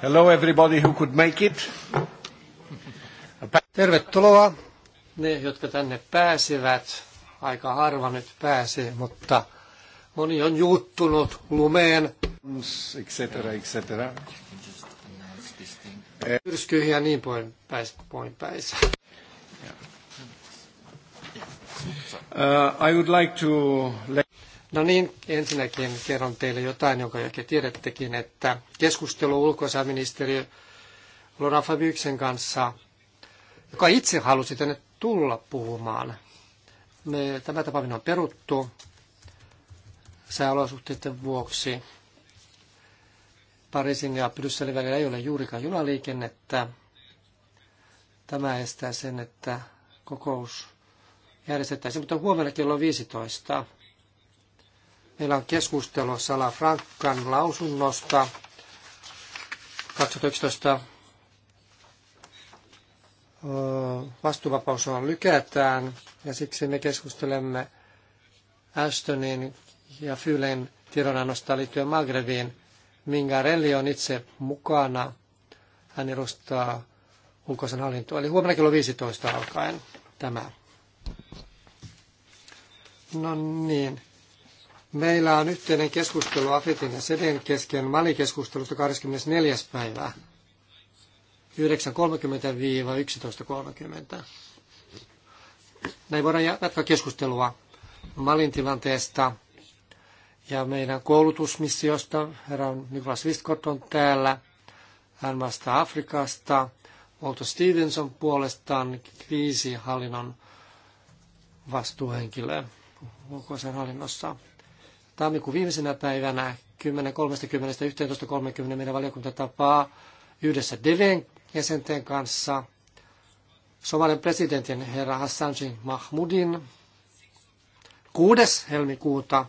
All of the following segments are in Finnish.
Hello everybody who could make it. Tervetuloa ne, jotka tänne pääsevät. Aika harva nyt pääsee, mutta moni on juuttunut lumeen. Etc. Myrskyihin ja niin poin päin. Poin päin. Uh, I would like to... No niin, ensinnäkin kerron teille jotain, jonka ehkä tiedättekin, että keskustelu ulkoasiaministeriö Laura Fabyksen kanssa, joka itse halusi tänne tulla puhumaan. Me, tämä tapaaminen on peruttu sääolosuhteiden vuoksi. Pariisin ja Brysselin välillä ei ole juurikaan junaliikennettä. Tämä estää sen, että kokous järjestettäisiin, mutta huomenna kello 15 Meillä on keskustelu Salafrankan lausunnosta 2011 vastuvapaus on lykätään ja siksi me keskustelemme Ashtonin ja Fylen tiedonannosta liittyen Magrebiin. Mingarelli on itse mukana. Hän edustaa ulkoisen hallintoa. Eli huomenna kello 15 alkaen tämä. No niin. Meillä on yhteinen keskustelu Afritin ja Seden kesken malikeskustelusta keskustelusta 24. päivää 9.30-11.30. Näin voidaan jatkaa keskustelua Malin tilanteesta ja meidän koulutusmissiosta. Herra Niklas Vistkot on täällä. Hän vastaa Afrikasta. Walter Stevenson puolestaan kriisihallinnon vastuuhenkilö ulkoisen hallinnossa. Tammikuun viimeisenä päivänä 10.30.11.30 meidän valiokunta tapaa yhdessä Deven jäsenten kanssa Somalian presidentin herra Hassanjin Mahmudin 6. helmikuuta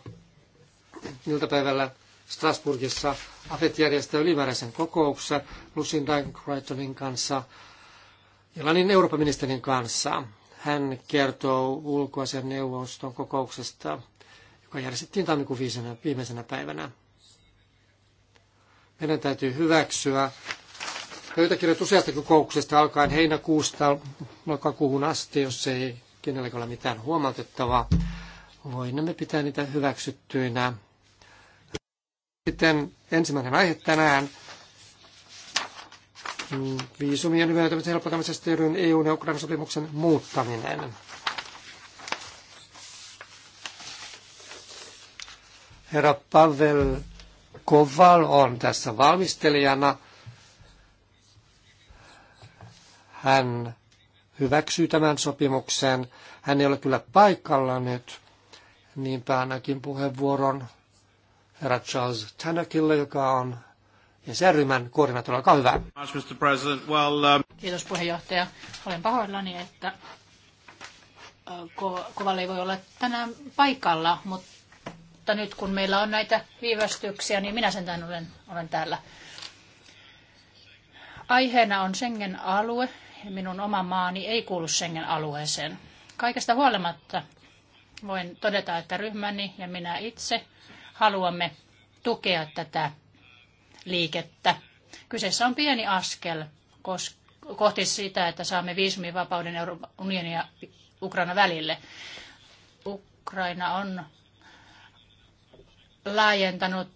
iltapäivällä Strasbourgissa AFET järjestää ylimääräisen kokouksen Lucin Crichtonin kanssa, Irlannin Euroopan ministerin kanssa. Hän kertoo ulkoasian neuvoston kokouksesta joka järjestettiin tammikuun viisenä, viimeisenä päivänä. Meidän täytyy hyväksyä pöytäkirjat useasta kokouksesta alkaen heinäkuusta lokakuuhun asti, jos ei kenelläkään ole mitään huomautettavaa. Voimme pitää niitä hyväksyttyinä. Sitten ensimmäinen aihe tänään. Viisumien myöntämisen helpottamisesta EU- ja Ukrainan sopimuksen muuttaminen. Herra Pavel Koval on tässä valmistelijana. Hän hyväksyy tämän sopimuksen. Hän ei ole kyllä paikalla nyt, niinpä ainakin puheenvuoron herra Charles Tanakille, joka on esr koordinaattori. Olkaa hyvä. Um, Kiitos puheenjohtaja. Olen pahoillani, että äh, Kovalle ei voi olla tänään paikalla, mutta mutta nyt kun meillä on näitä viivästyksiä, niin minä sentään olen, olen täällä. Aiheena on Schengen-alue. Minun oma maani ei kuulu Schengen-alueeseen. Kaikesta huolimatta voin todeta, että ryhmäni ja minä itse haluamme tukea tätä liikettä. Kyseessä on pieni askel kohti sitä, että saamme viisumivapauden Euroopan unionin ja Ukraina välille. Ukraina on laajentanut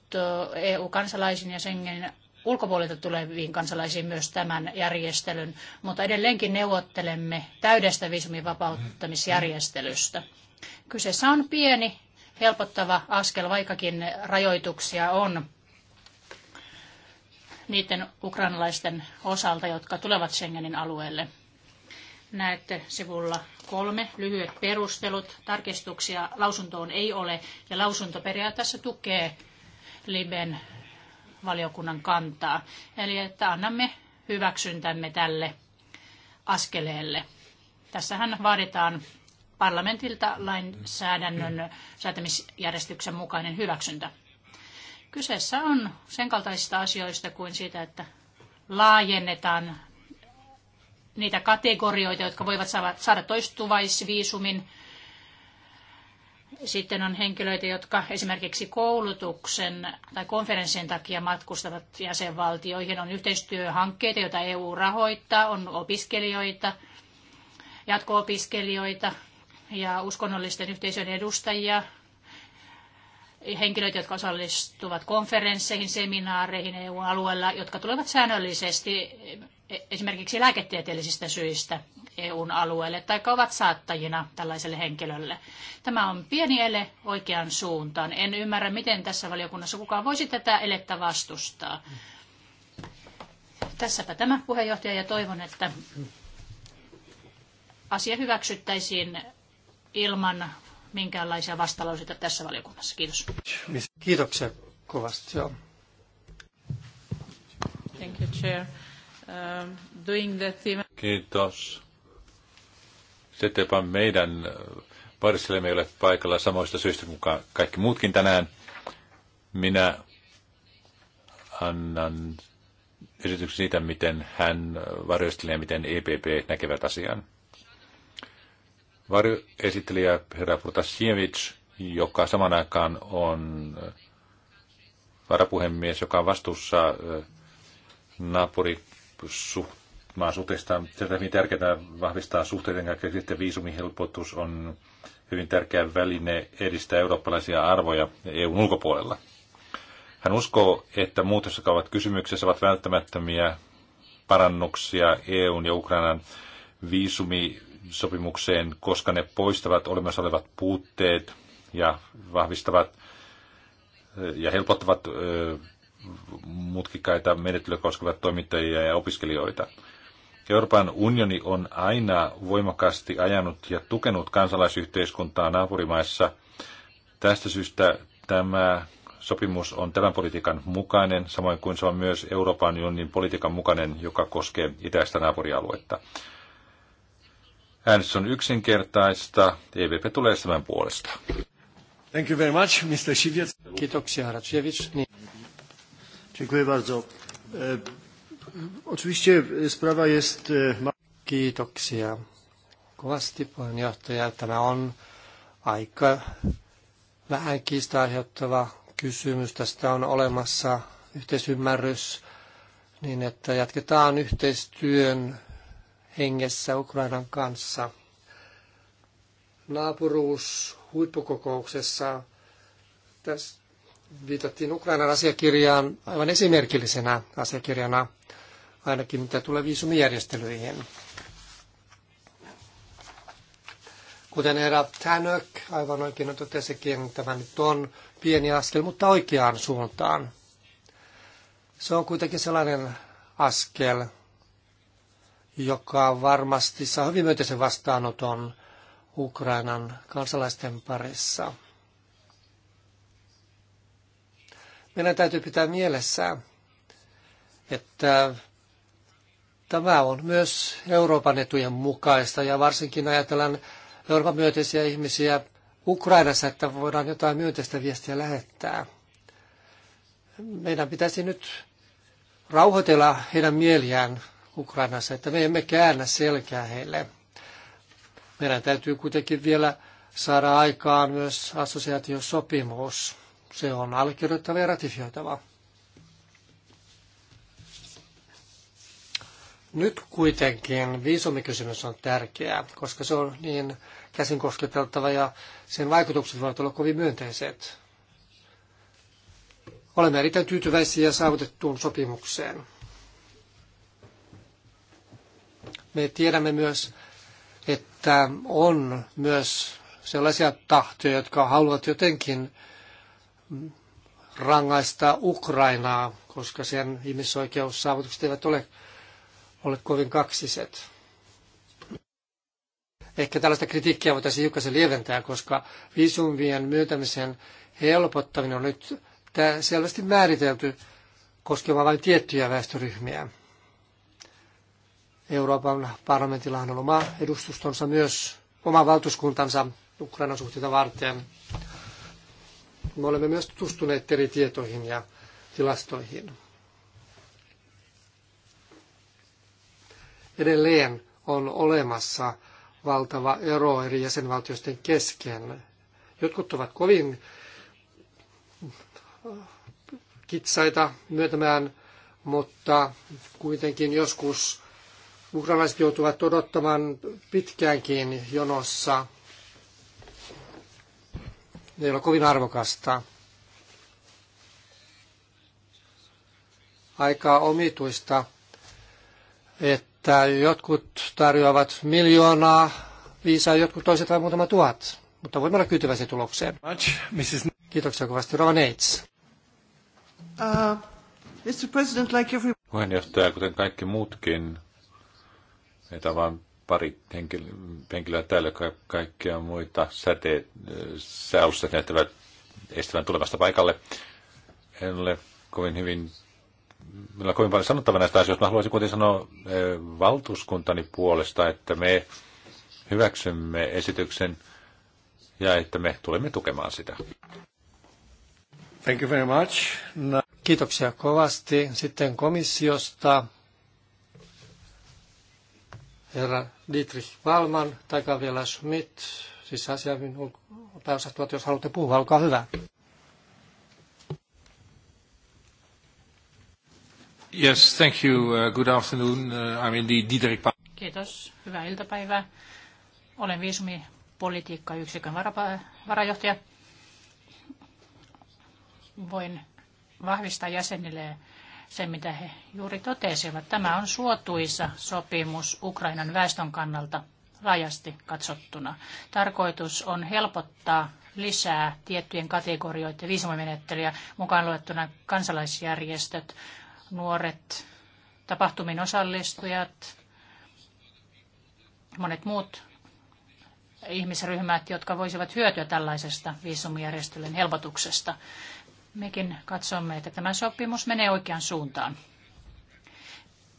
EU-kansalaisiin ja Schengen ulkopuolelta tuleviin kansalaisiin myös tämän järjestelyn, mutta edelleenkin neuvottelemme täydestä viisumin vapauttamisjärjestelystä. Kyseessä on pieni helpottava askel, vaikkakin rajoituksia on niiden ukrainalaisten osalta, jotka tulevat Schengenin alueelle. Näette sivulla kolme lyhyet perustelut. Tarkistuksia lausuntoon ei ole ja lausunto periaatteessa tukee Liben valiokunnan kantaa. Eli että annamme hyväksyntämme tälle askeleelle. Tässähän vaaditaan parlamentilta lainsäädännön säätämisjärjestyksen mukainen hyväksyntä. Kyseessä on sen kaltaisista asioista kuin siitä, että laajennetaan niitä kategorioita, jotka voivat saada toistuvaisviisumin. Sitten on henkilöitä, jotka esimerkiksi koulutuksen tai konferenssin takia matkustavat jäsenvaltioihin. On yhteistyöhankkeita, joita EU rahoittaa, on opiskelijoita, jatko-opiskelijoita ja uskonnollisten yhteisöjen edustajia, henkilöitä, jotka osallistuvat konferensseihin, seminaareihin EU-alueella, jotka tulevat säännöllisesti E, esimerkiksi lääketieteellisistä syistä EUn alueelle tai ovat saattajina tällaiselle henkilölle. Tämä on pieni ele oikeaan suuntaan. En ymmärrä, miten tässä valiokunnassa kukaan voisi tätä elettä vastustaa. Tässäpä tämä puheenjohtaja ja toivon, että asia hyväksyttäisiin ilman minkäänlaisia vastalauseita tässä valiokunnassa. Kiitos. Kiitoksia kovasti. Thank you, Chair. Um, doing the team. Kiitos. Sittenpä meidän varsillemme äh, ei ole paikalla samoista syistä kuin kaikki muutkin tänään. Minä annan esityksen siitä, miten hän varjostelee ja miten EPP näkevät asian. Varjoesittelijä herra Protasiewicz, joka saman aikaan on äh, varapuhemies, joka on vastuussa äh, naapuri suht, maan suhteista. Tätä hyvin tärkeää vahvistaa suhteiden kaikkea sitten viisumihelpotus on hyvin tärkeä väline edistää eurooppalaisia arvoja EUn ulkopuolella. Hän uskoo, että muutos, jotka ovat kysymyksessä, ovat välttämättömiä parannuksia EUn ja Ukrainan viisumisopimukseen, koska ne poistavat olemassa olevat puutteet ja vahvistavat ja helpottavat mutkikkaita menettelyä koskevat toimittajia ja opiskelijoita. Euroopan unioni on aina voimakkaasti ajanut ja tukenut kansalaisyhteiskuntaa naapurimaissa. Tästä syystä tämä sopimus on tämän politiikan mukainen, samoin kuin se on myös Euroopan unionin politiikan mukainen, joka koskee itäistä naapurialuetta. Äänestys on yksinkertaista. EVP tulee tämän puolesta. Thank you very much, Mr. Kiitoksia, Kiitoksia, Ratsievich. Niin. Dziękuję bardzo. E, oczywiście e, sprawa jest... E, Kiitoksia kovasti puheenjohtaja. Tämä on aika vähän kiista aiheuttava kysymys. Tästä on olemassa yhteisymmärrys niin, että jatketaan yhteistyön hengessä Ukrainan kanssa. Naapuruus huippukokouksessa tässä viitattiin Ukrainan asiakirjaan aivan esimerkillisenä asiakirjana, ainakin mitä tulee viisumijärjestelyihin. Kuten herra Tänök aivan oikein totesikin, tämä nyt on pieni askel, mutta oikeaan suuntaan. Se on kuitenkin sellainen askel, joka varmasti saa hyvin myönteisen vastaanoton Ukrainan kansalaisten parissa – Meidän täytyy pitää mielessä, että tämä on myös Euroopan etujen mukaista ja varsinkin ajatellaan Euroopan myönteisiä ihmisiä Ukrainassa, että voidaan jotain myönteistä viestiä lähettää. Meidän pitäisi nyt rauhoitella heidän mieliään Ukrainassa, että me emme käännä selkää heille. Meidän täytyy kuitenkin vielä saada aikaan myös assosiaatiosopimus. Se on allekirjoittava ja ratifioitava. Nyt kuitenkin viisumikysymys on tärkeä, koska se on niin käsin kosketeltava ja sen vaikutukset voivat olla kovin myönteiset. Olemme erittäin tyytyväisiä saavutettuun sopimukseen. Me tiedämme myös, että on myös sellaisia tahtoja, jotka haluavat jotenkin rangaista Ukrainaa, koska sen ihmisoikeussaavutukset eivät ole, ole kovin kaksiset. Ehkä tällaista kritiikkiä voitaisiin hiukkasen lieventää, koska viisumien myöntämisen helpottaminen on nyt selvästi määritelty koskemaan vain tiettyjä väestöryhmiä. Euroopan parlamentilla on oma edustustonsa myös, oma valtuuskuntansa Ukrainan suhteita varten me olemme myös tutustuneet eri tietoihin ja tilastoihin. Edelleen on olemassa valtava ero eri jäsenvaltioiden kesken. Jotkut ovat kovin kitsaita myötämään, mutta kuitenkin joskus ukrainalaiset joutuvat odottamaan pitkäänkin jonossa ei ole kovin arvokasta. Aika omituista, että jotkut tarjoavat miljoonaa viisaa, jotkut toiset vain muutama tuhat. Mutta voimme olla tyytyväisiä tulokseen. Kiitoksia kovasti. Rova Neits. Uh, Mr. President, like every... Puheenjohtaja, kuten kaikki muutkin, meitä vaan pari henkilöä täällä, ka- kaikkia muita säteet, sääolosuhteet näyttävät estävän tulemasta paikalle. En ole kovin hyvin, minulla on kovin paljon sanottavaa näistä asioista. Mä haluaisin kuitenkin sanoa eh, valtuuskuntani puolesta, että me hyväksymme esityksen ja että me tulemme tukemaan sitä. Thank you very much. No. Kiitoksia kovasti. Sitten komissiosta herra Dietrich Valman, takavilla Schmidt, sisäasiamin pääosastuvat, jos haluatte puhua, olkaa hyvä. Yes, thank you. Uh, good afternoon. Uh, I'm indeed Dietrich Kiitos. Hyvää iltapäivää. Olen varapa- varajohtaja. Voin vahvistaa jäsenille se, mitä he juuri totesivat. Tämä on suotuisa sopimus Ukrainan väestön kannalta laajasti katsottuna. Tarkoitus on helpottaa lisää tiettyjen kategorioiden viisumimenettelyä mukaan luettuna kansalaisjärjestöt, nuoret, tapahtumin osallistujat, monet muut ihmisryhmät, jotka voisivat hyötyä tällaisesta viisumijärjestelyn helpotuksesta mekin katsomme, että tämä sopimus menee oikeaan suuntaan.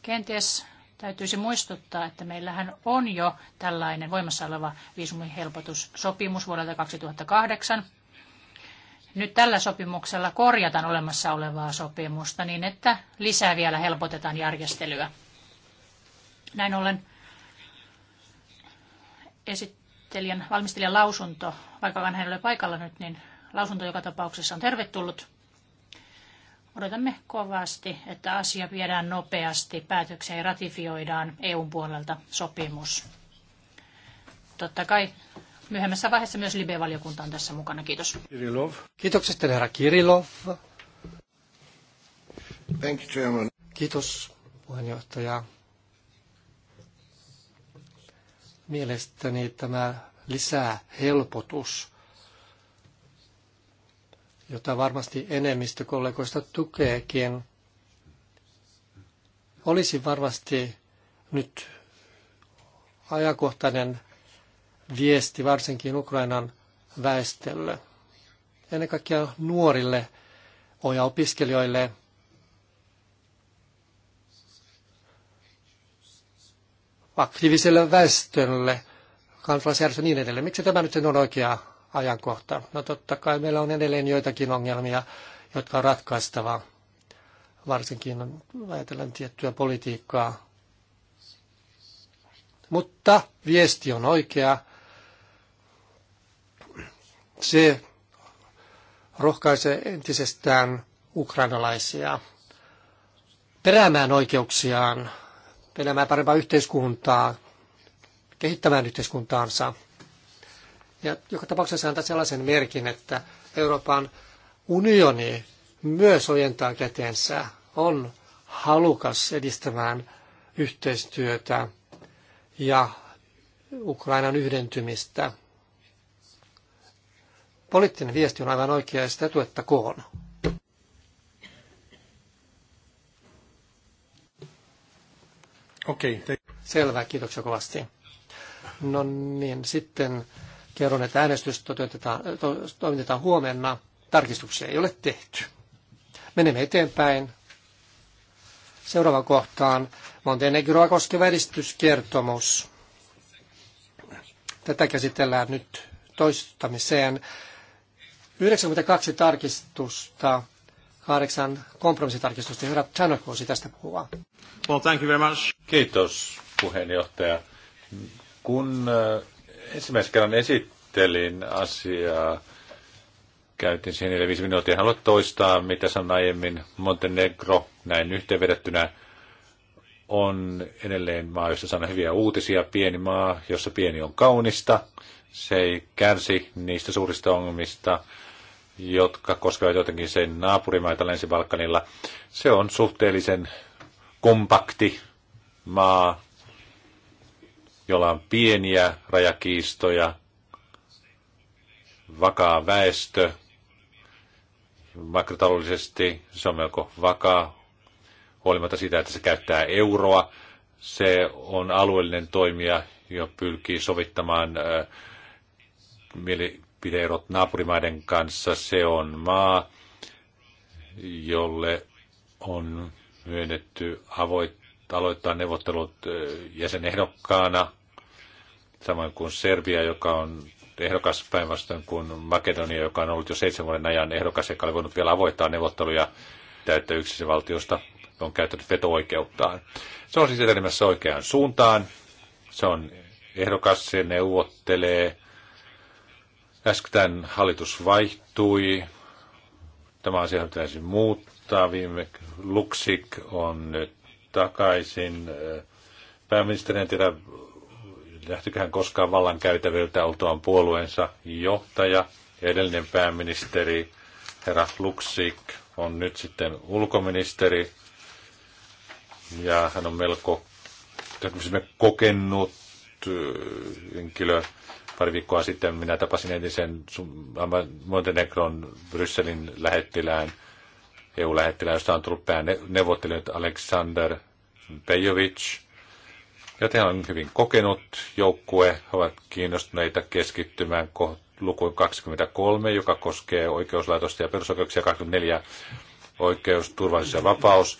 Kenties täytyisi muistuttaa, että meillähän on jo tällainen voimassa oleva viisumihelpotussopimus vuodelta 2008. Nyt tällä sopimuksella korjataan olemassa olevaa sopimusta niin, että lisää vielä helpotetaan järjestelyä. Näin ollen esittelijän, valmistelijan lausunto, vaikka hän ei ole paikalla nyt, niin Lausunto joka tapauksessa on tervetullut. Odotamme kovasti, että asia viedään nopeasti päätökseen ja ratifioidaan EUn puolelta sopimus. Totta kai myöhemmässä vaiheessa myös Libe-valiokunta on tässä mukana. Kiitos. Kirilov. Kiitokset, herra Kirilov. Thank you, Chairman. Kiitos puheenjohtaja. Mielestäni tämä lisää helpotus jota varmasti enemmistö kollegoista tukeekin, olisi varmasti nyt ajankohtainen viesti varsinkin Ukrainan väestölle, ennen kaikkea nuorille ja opiskelijoille, aktiiviselle väestölle, kansalaisjärjestö niin edelleen. Miksi tämä nyt on oikea ajankohta. No totta kai meillä on edelleen joitakin ongelmia, jotka on ratkaistava, varsinkin ajatellen tiettyä politiikkaa. Mutta viesti on oikea. Se rohkaisee entisestään ukrainalaisia peräämään oikeuksiaan, peräämään parempaa yhteiskuntaa, kehittämään yhteiskuntaansa – ja joka tapauksessa antaa sellaisen merkin, että Euroopan unioni myös ojentaa kätensä, on halukas edistämään yhteistyötä ja Ukrainan yhdentymistä. Poliittinen viesti on aivan oikea ja sitä tuettakoon. Okei. Okay. Selvä, kiitoksia kovasti. No niin, sitten Kerron, että äänestys to, toimitetaan huomenna. Tarkistuksia ei ole tehty. Menemme eteenpäin. Seuraava kohtaan Montenegroa koskeva edistyskertomus. Tätä käsitellään nyt toistamiseen. 92 tarkistusta, kahdeksan kompromissitarkistusta. Herra Tanok voisi tästä puhua. Well, thank you very much. Kiitos puheenjohtaja. Kun äh, ensimmäisen kerran esittelin asiaa. Käytin siihen 4-5 minuuttia. En toistaa, mitä sanoin aiemmin. Montenegro, näin yhteenvedettynä, on edelleen maa, jossa saadaan hyviä uutisia. Pieni maa, jossa pieni on kaunista. Se ei kärsi niistä suurista ongelmista, jotka koskevat jotenkin sen naapurimaita Länsi-Balkanilla. Se on suhteellisen kompakti maa, jolla on pieniä rajakiistoja, vakaa väestö, makrotaloudellisesti se on melko vakaa, huolimatta siitä, että se käyttää euroa. Se on alueellinen toimija, joka pyrkii sovittamaan mielipideerot naapurimaiden kanssa. Se on maa, jolle on myönnetty avoit aloittaa neuvottelut jäsenehdokkaana, samoin kuin Serbia, joka on ehdokas päinvastoin kuin Makedonia, joka on ollut jo seitsemän vuoden ajan ehdokas, joka oli voinut vielä avoittaa neuvotteluja täyttä yksivaltiosta, on käyttänyt veto-oikeuttaan. Se on siis etenemässä oikeaan suuntaan. Se on ehdokas, se neuvottelee. Äsken hallitus vaihtui. Tämä asia pitäisi muuttaa. Viime Luksik on nyt takaisin pääministerin tiedä, hän koskaan vallan käytäviltä oltuaan puolueensa johtaja. Ja edellinen pääministeri, herra Luksik, on nyt sitten ulkoministeri. Ja hän on melko kokenut äh, henkilö. Pari viikkoa sitten minä tapasin entisen Montenegron Brysselin lähettilään – EU-lähettiläistä on tullut pääneuvottelijoita Aleksander Pejovic, ja hän on hyvin kokenut joukkue. He ovat kiinnostuneita keskittymään lukuun 23, joka koskee oikeuslaitosta ja perusoikeuksia 24, oikeus, turvallisuus ja vapaus,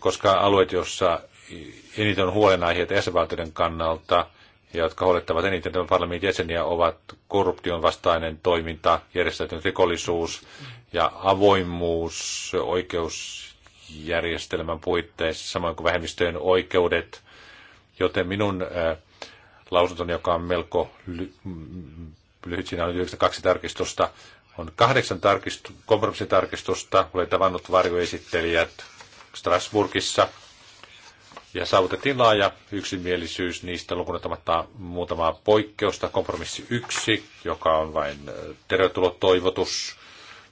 koska alueet, joissa eniten on huolenaiheita jäsenvaltioiden kannalta ja jotka huolettavat eniten tämän parlamentin jäseniä, ovat korruption vastainen toiminta, järjestäytynyt rikollisuus ja avoimuus oikeusjärjestelmän puitteissa, samoin kuin vähemmistöjen oikeudet. Joten minun äh, lausuntoni, joka on melko ly- mm, lyhyt, siinä on kaksi tarkistusta, on kahdeksan tarkistu- kompromissitarkistusta. Olen tavannut varjoesittelijät Strasbourgissa ja saavutettiin laaja yksimielisyys niistä lukunottamatta muutamaa poikkeusta. Kompromissi yksi, joka on vain äh, terötytulo-toivotus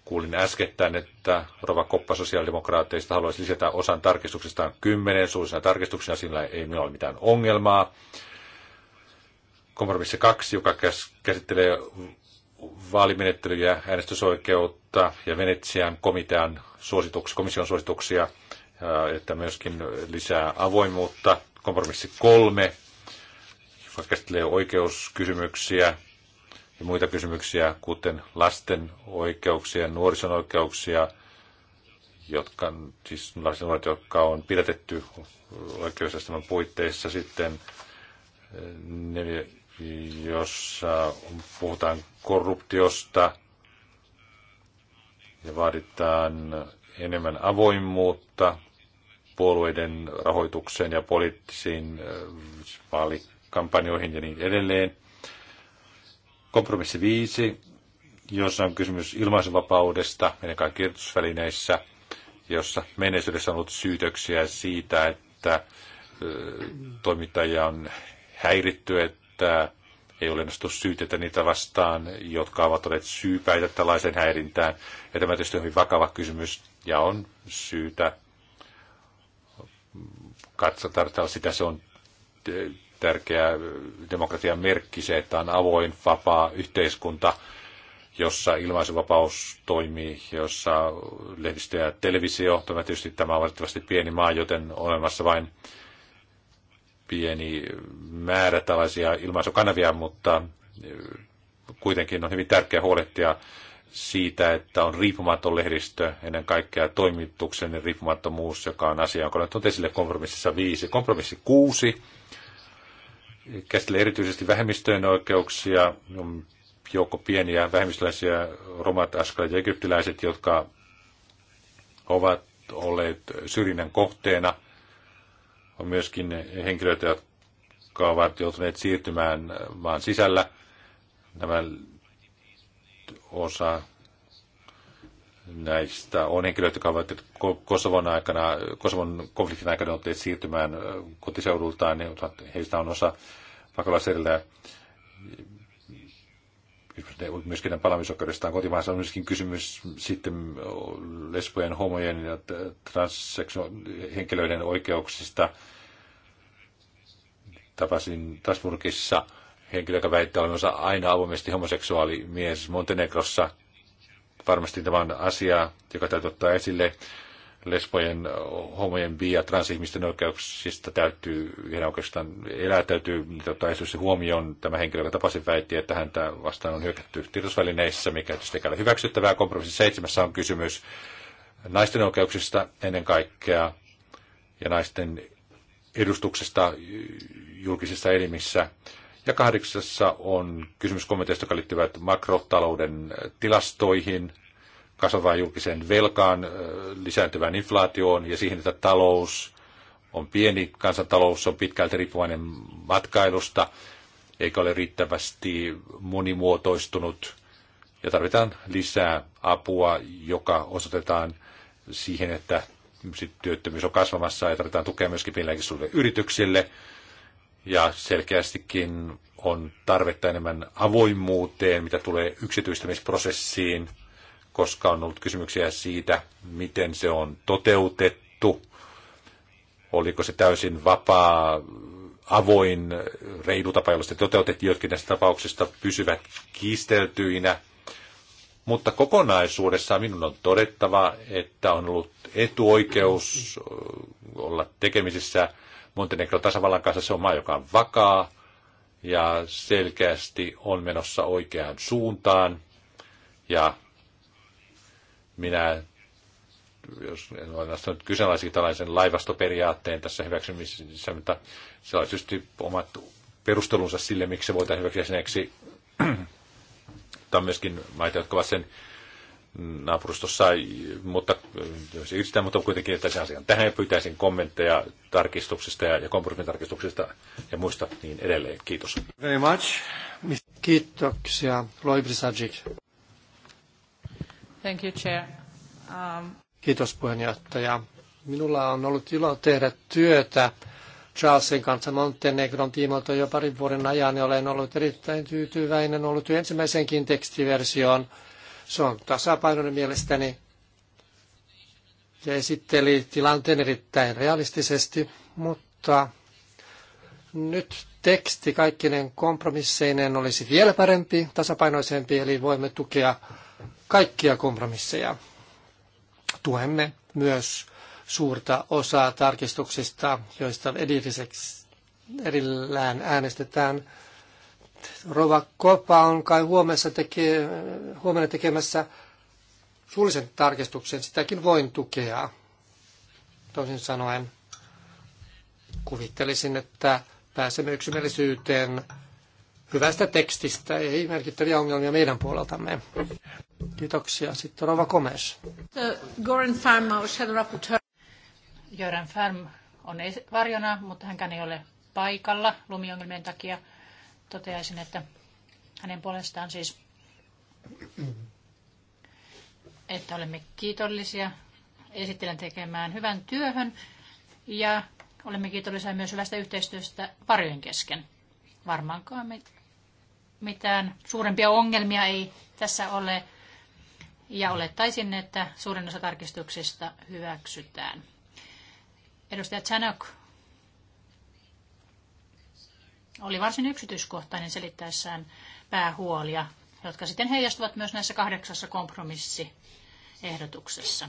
Kuulin äskettäin, että Rova Koppa sosiaalidemokraateista haluaisi lisätä osan tarkistuksistaan kymmenen suurisena tarkistuksena, sillä ei minulla ole mitään ongelmaa. Kompromissi kaksi, joka käsittelee vaalimenettelyjä, äänestysoikeutta ja Venetsian komitean suosituksia, komission suosituksia, että myöskin lisää avoimuutta. Kompromissi kolme, joka käsittelee oikeuskysymyksiä, ja muita kysymyksiä, kuten lasten oikeuksia, nuorison oikeuksia, jotka, siis lasten oikeuksia jotka on pidätetty oikeusaseman puitteissa sitten, eh, ne, jossa puhutaan korruptiosta ja vaaditaan enemmän avoimuutta puolueiden rahoitukseen ja poliittisiin eh, vaalikampanjoihin ja niin edelleen. Kompromissi 5, jossa on kysymys ilmaisuvapaudesta meidän kaikki tiedotusvälineissä, jossa menneisyydessä on ollut syytöksiä siitä, että toimittajia on häiritty, että ei ole nostettu syytetä niitä vastaan, jotka ovat olleet syypäitä tällaiseen häirintään. Ja tämä tietysti on hyvin vakava kysymys ja on syytä katsoa sitä se on tärkeä demokratian merkki se, että on avoin, vapaa yhteiskunta, jossa ilmaisuvapaus toimii, jossa lehdistö ja televisio, tämä tietysti tämä on valitettavasti pieni maa, joten olemassa vain pieni määrä tällaisia ilmaisukanavia, mutta e, kuitenkin on hyvin tärkeää huolehtia siitä, että on riippumaton lehdistö, ennen kaikkea toimituksen riippumattomuus, joka on asia, jonka olen esille kompromississa viisi. Kompromissi kuusi käsittelee erityisesti vähemmistöjen oikeuksia, joukko pieniä vähemmistöläisiä, romat, askalat ja egyptiläiset, jotka ovat olleet syrjinnän kohteena. On myöskin henkilöitä, jotka ovat joutuneet siirtymään maan sisällä. Nämä osa näistä on henkilöitä, jotka ovat Kosovon, aikana, Kosovon konfliktin aikana joutuneet siirtymään kotiseudultaan, niin heistä on osa pakolaisilla myöskin tämän kotimaassa on myöskin kysymys sitten lesbojen, homojen ja transseksuaalihenkilöiden oikeuksista. Tapasin Strasbourgissa henkilö, joka väittää olevansa aina avoimesti homoseksuaali mies Montenegrossa – Varmasti tämä on asia, joka täytyy ottaa esille. Lesbojen, homojen, bi- ja transihmisten oikeuksista täytyy, heidän oikeastaan elää täytyy ottaa esille huomioon. Tämä henkilö, joka tapasin, väitti, että häntä vastaan on hyökätty tiedotusvälineissä, mikä tietysti ole hyväksyttävää. Kompromissi seitsemässä on kysymys naisten oikeuksista ennen kaikkea ja naisten edustuksesta julkisissa elimissä ja kahdeksassa on kysymys kommenteista, jotka liittyvät makrotalouden äh, tilastoihin, kasvavaan julkiseen velkaan, äh, lisääntyvään inflaatioon ja siihen, että talous on pieni, kansantalous on pitkälti riippuvainen matkailusta, eikä ole riittävästi monimuotoistunut ja tarvitaan lisää apua, joka osoitetaan siihen, että työttömyys on kasvamassa ja tarvitaan tukea myöskin pienelläkin yrityksille ja selkeästikin on tarvetta enemmän avoimuuteen, mitä tulee yksityistämisprosessiin, koska on ollut kysymyksiä siitä, miten se on toteutettu, oliko se täysin vapaa, avoin, reilu tapa, jolla se toteutettiin, jotkin näistä tapauksista pysyvät kiisteltyinä. Mutta kokonaisuudessaan minun on todettava, että on ollut etuoikeus olla tekemisissä – Montenegro tasavallan kanssa. Se on maa, joka on vakaa ja selkeästi on menossa oikeaan suuntaan. Ja minä, jos en ole nostanut kyseenalaisikin tällaisen laivastoperiaatteen tässä hyväksymisessä, mutta se on tietysti omat perustelunsa sille, miksi se voitaisiin hyväksyä esimerkiksi on myöskin maita, jotka ovat sen naapurustossa, mutta jos siis yhdistetään, mutta kuitenkin tässä asian tähän ja pyytäisin kommentteja tarkistuksista ja, ja kompromissitarkistuksista ja muista niin edelleen. Kiitos. Very much. Kiitoksia. Loi Thank you, Chair. Um... Kiitos puheenjohtaja. Minulla on ollut ilo tehdä työtä Charlesin kanssa Montenegron tiimoilta jo parin vuoden ajan ja olen ollut erittäin tyytyväinen ollut ensimmäisenkin tekstiversioon se on tasapainoinen mielestäni. Se esitteli tilanteen erittäin realistisesti, mutta nyt teksti kaikkinen kompromisseineen olisi vielä parempi, tasapainoisempi, eli voimme tukea kaikkia kompromisseja. Tuemme myös suurta osaa tarkistuksista, joista erillään äänestetään Rova Kopa on kai huomessa teke, huomenna tekemässä suullisen tarkistuksen. Sitäkin voin tukea. Toisin sanoen kuvittelisin, että pääsemme yksimielisyyteen hyvästä tekstistä. Ei merkittäviä ongelmia meidän puoleltamme. Kiitoksia. Sitten Rova Komes. Goran Farm, Göran Färm on varjona, mutta hänkään ei ole paikalla lumiongelmien takia toteaisin, että hänen puolestaan siis, että olemme kiitollisia esittelen tekemään hyvän työhön ja olemme kiitollisia myös hyvästä yhteistyöstä parien kesken. Varmaankaan mitään suurempia ongelmia ei tässä ole ja olettaisin, että suurin osa tarkistuksista hyväksytään. Edustaja Chanok oli varsin yksityiskohtainen selittäessään päähuolia, jotka sitten heijastuvat myös näissä kahdeksassa kompromissiehdotuksessa.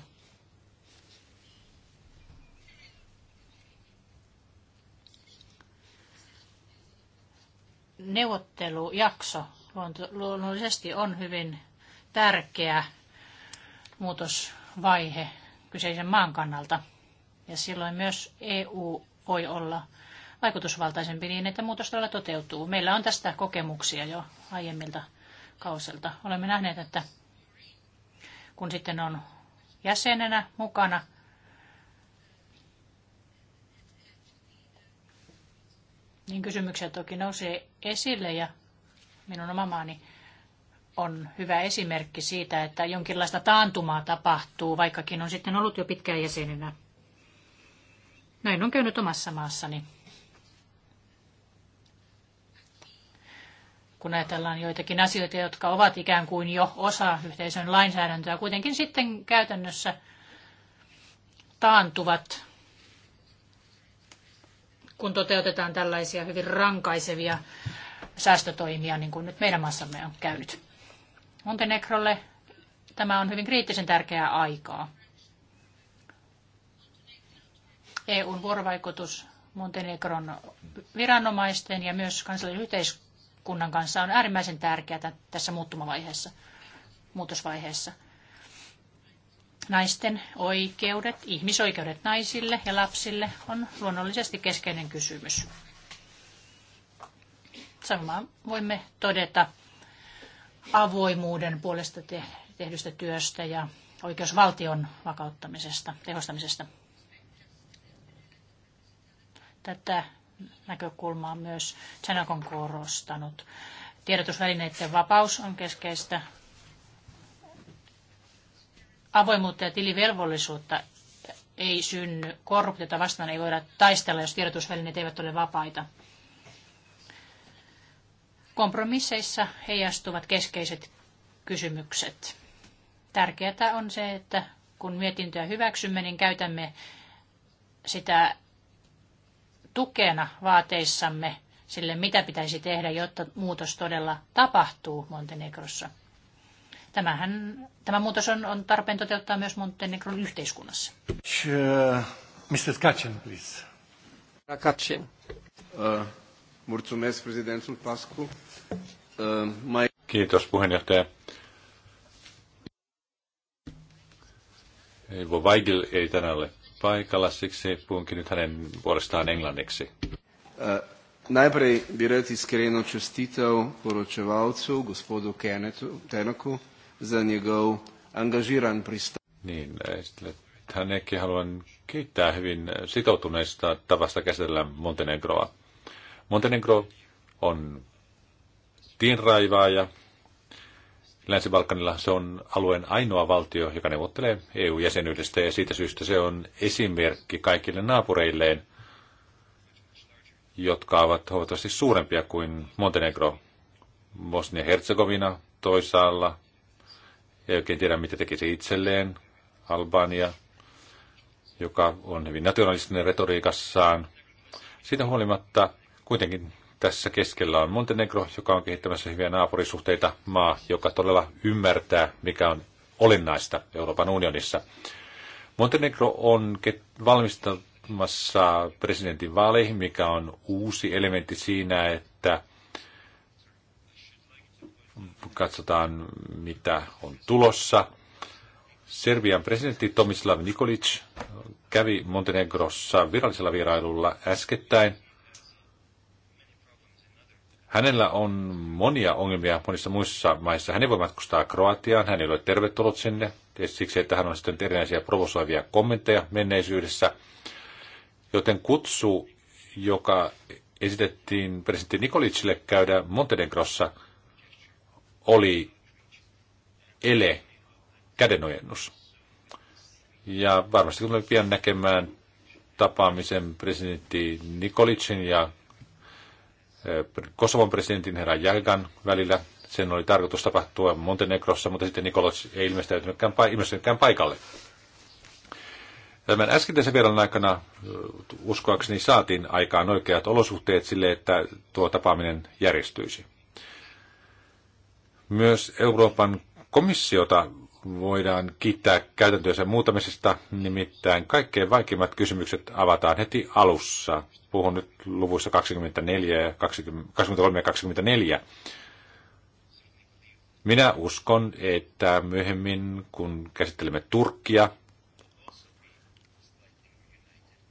Neuvottelujakso luonnollisesti on hyvin tärkeä muutosvaihe kyseisen maan kannalta. Ja silloin myös EU voi olla vaikutusvaltaisempi niin, että muutos todella toteutuu. Meillä on tästä kokemuksia jo aiemmilta kausilta. Olemme nähneet, että kun sitten on jäsenenä mukana, niin kysymyksiä toki nousee esille ja minun oma maani on hyvä esimerkki siitä, että jonkinlaista taantumaa tapahtuu, vaikkakin on sitten ollut jo pitkään jäsenenä. Näin on käynyt omassa maassani. kun ajatellaan joitakin asioita, jotka ovat ikään kuin jo osa yhteisön lainsäädäntöä, kuitenkin sitten käytännössä taantuvat, kun toteutetaan tällaisia hyvin rankaisevia säästötoimia, niin kuin nyt meidän maassamme on käynyt. Montenegrolle tämä on hyvin kriittisen tärkeää aikaa. EUn vuorovaikutus Montenegron viranomaisten ja myös kansallisen yhteiskunnan kunnan kanssa on äärimmäisen tärkeää tässä muuttumavaiheessa, muutosvaiheessa. Naisten oikeudet, ihmisoikeudet naisille ja lapsille on luonnollisesti keskeinen kysymys. Samaa voimme todeta avoimuuden puolesta tehdystä työstä ja oikeusvaltion vakauttamisesta, tehostamisesta. Tätä näkökulmaa myös Chanak on korostanut. Tiedotusvälineiden vapaus on keskeistä. Avoimuutta ja tilivelvollisuutta ei synny. Korruptiota vastaan ei voida taistella, jos tiedotusvälineet eivät ole vapaita. Kompromisseissa heijastuvat keskeiset kysymykset. Tärkeää on se, että kun mietintöä hyväksymme, niin käytämme sitä tukena vaateissamme sille, mitä pitäisi tehdä, jotta muutos todella tapahtuu Montenegrossa. Tämähän, tämä muutos on, on tarpeen toteuttaa myös Montenegron yhteiskunnassa. Mr. Kacin, please. Kacin. Uh, mulțumesc, Pascu. Uh, Kiitos, puheenjohtaja. Ei voi Weigel ei tänään ole paikalla, siksi puhunkin nyt hänen puolestaan englanniksi. Eh, najprej bi rad iskreno čestitev poročevalcu, gospodu Kenetu, Tenoku, za njegov angažiran pristop. Niin, hänenkin eh, haluan kiittää hyvin sitoutuneesta tavasta käsitellä Montenegroa. Montenegro on tienraivaaja, Länsi-Balkanilla se on alueen ainoa valtio, joka neuvottelee EU-jäsenyydestä ja siitä syystä se on esimerkki kaikille naapureilleen, jotka ovat huomattavasti suurempia kuin Montenegro. Bosnia-Herzegovina toisaalla, ei oikein tiedä mitä tekisi itselleen, Albania, joka on hyvin nationalistinen retoriikassaan. Siitä huolimatta kuitenkin tässä keskellä on Montenegro, joka on kehittämässä hyviä naapurisuhteita, maa, joka todella ymmärtää, mikä on olennaista Euroopan unionissa. Montenegro on valmistamassa presidentin vaaleihin, mikä on uusi elementti siinä, että katsotaan, mitä on tulossa. Serbian presidentti Tomislav Nikolic kävi Montenegrossa virallisella vierailulla äskettäin. Hänellä on monia ongelmia monissa muissa maissa. Hän ei voi matkustaa Kroatiaan, hän ei ole tervetullut sinne, siksi että hän on sitten erinäisiä provosoivia kommentteja menneisyydessä. Joten kutsu, joka esitettiin presidentti Nikolicille käydä Montenegrossa, oli ele, kädenojennus. Ja varmasti tulemme pian näkemään tapaamisen presidentti Nikolicin ja Kosovon presidentin herran Jalgan välillä. Sen oli tarkoitus tapahtua Montenegrossa, mutta sitten Nikolas ei ilmestynytkään, ilmestynytkään paikalle. Tämän äskeisen vieraan aikana äh, uskoakseni saatiin aikaan oikeat olosuhteet sille, että tuo tapaaminen järjestyisi. Myös Euroopan komissiota voidaan kiittää käytäntöönsä muutamisesta, nimittäin kaikkein vaikeimmat kysymykset avataan heti alussa puhun nyt luvuissa 24 ja 20, 23 ja 24. Minä uskon, että myöhemmin, kun käsittelemme Turkkia,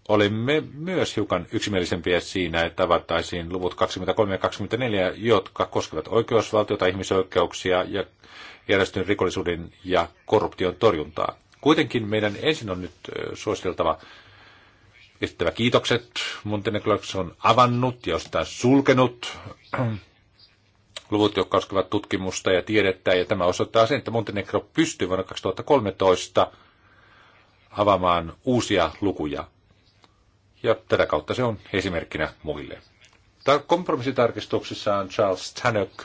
olimme myös hiukan yksimielisempiä siinä, että avattaisiin luvut 23 ja 24, jotka koskevat oikeusvaltiota, ihmisoikeuksia ja järjestön rikollisuuden ja korruption torjuntaa. Kuitenkin meidän ensin on nyt suositeltava Esittävä kiitokset. Montenegro on avannut ja osittain sulkenut luvut, jotka koskevat tutkimusta ja tiedettä, ja tämä osoittaa sen, että Montenegro pystyy vuonna 2013 avaamaan uusia lukuja. Ja tätä kautta se on esimerkkinä muille. on Charles Tannock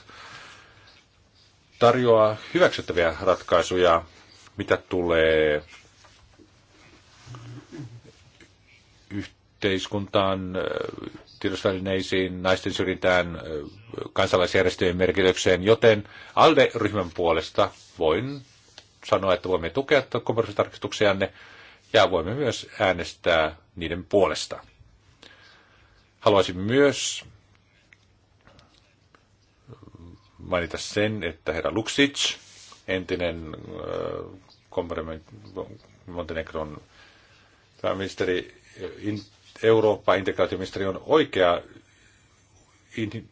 tarjoaa hyväksyttäviä ratkaisuja, mitä tulee yhteiskuntaan, tiedotusvälineisiin, naisten syrjintään, kansalaisjärjestöjen merkitykseen, joten ALDE-ryhmän puolesta voin sanoa, että voimme tukea kompromissitarkistuksianne ja voimme myös äänestää niiden puolesta. Haluaisin myös mainita sen, että herra Luksic, entinen äh, Montenegron pääministeri, in, Eurooppa-integraatioministeri on oikea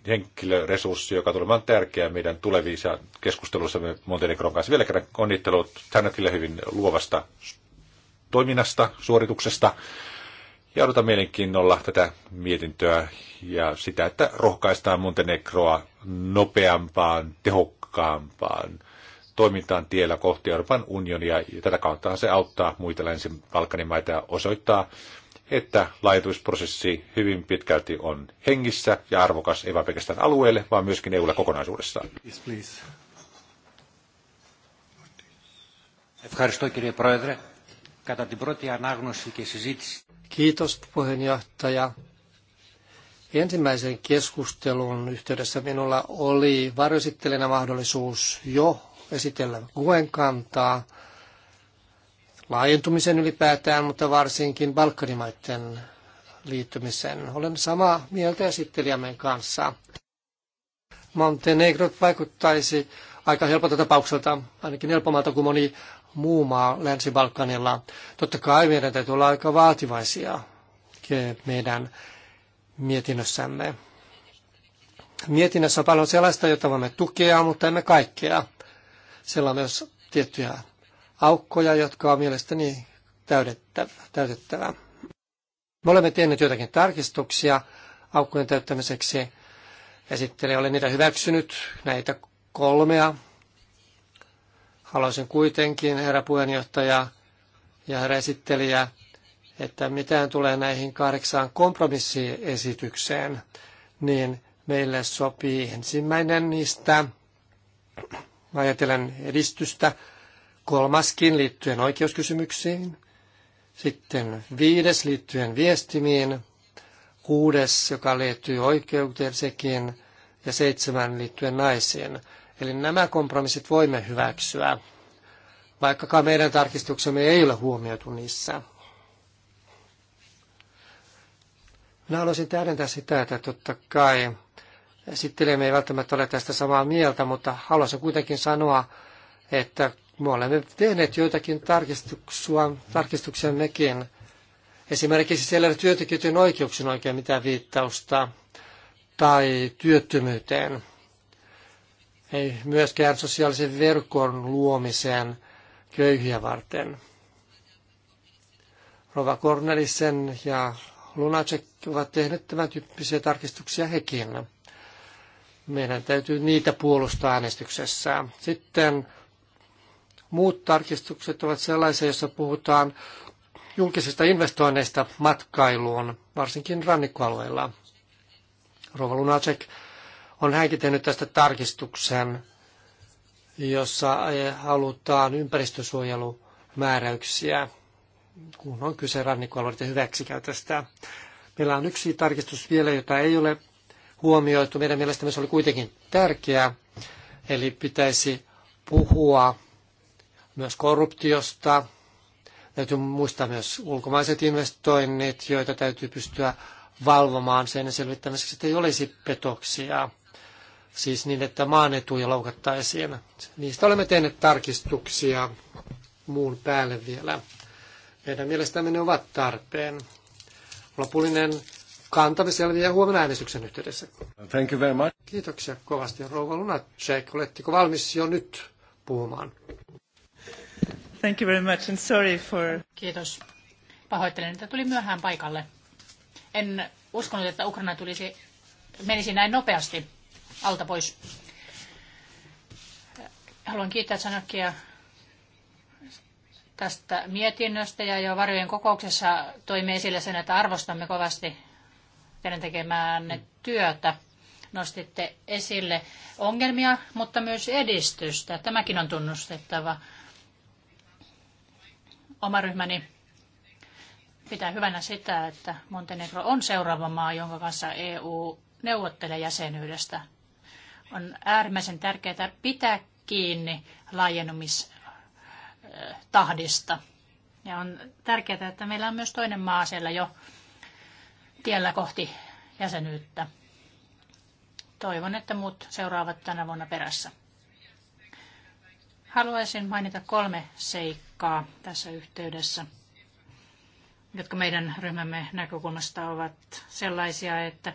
henkilöresurssi, joka tulee olemaan tärkeä meidän tulevissa keskusteluissa Montenegron kanssa. Vielä kerran onnittelut Tänäkille hyvin luovasta toiminnasta, suorituksesta. Ja odotan mielenkiinnolla tätä mietintöä ja sitä, että rohkaistaan Montenegroa nopeampaan, tehokkaampaan toimintaan tiellä kohti Euroopan unionia. Ja tätä kautta se auttaa muita länsi-Balkanin maita ja osoittaa että laajentumisprosessi hyvin pitkälti on hengissä ja arvokas ei vain pelkästään alueelle, vaan myöskin EUlle kokonaisuudessaan. Yes, please. Kiitos puheenjohtaja. Ensimmäisen keskustelun yhteydessä minulla oli varjosittelena mahdollisuus jo esitellä Guen kantaa – laajentumisen ylipäätään, mutta varsinkin Balkanimaiden liittymisen. Olen samaa mieltä esittelijämme kanssa. Montenegro vaikuttaisi aika helpolta tapaukselta, ainakin helpommalta kuin moni muu maa Länsi-Balkanilla. Totta kai meidän täytyy olla aika vaativaisia meidän mietinnössämme. Mietinnössä on paljon sellaista, jota voimme tukea, mutta emme kaikkea. Siellä on myös tiettyjä aukkoja, jotka on mielestäni täytettävä. Me olemme tehneet joitakin tarkistuksia aukkojen täyttämiseksi. Esittelijä olen niitä hyväksynyt, näitä kolmea. Haluaisin kuitenkin, herra puheenjohtaja ja herra esittelijä, että mitään tulee näihin kahdeksaan kompromissiesitykseen, niin meille sopii ensimmäinen niistä. Mä ajatellen edistystä kolmaskin liittyen oikeuskysymyksiin, sitten viides liittyen viestimiin, kuudes, joka liittyy oikeuteen sekin, ja seitsemän liittyen naisiin. Eli nämä kompromissit voimme hyväksyä, vaikkakaan meidän tarkistuksemme ei ole huomioitu niissä. Minä haluaisin täydentää sitä, että totta kai esittelemme ei välttämättä ole tästä samaa mieltä, mutta haluaisin kuitenkin sanoa, että me olemme tehneet joitakin tarkistuksia, tarkistuksia mekin. Esimerkiksi siellä ei ole työntekijöiden oikeuksien oikein mitään viittausta tai työttömyyteen. Ei myöskään sosiaalisen verkon luomiseen köyhiä varten. Rova Cornelissen ja Lunacek ovat tehneet tämän tyyppisiä tarkistuksia hekin. Meidän täytyy niitä puolustaa äänestyksessä. Sitten Muut tarkistukset ovat sellaisia, joissa puhutaan julkisista investoinneista matkailuun, varsinkin rannikkoalueilla. Rova Lunacek on hänkin tehnyt tästä tarkistuksen, jossa halutaan ympäristösuojelumääräyksiä, kun on kyse rannikkoalueiden hyväksikäytöstä. Meillä on yksi tarkistus vielä, jota ei ole huomioitu. Meidän mielestämme se oli kuitenkin tärkeää, eli pitäisi puhua myös korruptiosta. Täytyy muistaa myös ulkomaiset investoinnit, joita täytyy pystyä valvomaan sen selvittämiseksi, että ei olisi petoksia. Siis niin, että maan etuja loukattaisiin. Niistä olemme tehneet tarkistuksia muun päälle vielä. Meidän mielestämme ne ovat tarpeen. Lopullinen kantamme selviää huomenna äänestyksen yhteydessä. Thank you very much. Kiitoksia kovasti, rouva Lunacek. Oletteko valmis jo nyt puhumaan? Thank you very much and sorry for... Kiitos. Pahoittelen, että tuli myöhään paikalle. En uskonut, että Ukraina tulisi, menisi näin nopeasti alta pois. Haluan kiittää Sanokia tästä mietinnöstä ja jo varjojen kokouksessa toimme esille sen, että arvostamme kovasti teidän tekemään työtä. Nostitte esille ongelmia, mutta myös edistystä. Tämäkin on tunnustettava Oma ryhmäni pitää hyvänä sitä, että Montenegro on seuraava maa, jonka kanssa EU neuvottelee jäsenyydestä. On äärimmäisen tärkeää pitää kiinni laajenumistahdista. Ja on tärkeää, että meillä on myös toinen maa siellä jo tiellä kohti jäsenyyttä. Toivon, että muut seuraavat tänä vuonna perässä. Haluaisin mainita kolme seikkaa tässä yhteydessä, jotka meidän ryhmämme näkökulmasta ovat sellaisia, että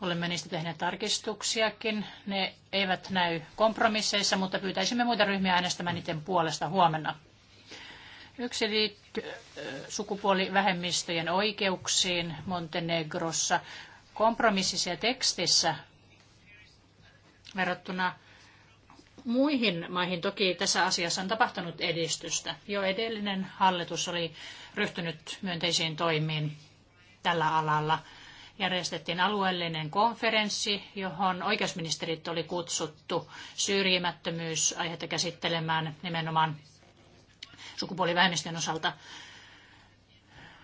olemme niistä tehneet tarkistuksiakin. Ne eivät näy kompromisseissa, mutta pyytäisimme muita ryhmiä äänestämään niiden puolesta huomenna. Yksi liittyy sukupuolivähemmistöjen oikeuksiin Montenegrossa kompromississa ja tekstissä verrattuna muihin maihin toki tässä asiassa on tapahtunut edistystä. Jo edellinen hallitus oli ryhtynyt myönteisiin toimiin tällä alalla. Järjestettiin alueellinen konferenssi, johon oikeusministerit oli kutsuttu syrjimättömyys aihetta käsittelemään nimenomaan sukupuolivähemmistön osalta.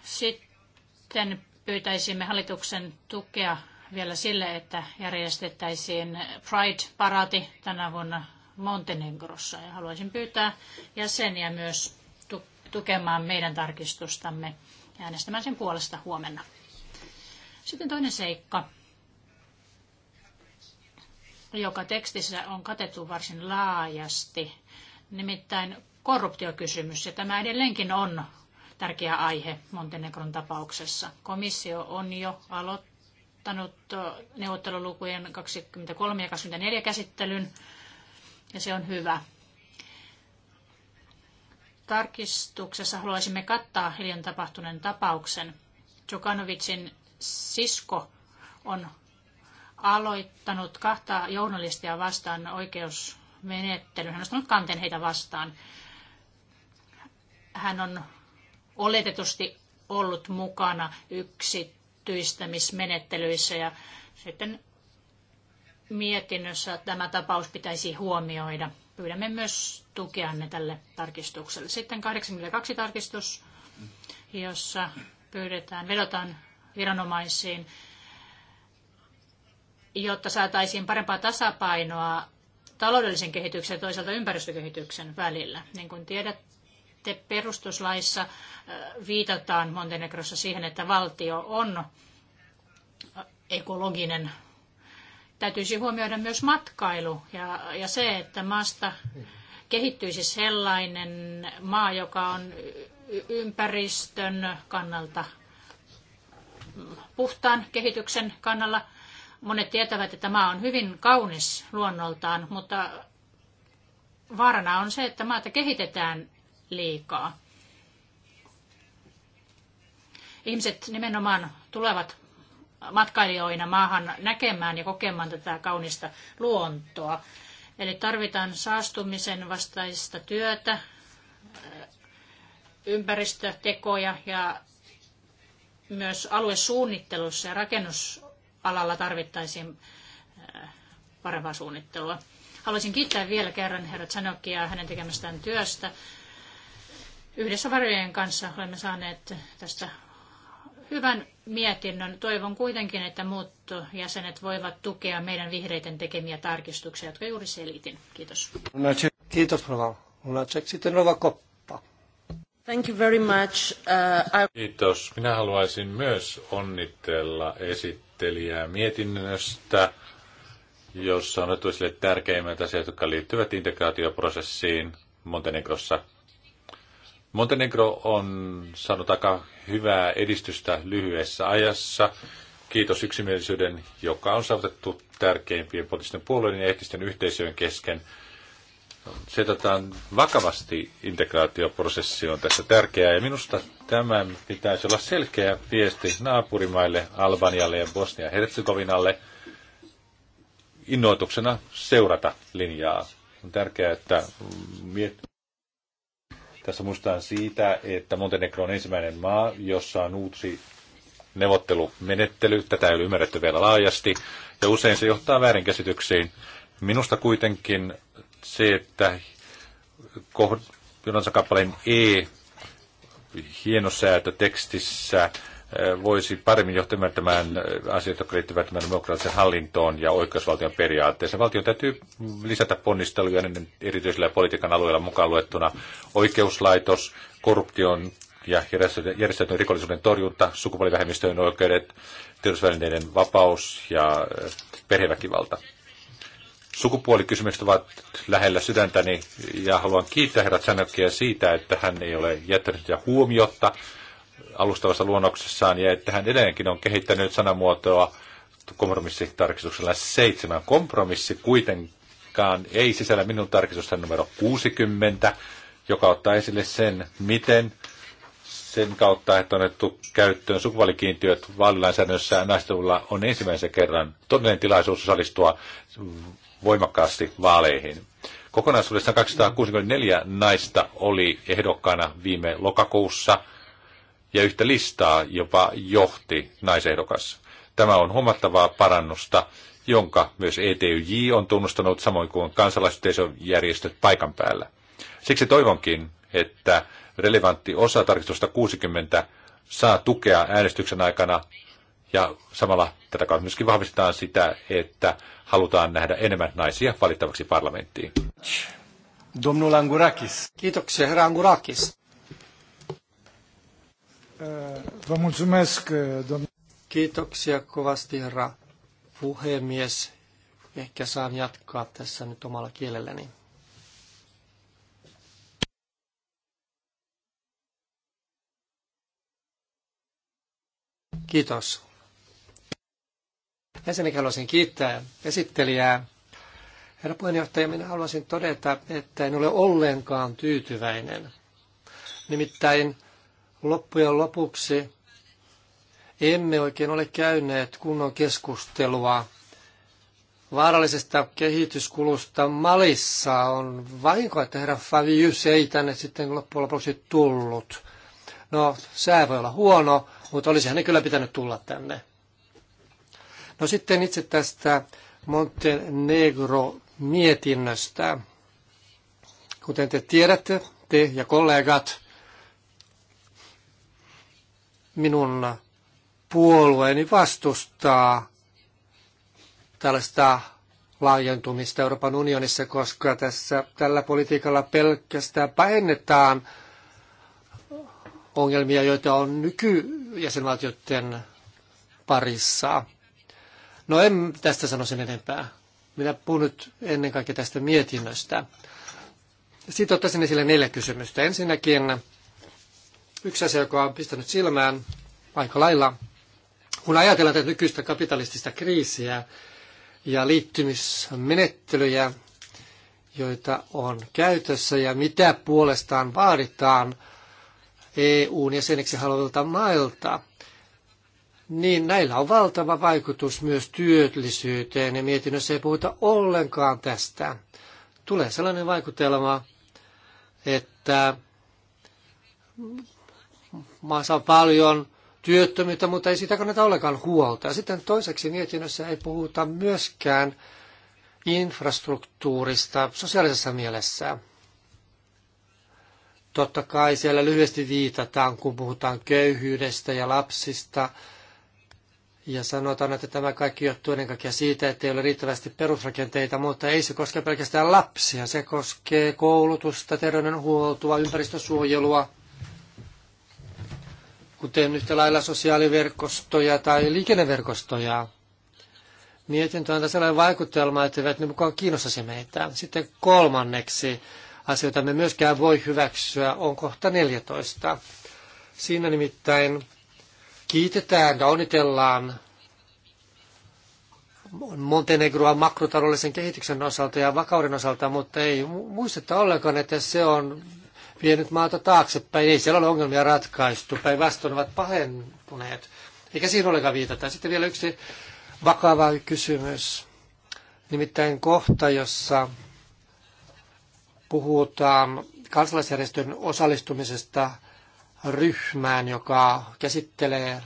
Sitten pyytäisimme hallituksen tukea vielä sille, että järjestettäisiin Pride-paraati tänä vuonna Montenegrossa. Ja haluaisin pyytää jäseniä myös tukemaan meidän tarkistustamme ja äänestämään sen puolesta huomenna. Sitten toinen seikka, joka tekstissä on katettu varsin laajasti, nimittäin korruptiokysymys. Ja tämä edelleenkin on tärkeä aihe Montenegron tapauksessa. Komissio on jo aloittanut neuvottelulukujen 23 ja 24 käsittelyn ja se on hyvä. Tarkistuksessa haluaisimme kattaa hiljan tapahtuneen tapauksen. Jokanovicin sisko on aloittanut kahta journalistia vastaan oikeusmenettelyn. Hän on nostanut kanteen heitä vastaan. Hän on oletetusti ollut mukana yksityistämismenettelyissä ja sitten mietinnössä tämä tapaus pitäisi huomioida. Pyydämme myös tukeanne tälle tarkistukselle. Sitten 82 tarkistus, jossa pyydetään, vedotaan viranomaisiin, jotta saataisiin parempaa tasapainoa taloudellisen kehityksen ja toisaalta ympäristökehityksen välillä. Niin kuin tiedätte, perustuslaissa viitataan Montenegrossa siihen, että valtio on ekologinen Täytyisi huomioida myös matkailu ja, ja se, että maasta kehittyisi sellainen maa, joka on ympäristön kannalta mm, puhtaan kehityksen kannalla. Monet tietävät, että maa on hyvin kaunis luonnoltaan, mutta vaarana on se, että maata kehitetään liikaa. Ihmiset nimenomaan tulevat matkailijoina maahan näkemään ja kokemaan tätä kaunista luontoa. Eli tarvitaan saastumisen vastaista työtä, ympäristötekoja ja myös aluesuunnittelussa ja rakennusalalla tarvittaisiin parempaa suunnittelua. Haluaisin kiittää vielä kerran herra Sanokia hänen tekemästään työstä. Yhdessä varjojen kanssa olemme saaneet tästä hyvän mietinnön. Toivon kuitenkin, että muut jäsenet voivat tukea meidän vihreiden tekemiä tarkistuksia, jotka juuri selitin. Kiitos. Kiitos, Sitten Rova Koppa. Thank you very much. Uh, I... Kiitos. Minä haluaisin myös onnitella esittelijää mietinnöstä, jossa on otettu esille tärkeimmät asiat, jotka liittyvät integraatioprosessiin Montenegrossa Montenegro on saanut aika hyvää edistystä lyhyessä ajassa. Kiitos yksimielisyyden, joka on saavutettu tärkeimpien poliittisten puolueiden ja ehtisten yhteisöjen kesken. Se otetaan vakavasti integraatioprosessi on tässä tärkeää ja minusta tämän pitäisi olla selkeä viesti naapurimaille, Albanialle ja Bosnia-Herzegovinalle innoituksena seurata linjaa. On tärkeää, että miet- tässä muistetaan siitä, että Montenegro on ensimmäinen maa, jossa on uusi neuvottelumenettely. Tätä ei ole ymmärretty vielä laajasti, ja usein se johtaa väärinkäsityksiin. Minusta kuitenkin se, että Jonansa kappaleen E hienosäätötekstissä voisi paremmin johtaa ymmärtämään asioita, jotka liittyvät demokraattisen hallintoon ja oikeusvaltion periaatteeseen. Valtio täytyy lisätä ponnisteluja erityisellä politiikan alueella mukaan luettuna oikeuslaitos, korruption ja järjestäytyneen rikollisuuden torjunta, sukupuolivähemmistöjen oikeudet, tiedotusvälineiden vapaus ja perheväkivalta. Sukupuolikysymykset ovat lähellä sydäntäni ja haluan kiittää herra Sanokia siitä, että hän ei ole jättänyt ja huomiota alustavassa luonnoksessaan ja että hän edelleenkin on kehittänyt sanamuotoa kompromissitarkistuksella seitsemän. Kompromissi kuitenkaan ei sisällä minun tarkistusta numero 60, joka ottaa esille sen, miten sen kautta, että on otettu käyttöön sukupuolikiintiöt vaalilainsäädännössä naistavulla on ensimmäisen kerran todellinen tilaisuus osallistua voimakkaasti vaaleihin. Kokonaisuudessaan 264 naista oli ehdokkaana viime lokakuussa – ja yhtä listaa jopa johti naisehdokas. Tämä on huomattavaa parannusta, jonka myös ETYJ on tunnustanut samoin kuin kansalaisyhteisöjärjestöt paikan päällä. Siksi toivonkin, että relevantti osa tarkistusta 60 saa tukea äänestyksen aikana ja samalla tätä kautta myöskin vahvistetaan sitä, että halutaan nähdä enemmän naisia valittavaksi parlamenttiin. Domnul Angurakis. Kiitoksia, herra Angurakis. Vă mulțumesc, domnule. Kiitoksia kovasti, herra puhemies. Ehkä saan jatkaa tässä nyt omalla kielelläni. Kiitos. Ensinnäkin haluaisin kiittää esittelijää. Herra puheenjohtaja, minä haluaisin todeta, että en ole ollenkaan tyytyväinen. Nimittäin loppujen lopuksi emme oikein ole käyneet kunnon keskustelua vaarallisesta kehityskulusta Malissa. On vahinko, että herra Favius ei tänne sitten loppujen lopuksi tullut. No, sää voi olla huono, mutta olisi hänen kyllä pitänyt tulla tänne. No sitten itse tästä Montenegro-mietinnöstä. Kuten te tiedätte, te ja kollegat, minun puolueeni vastustaa tällaista laajentumista Euroopan unionissa, koska tässä tällä politiikalla pelkästään pahennetaan ongelmia, joita on nykyjäsenvaltioiden parissa. No en tästä sano sen enempää. Minä puhun nyt ennen kaikkea tästä mietinnöstä. Sitten ottaisin esille neljä kysymystä. Ensinnäkin yksi asia, joka on pistänyt silmään aika lailla, kun ajatellaan tätä nykyistä kapitalistista kriisiä ja liittymismenettelyjä, joita on käytössä ja mitä puolestaan vaaditaan EUn jäseneksi haluavilta mailta, niin näillä on valtava vaikutus myös työllisyyteen ja mietinnössä ei puhuta ollenkaan tästä. Tulee sellainen vaikutelma, että maassa on paljon työttömyyttä, mutta ei siitä kannata ollenkaan huolta. Ja sitten toiseksi mietinnössä ei puhuta myöskään infrastruktuurista sosiaalisessa mielessä. Totta kai siellä lyhyesti viitataan, kun puhutaan köyhyydestä ja lapsista, ja sanotaan, että tämä kaikki johtuu ennen kaikkea siitä, että ei ole riittävästi perusrakenteita, mutta ei se koske pelkästään lapsia. Se koskee koulutusta, terveydenhuoltoa, ympäristösuojelua, kuten yhtä lailla sosiaaliverkostoja tai liikenneverkostoja. Mietintö antaa sellainen vaikutelma, että eivät ne mukaan kiinnostaisi meitä. Sitten kolmanneksi asioita me myöskään voi hyväksyä on kohta 14. Siinä nimittäin kiitetään ja onnitellaan Montenegroa makrotaloudellisen kehityksen osalta ja vakauden osalta, mutta ei muisteta ollenkaan, että se on vienyt maata taaksepäin. Ei siellä ole ongelmia ratkaistu, päinvastoin ovat pahentuneet. Eikä siinä olekaan viitata. Sitten vielä yksi vakava kysymys. Nimittäin kohta, jossa puhutaan kansalaisjärjestön osallistumisesta ryhmään, joka käsittelee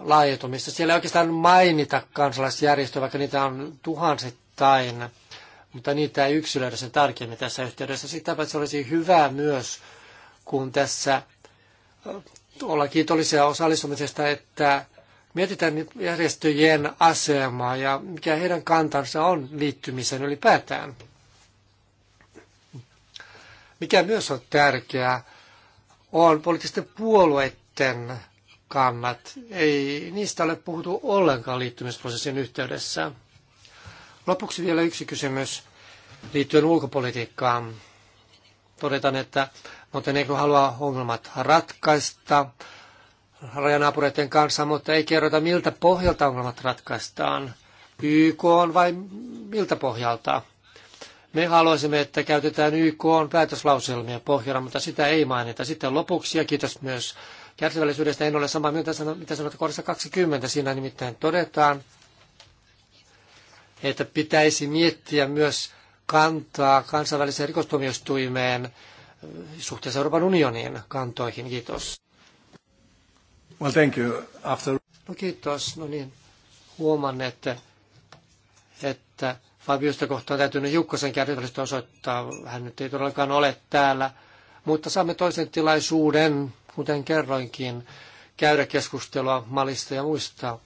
laajentumista. Siellä ei oikeastaan mainita kansalaisjärjestöä, vaikka niitä on tuhansittain mutta niitä ei yksilöidä sen tarkemmin tässä yhteydessä. Sitä paitsi olisi hyvä myös, kun tässä ollaan kiitollisia osallistumisesta, että mietitään järjestöjen asemaa ja mikä heidän kantansa on liittymiseen ylipäätään. Mikä myös on tärkeää, on poliittisten puolueiden kannat. Ei niistä ole puhuttu ollenkaan liittymisprosessin yhteydessä. Lopuksi vielä yksi kysymys liittyen ulkopolitiikkaan. Todetaan, että Montenegro haluaa ongelmat ratkaista rajanapureiden kanssa, mutta ei kerrota miltä pohjalta ongelmat ratkaistaan. YK on vai miltä pohjalta? Me haluaisimme, että käytetään YK on päätöslauselmia pohjalla, mutta sitä ei mainita. Sitten lopuksi, ja kiitos myös kärsivällisyydestä, en ole samaa mieltä, mitä sanoit kohdassa 20. Siinä nimittäin todetaan, että pitäisi miettiä myös kantaa kansainväliseen rikostuomioistuimeen suhteessa Euroopan unionin kantoihin. Kiitos. Well, thank you. After... No kiitos. No niin, huomaan, että, että Fabiosta kohtaan nyt Jukkosen kärsivällistä osoittaa. Hän nyt ei todellakaan ole täällä, mutta saamme toisen tilaisuuden, kuten kerroinkin, käydä keskustelua Malista ja muista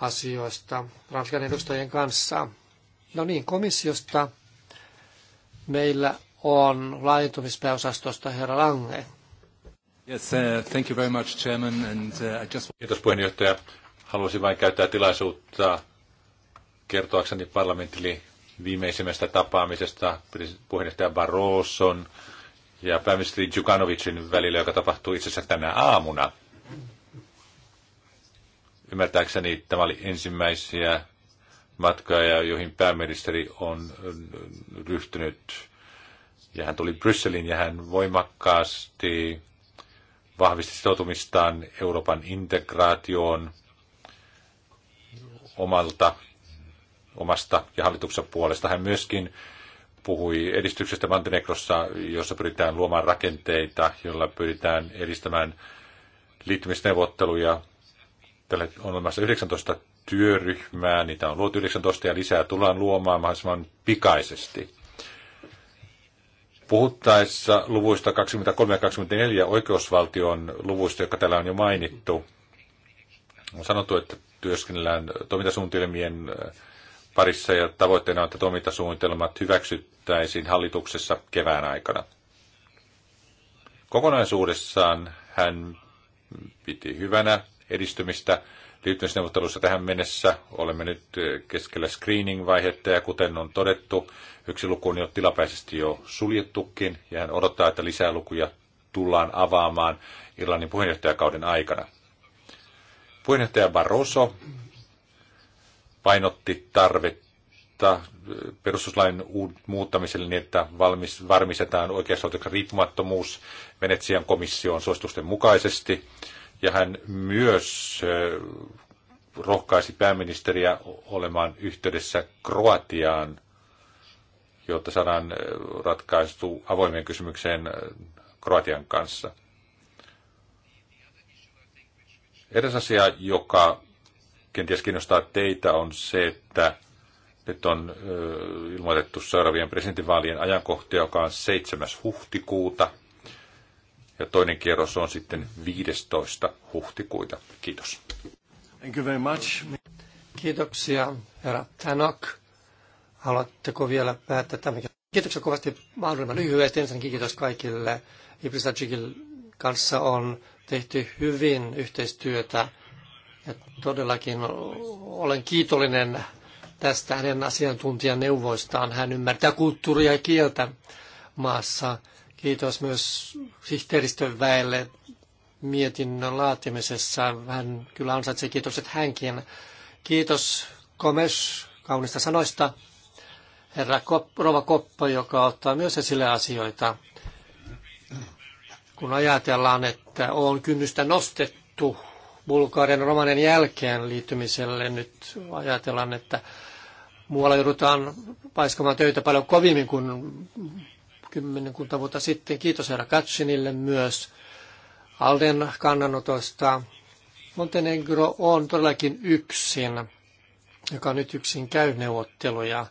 asioista Ranskan edustajien kanssa. No niin, komissiosta meillä on laajentumispääosastosta herra Lange. Yes, uh, thank you very much, Chairman, and, uh, I just... Kiitos puheenjohtaja. Haluaisin vain käyttää tilaisuutta kertoakseni parlamentille viimeisimmästä tapaamisesta puheenjohtaja Barroson ja pääministeri Djukanovicin välillä, joka tapahtuu itse asiassa tänä aamuna. Ymmärtääkseni tämä oli ensimmäisiä matkoja, joihin pääministeri on ryhtynyt. Ja hän tuli Brysselin ja hän voimakkaasti vahvisti sitoutumistaan Euroopan integraatioon omalta, omasta ja hallituksen puolesta. Hän myöskin puhui edistyksestä Montenegrossa, jossa pyritään luomaan rakenteita, joilla pyritään edistämään liittymisneuvotteluja Tällä on olemassa 19 työryhmää, niitä on luotu 19 ja lisää tullaan luomaan mahdollisimman pikaisesti. Puhuttaessa luvuista 23 ja 24 oikeusvaltion luvuista, jotka täällä on jo mainittu, on sanottu, että työskennellään toimintasuunnitelmien parissa ja tavoitteena on, että toimintasuunnitelmat hyväksyttäisiin hallituksessa kevään aikana. Kokonaisuudessaan hän piti hyvänä edistymistä liittymisneuvottelussa tähän mennessä. Olemme nyt eh, keskellä screening-vaihetta ja kuten on todettu, yksi luku on jo tilapäisesti jo suljettukin ja hän odottaa, että lisää lukuja tullaan avaamaan Irlannin puheenjohtajakauden aikana. Puheenjohtaja Barroso painotti tarvetta eh, perustuslain muuttamiselle niin, että valmis, varmistetaan oikeastaan riippumattomuus Venetsian komission suositusten mukaisesti. Ja hän myös rohkaisi pääministeriä olemaan yhteydessä Kroatiaan, jotta saadaan ratkaistu avoimeen kysymykseen Kroatian kanssa. Eräs asia, joka kenties kiinnostaa teitä, on se, että nyt on ilmoitettu seuraavien presidentinvaalien ajankohta, joka on 7. huhtikuuta – ja toinen kierros on sitten 15. huhtikuuta. Kiitos. Thank you very much. Kiitoksia, herra Tanok. Haluatteko vielä päättää tämän? Kiitoksia kovasti mahdollisimman lyhyesti. Ensinnäkin kiitos kaikille. Ibrisajikil kanssa on tehty hyvin yhteistyötä ja todellakin olen kiitollinen tästä hänen asiantuntijaneuvoistaan. Hän ymmärtää kulttuuria ja kieltä maassa Kiitos myös sihteeristön väelle mietinnön laatimisessa. Hän kyllä ansaitsee kiitokset hänkin. Kiitos Komes kaunista sanoista. Herra Kop, Rova Koppa, joka ottaa myös esille asioita. Kun ajatellaan, että on kynnystä nostettu Bulgarian romanen jälkeen liittymiselle, nyt ajatellaan, että muualla joudutaan paiskamaan töitä paljon kovimmin kuin kymmenkunta vuotta sitten. Kiitos herra Katsinille myös Alden kannanotosta. Montenegro on todellakin yksin, joka nyt yksin käy neuvotteluja.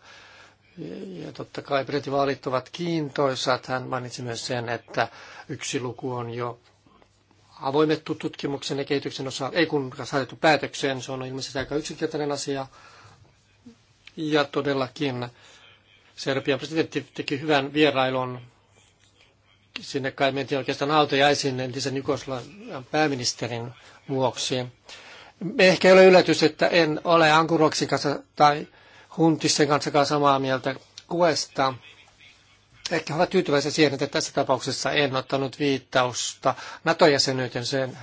Ja totta kai presidentinvaalit ovat kiintoisat. Hän mainitsi myös sen, että yksi luku on jo avoimettu tutkimuksen ja kehityksen osa, ei kun saatettu päätökseen. Se on ilmeisesti aika yksinkertainen asia. Ja todellakin Serbian presidentti teki hyvän vierailun. Sinne kai mentiin oikeastaan hautajaisin entisen Jugoslavian pääministerin vuoksi. Ehkä ei ole yllätys, että en ole Ankuroksin kanssa tai Huntisen kanssa samaa mieltä kuesta. Ehkä ovat tyytyväisiä siihen, että tässä tapauksessa en ottanut viittausta NATO-jäsenyyteen. Sen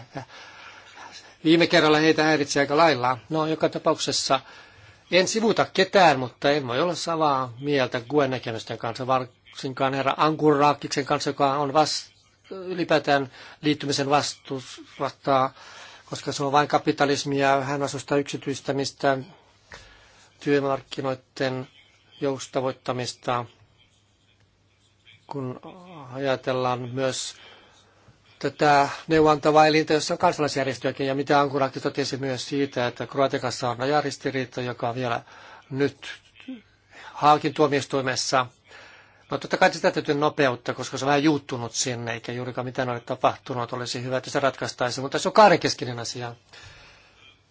viime kerralla heitä häiritsi aika lailla. No, joka tapauksessa en sivuta ketään, mutta en voi olla samaa mieltä Guen näkemysten kanssa, varsinkaan herra Angurraakiksen kanssa, joka on vast, ylipäätään liittymisen vastustaa, koska se on vain kapitalismia, hän vastustaa yksityistämistä, työmarkkinoiden joustavoittamista, kun ajatellaan myös tätä neuvontavaa elintä, jossa on kansalaisjärjestöjäkin, ja mitä Ankurakki totesi myös siitä, että Kroatikassa on rajaristiriita, joka on vielä nyt Haakin tuomioistuimessa. No totta kai sitä täytyy nopeutta, koska se on vähän juuttunut sinne, eikä juurikaan mitään ole tapahtunut. Olisi hyvä, että se ratkaistaisi, mutta se on kahdenkeskinen asia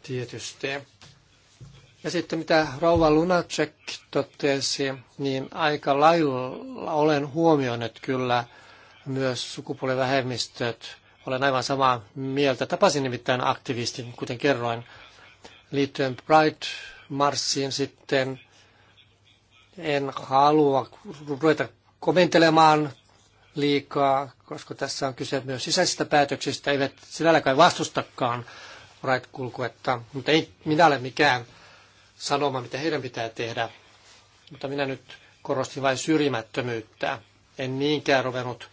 tietysti. Ja sitten mitä Rouva Lunacek totesi, niin aika lailla olen huomioinut kyllä – myös sukupuolivähemmistöt. Olen aivan samaa mieltä. Tapasin nimittäin aktivistin, kuten kerroin, liittyen pride Marsiin sitten. En halua ruveta komentelemaan liikaa, koska tässä on kyse myös sisäisistä päätöksistä. Eivät kai vastustakaan Pride-kulkuetta, mutta ei minä ole mikään sanoma, mitä heidän pitää tehdä. Mutta minä nyt korostin vain syrjimättömyyttä. En niinkään ruvennut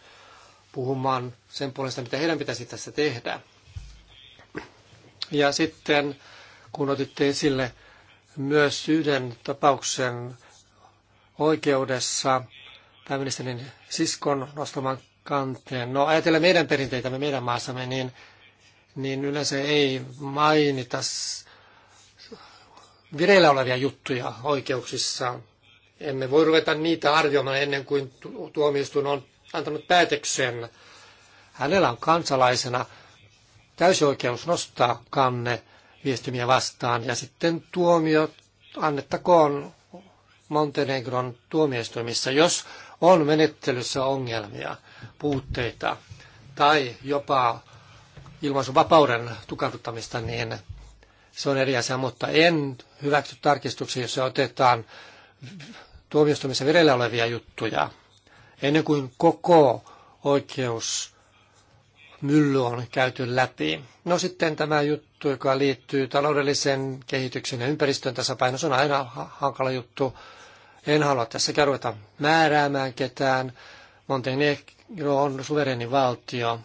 puhumaan sen puolesta, mitä heidän pitäisi tässä tehdä. Ja sitten kun otitte esille myös yhden tapauksen oikeudessa pääministerin siskon nostaman kanteen. No ajatellen meidän perinteitämme meidän maassamme, niin, niin yleensä ei mainita vireillä olevia juttuja oikeuksissa. Emme voi ruveta niitä arvioimaan ennen kuin tuomioistuin on antanut päätöksen. Hänellä on kansalaisena täysi oikeus nostaa kanne viestimiä vastaan ja sitten tuomio annettakoon Montenegron tuomioistuimissa, jos on menettelyssä ongelmia, puutteita tai jopa ilmaisuvapauden tukahduttamista, niin se on eri asia, mutta en hyväksy tarkistuksia, se otetaan tuomioistuimissa vireillä olevia juttuja ennen kuin koko oikeus mylly on käyty läpi. No sitten tämä juttu, joka liittyy taloudellisen kehityksen ja ympäristön tasapaino, se on aina hankala juttu. En halua tässä ruveta määräämään ketään. Montenegro on suvereni valtio.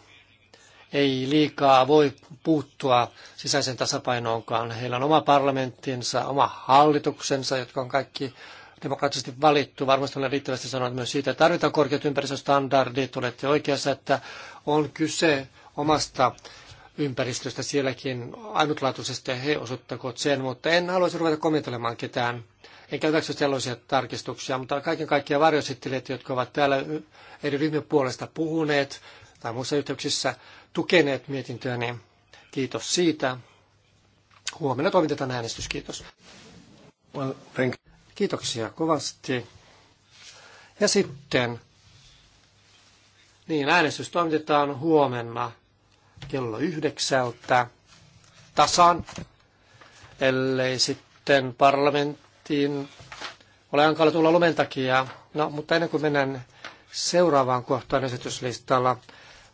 Ei liikaa voi puuttua sisäisen tasapainoonkaan. Heillä on oma parlamenttinsa, oma hallituksensa, jotka on kaikki demokraattisesti valittu. Varmasti olen riittävästi sanonut myös siitä, että tarvitaan korkeat ympäristöstandardit. Olette oikeassa, että on kyse omasta ympäristöstä sielläkin ainutlaatuisesti ja he osoittakoot sen, mutta en haluaisi ruveta kommentoimaan ketään. En hyväksy sellaisia tarkistuksia, mutta kaiken kaikkiaan varjosittelijat, jotka ovat täällä eri ryhmien puolesta puhuneet tai muissa yhteyksissä tukeneet mietintöä, niin kiitos siitä. Huomenna toimitetaan äänestys. Kiitos. Well, thank you. Kiitoksia kovasti. Ja sitten, niin äänestys toimitetaan huomenna kello yhdeksältä tasan, ellei sitten parlamenttiin ole hankala tulla lumen takia. No, mutta ennen kuin mennään seuraavaan kohtaan esityslistalla,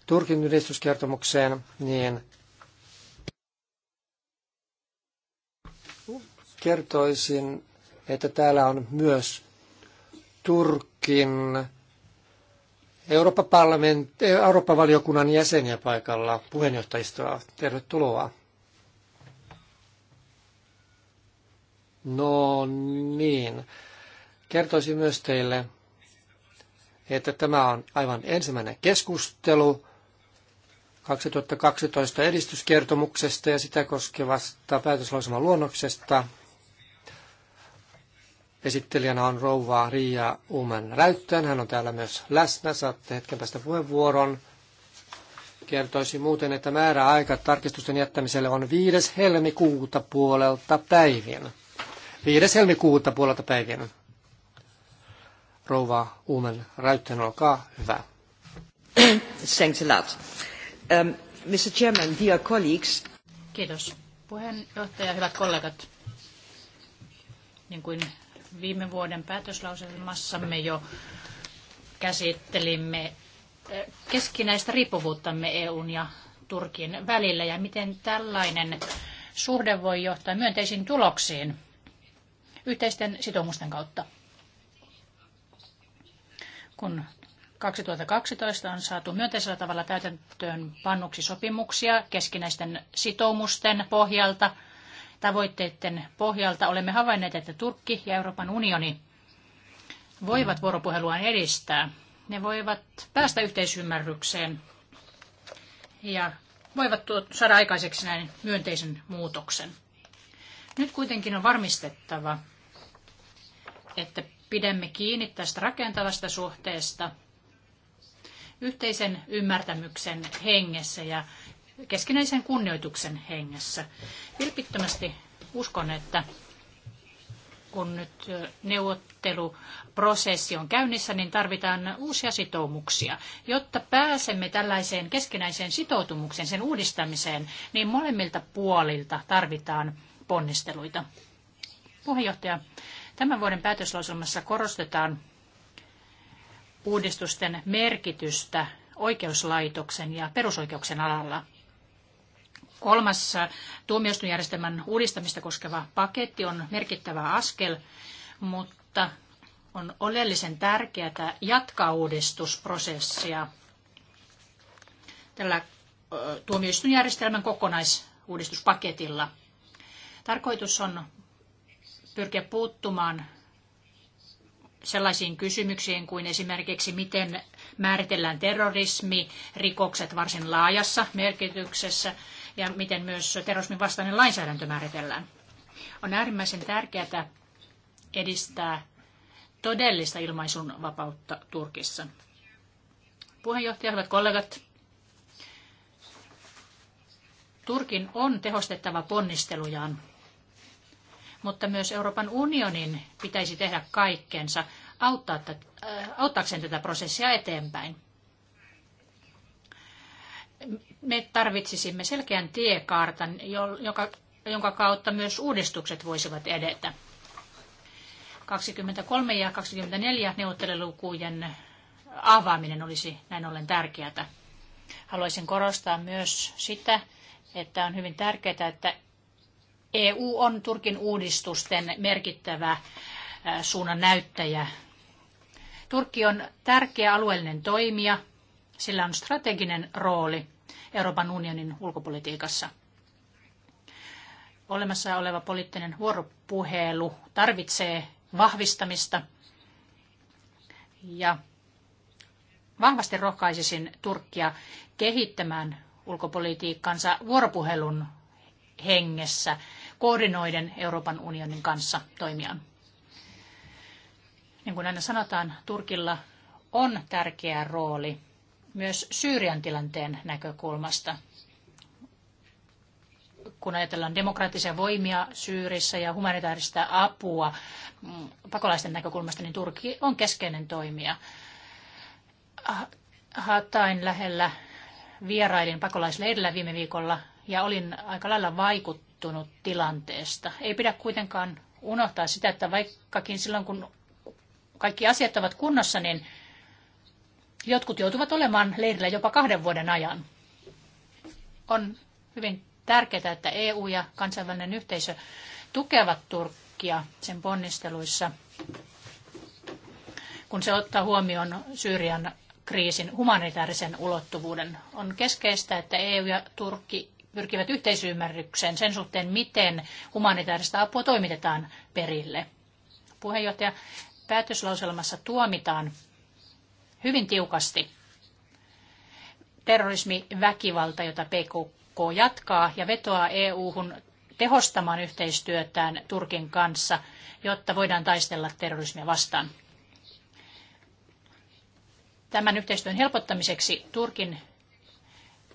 Turkin yhdistyskertomukseen, niin kertoisin että täällä on myös Turkin eh, Euroopan valiokunnan jäseniä paikalla puheenjohtajistoa. Tervetuloa. No niin. Kertoisin myös teille, että tämä on aivan ensimmäinen keskustelu 2012 edistyskertomuksesta ja sitä koskevasta päätöslausuman luonnoksesta. Esittelijänä on rouva Riia Uman Räyttön. Hän on täällä myös läsnä. Saatte hetken päästä puheenvuoron. Kertoisin muuten, että määräaika tarkistusten jättämiselle on 5. helmikuuta puolelta päivien. 5. helmikuuta puolelta päivien. Rouva Umen Räyttön, olkaa hyvä. Thanks a lot. Um, Mr. Chairman, dear colleagues. Kiitos. Puheenjohtaja, hyvät kollegat. Niin kuin Viime vuoden päätöslauselmassamme jo käsittelimme eh, keskinäistä riippuvuuttamme EUn ja Turkin välillä ja miten tällainen suhde voi johtaa myönteisiin tuloksiin yhteisten sitoumusten kautta. Kun 2012 on saatu myönteisellä tavalla täytäntöön pannuksi sopimuksia keskinäisten sitoumusten pohjalta, tavoitteiden pohjalta olemme havainneet, että Turkki ja Euroopan unioni voivat vuoropuhelua edistää. Ne voivat päästä yhteisymmärrykseen ja voivat saada aikaiseksi näin myönteisen muutoksen. Nyt kuitenkin on varmistettava, että pidämme kiinni tästä rakentavasta suhteesta yhteisen ymmärtämyksen hengessä ja keskinäisen kunnioituksen hengessä. Vilpittömästi uskon, että kun nyt neuvotteluprosessi on käynnissä, niin tarvitaan uusia sitoumuksia. Jotta pääsemme tällaiseen keskinäiseen sitoutumukseen, sen uudistamiseen, niin molemmilta puolilta tarvitaan ponnisteluita. Puheenjohtaja, tämän vuoden päätöslauselmassa korostetaan uudistusten merkitystä oikeuslaitoksen ja perusoikeuksen alalla. Kolmas äh, tuomioistujärjestelmän uudistamista koskeva paketti on merkittävä askel, mutta on oleellisen tärkeää jatkaa uudistusprosessia tällä äh, tuomioistujärjestelmän kokonaisuudistuspaketilla. Tarkoitus on pyrkiä puuttumaan sellaisiin kysymyksiin kuin esimerkiksi miten määritellään terrorismi, rikokset varsin laajassa merkityksessä ja miten myös terrorismin vastainen lainsäädäntö määritellään. On äärimmäisen tärkeää edistää todellista ilmaisun vapautta Turkissa. Puheenjohtaja, hyvät kollegat, Turkin on tehostettava ponnistelujaan, mutta myös Euroopan unionin pitäisi tehdä kaikkensa auttaa, äh, auttaakseen tätä prosessia eteenpäin me tarvitsisimme selkeän tiekartan, joka, jonka kautta myös uudistukset voisivat edetä. 23 ja 24 neuvottelulukujen avaaminen olisi näin ollen tärkeää. Haluaisin korostaa myös sitä, että on hyvin tärkeää, että EU on Turkin uudistusten merkittävä suunnan näyttäjä. Turkki on tärkeä alueellinen toimija, sillä on strateginen rooli Euroopan unionin ulkopolitiikassa. Olemassa oleva poliittinen vuoropuhelu tarvitsee vahvistamista ja vahvasti rohkaisisin Turkkia kehittämään ulkopolitiikkansa vuoropuhelun hengessä koordinoiden Euroopan unionin kanssa toimiaan. Niin kuin aina sanotaan, Turkilla on tärkeä rooli myös Syyrian tilanteen näkökulmasta. Kun ajatellaan demokraattisia voimia Syyrissä ja humanitaarista apua mm, pakolaisten näkökulmasta, niin Turkki on keskeinen toimija. Hatain lähellä vierailin pakolaisleirillä viime viikolla ja olin aika lailla vaikuttunut tilanteesta. Ei pidä kuitenkaan unohtaa sitä, että vaikkakin silloin kun kaikki asiat ovat kunnossa, niin Jotkut joutuvat olemaan leirillä jopa kahden vuoden ajan. On hyvin tärkeää, että EU ja kansainvälinen yhteisö tukevat Turkkia sen ponnisteluissa, kun se ottaa huomioon Syyrian kriisin humanitaarisen ulottuvuuden. On keskeistä, että EU ja Turkki pyrkivät yhteisymmärrykseen sen suhteen, miten humanitaarista apua toimitetaan perille. Puheenjohtaja, päätöslauselmassa tuomitaan hyvin tiukasti. Terrorismi, väkivalta, jota PKK jatkaa ja vetoaa EU-hun tehostamaan yhteistyötään Turkin kanssa, jotta voidaan taistella terrorismia vastaan. Tämän yhteistyön helpottamiseksi Turkin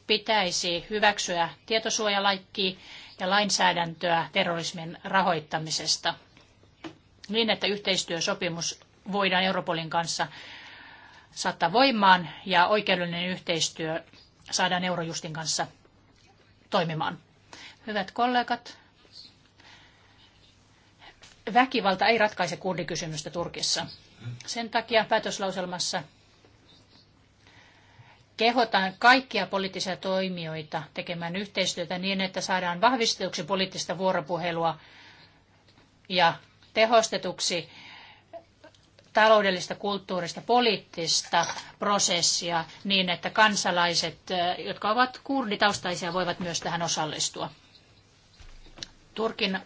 pitäisi hyväksyä tietosuojalaki ja lainsäädäntöä terrorismin rahoittamisesta niin, että yhteistyösopimus voidaan Europolin kanssa saattaa voimaan ja oikeudellinen yhteistyö saadaan Eurojustin kanssa toimimaan. Hyvät kollegat, väkivalta ei ratkaise kurdikysymystä Turkissa. Sen takia päätöslauselmassa kehotan kaikkia poliittisia toimijoita tekemään yhteistyötä niin, että saadaan vahvistetuksi poliittista vuoropuhelua ja tehostetuksi taloudellista, kulttuurista, poliittista prosessia niin, että kansalaiset, jotka ovat kurditaustaisia, voivat myös tähän osallistua. Turkin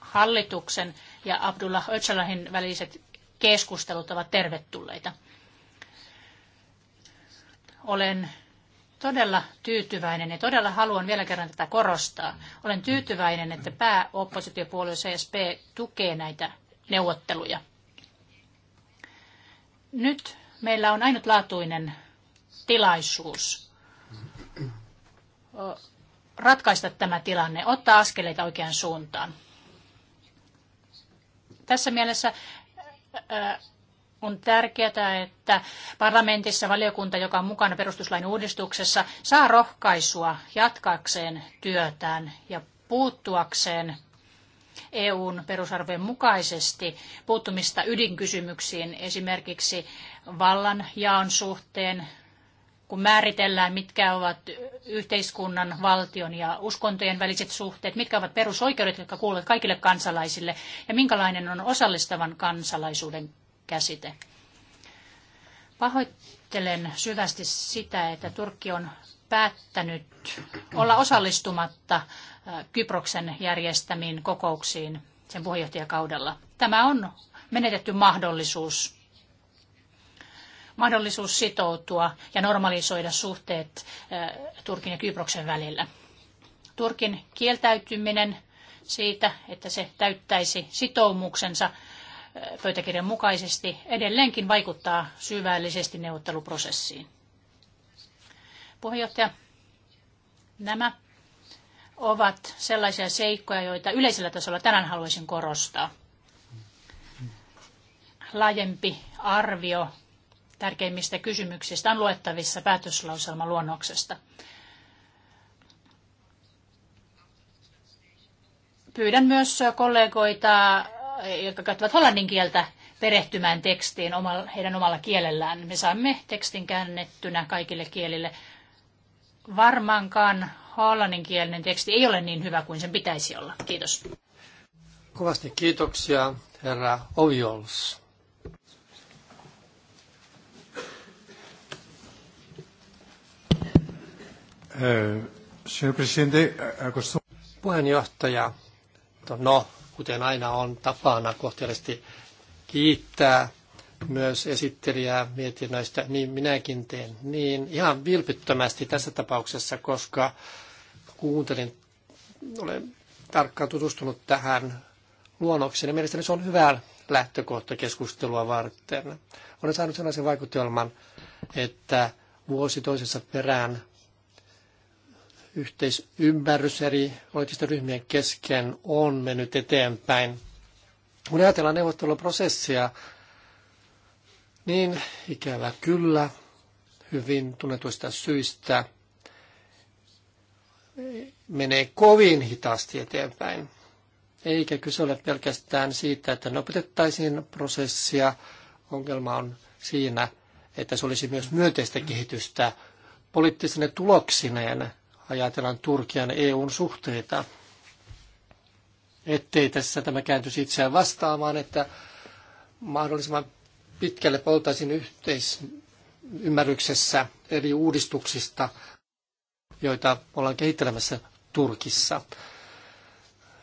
hallituksen ja Abdullah Öcalanin väliset keskustelut ovat tervetulleita. Olen todella tyytyväinen ja todella haluan vielä kerran tätä korostaa. Olen tyytyväinen, että pääoppositiopuolue CSP tukee näitä neuvotteluja. Nyt meillä on ainutlaatuinen tilaisuus ratkaista tämä tilanne, ottaa askeleita oikeaan suuntaan. Tässä mielessä on tärkeää, että parlamentissa valiokunta, joka on mukana perustuslain uudistuksessa, saa rohkaisua jatkaakseen työtään ja puuttuakseen EUn perusarvojen mukaisesti puuttumista ydinkysymyksiin, esimerkiksi vallan jaon suhteen, kun määritellään, mitkä ovat yhteiskunnan, valtion ja uskontojen väliset suhteet, mitkä ovat perusoikeudet, jotka kuuluvat kaikille kansalaisille, ja minkälainen on osallistavan kansalaisuuden käsite. Pahoittelen syvästi sitä, että Turkki on päättänyt olla osallistumatta Kyproksen järjestämiin kokouksiin sen puheenjohtajakaudella. Tämä on menetetty mahdollisuus mahdollisuus sitoutua ja normalisoida suhteet Turkin ja Kyproksen välillä. Turkin kieltäytyminen siitä, että se täyttäisi sitoumuksensa pöytäkirjan mukaisesti, edelleenkin vaikuttaa syvällisesti neuvotteluprosessiin. Puheenjohtaja, nämä ovat sellaisia seikkoja, joita yleisellä tasolla tänään haluaisin korostaa. Laajempi arvio tärkeimmistä kysymyksistä on luettavissa päätöslauselman luonnoksesta. Pyydän myös kollegoita, jotka käyttävät hollannin kieltä, perehtymään tekstiin heidän omalla kielellään. Me saamme tekstin käännettynä kaikille kielille. Varmaankaan hollanninkielinen teksti ei ole niin hyvä kuin sen pitäisi olla. Kiitos. Kovasti kiitoksia, herra Oviols. Eh, Puheenjohtaja, no, kuten aina on tapana kohteellisesti kiittää myös esittelijää mietinnöistä, niin minäkin teen niin ihan vilpittömästi tässä tapauksessa, koska kuuntelin, olen tarkkaan tutustunut tähän luonnokseen ja mielestäni se on hyvää lähtökohta keskustelua varten. Olen saanut sellaisen vaikutelman, että vuosi toisessa perään yhteisymmärrys eri poliittisten ryhmien kesken on mennyt eteenpäin. Kun ajatellaan neuvotteluprosessia, niin ikävä kyllä, hyvin tunnetuista syistä – menee kovin hitaasti eteenpäin. Eikä kyse ole pelkästään siitä, että nopeutettaisiin prosessia. Ongelma on siinä, että se olisi myös myönteistä kehitystä poliittisine tuloksineen, ajatellaan Turkian EUn suhteita. Ettei tässä tämä kääntyisi itseään vastaamaan, että mahdollisimman pitkälle poltaisin yhteisymmärryksessä eri uudistuksista, joita ollaan kehittelemässä Turkissa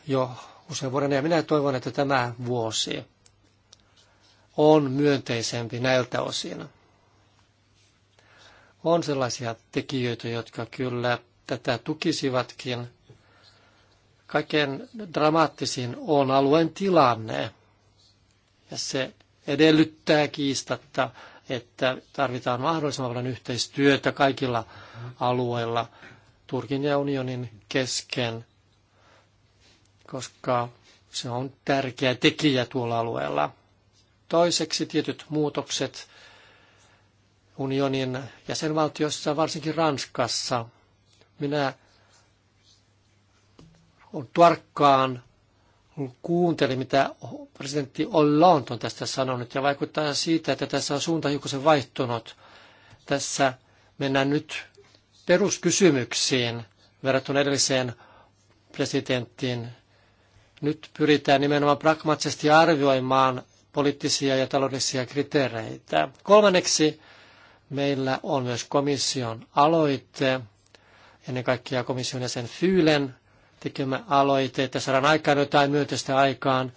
jo usean vuoden. Ja minä toivon, että tämä vuosi on myönteisempi näiltä osin. On sellaisia tekijöitä, jotka kyllä tätä tukisivatkin. Kaiken dramaattisin on alueen tilanne. Ja se edellyttää kiistatta että tarvitaan mahdollisimman paljon yhteistyötä kaikilla alueilla Turkin ja unionin kesken, koska se on tärkeä tekijä tuolla alueella. Toiseksi tietyt muutokset unionin jäsenvaltiossa, varsinkin Ranskassa. Minä on tarkkaan kuunteli, mitä presidentti Hollande on tästä sanonut, ja vaikuttaa siitä, että tässä on suunta se vaihtunut. Tässä mennään nyt peruskysymyksiin verrattuna edelliseen presidenttiin. Nyt pyritään nimenomaan pragmaattisesti arvioimaan poliittisia ja taloudellisia kriteereitä. Kolmanneksi meillä on myös komission aloite, ennen kaikkea komission jäsen Fyylen tekemä aloite, että saadaan aikaan jotain myönteistä aikaan.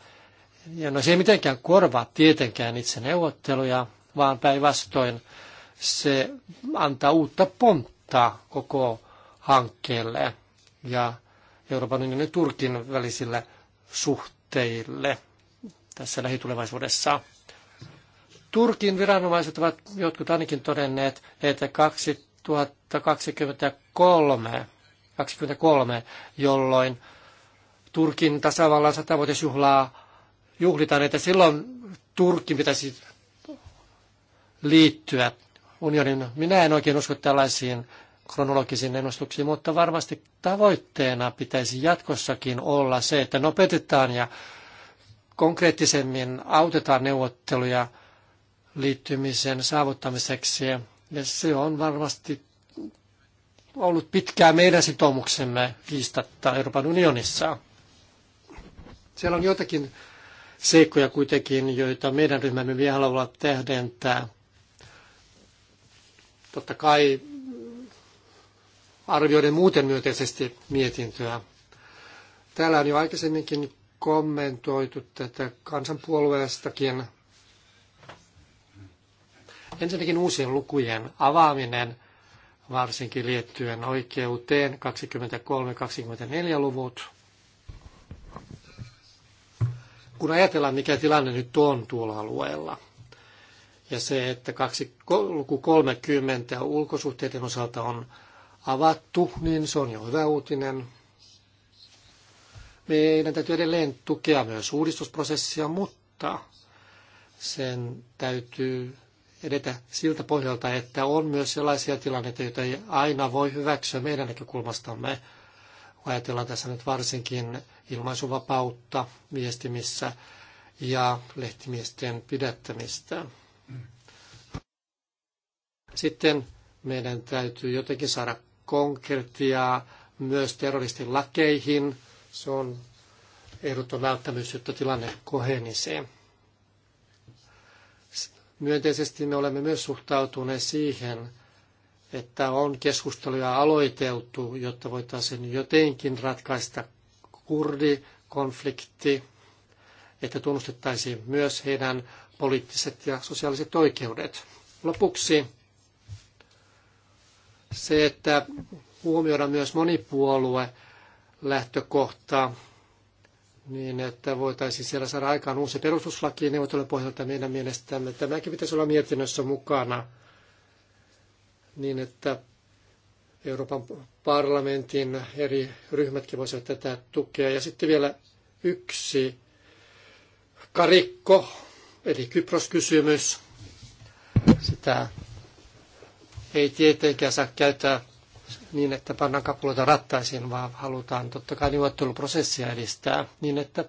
Ja no se ei mitenkään korvaa tietenkään itse neuvotteluja, vaan päinvastoin se antaa uutta pontta koko hankkeelle ja Euroopan unionin ja Turkin välisille suhteille tässä lähitulevaisuudessa. Turkin viranomaiset ovat jotkut ainakin todenneet, että 2023 23, jolloin Turkin tasavallan satavuotisjuhlaa juhlitaan, että silloin Turkin pitäisi liittyä unionin. Minä en oikein usko tällaisiin kronologisiin ennustuksiin, mutta varmasti tavoitteena pitäisi jatkossakin olla se, että nopeutetaan ja konkreettisemmin autetaan neuvotteluja liittymisen saavuttamiseksi. Ja se on varmasti ollut pitkään meidän sitoumuksemme kiistatta Euroopan unionissa. Siellä on joitakin seikkoja kuitenkin, joita meidän ryhmämme vielä haluaa tähdentää. Totta kai arvioiden muuten myönteisesti mietintöä. Täällä on jo aikaisemminkin kommentoitu tätä kansanpuolueestakin. Ensinnäkin uusien lukujen avaaminen – varsinkin liittyen oikeuteen 23-24-luvut. Kun ajatellaan, mikä tilanne nyt on tuolla alueella, ja se, että kaksi, luku 30 ulkosuhteiden osalta on avattu, niin se on jo hyvä uutinen. Meidän täytyy edelleen tukea myös uudistusprosessia, mutta sen täytyy edetä siltä pohjalta, että on myös sellaisia tilanteita, joita ei aina voi hyväksyä meidän näkökulmastamme. Ajatellaan tässä nyt varsinkin ilmaisuvapautta viestimissä ja lehtimiesten pidättämistä. Sitten meidän täytyy jotenkin saada konkretiaa myös terroristin lakeihin. Se on ehdoton välttämättä, jotta tilanne kohenisee. Myönteisesti me olemme myös suhtautuneet siihen, että on keskusteluja aloiteltu, jotta voitaisiin jotenkin ratkaista kurdikonflikti, että tunnustettaisiin myös heidän poliittiset ja sosiaaliset oikeudet. Lopuksi se, että huomioida myös monipuolue lähtökohtaa niin että voitaisiin siellä saada aikaan uusi perustuslaki neuvottelun pohjalta meidän mielestämme. Tämäkin pitäisi olla mietinnössä mukana niin, että Euroopan parlamentin eri ryhmätkin voisivat tätä tukea. Ja sitten vielä yksi karikko, eli Kypros-kysymys. Sitä ei tietenkään saa käyttää niin, että pannaan kapuloita rattaisiin, vaan halutaan totta kai neuvotteluprosessia edistää niin, että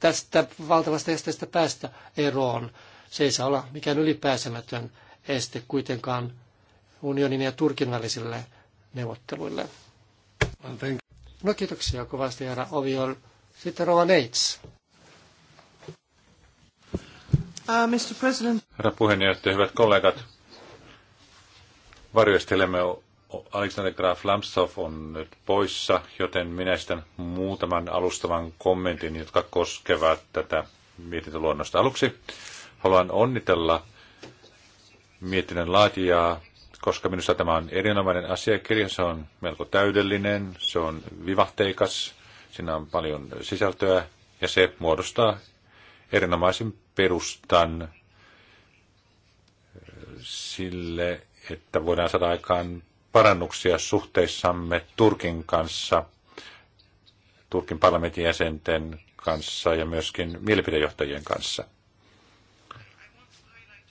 tästä valtavasta esteestä päästä eroon. Se ei saa olla mikään ylipääsemätön este kuitenkaan unionin ja Turkin välisille neuvotteluille. No kiitoksia kovasti, herra Oviol. Sitten Rova Neits. Uh, Mr. President. Herra puheenjohtaja, hyvät kollegat. Varjostelemme Alexander Graf Lambsdorff on nyt poissa, joten minä sitten muutaman alustavan kommentin, jotka koskevat tätä mietintöluonnosta. Aluksi haluan onnitella mietinnön laatijaa, koska minusta tämä on erinomainen asiakirja. Se on melko täydellinen, se on vivahteikas, siinä on paljon sisältöä ja se muodostaa erinomaisen perustan sille, että voidaan saada aikaan parannuksia suhteissamme Turkin kanssa, Turkin parlamentin jäsenten kanssa ja myöskin mielipidejohtajien kanssa.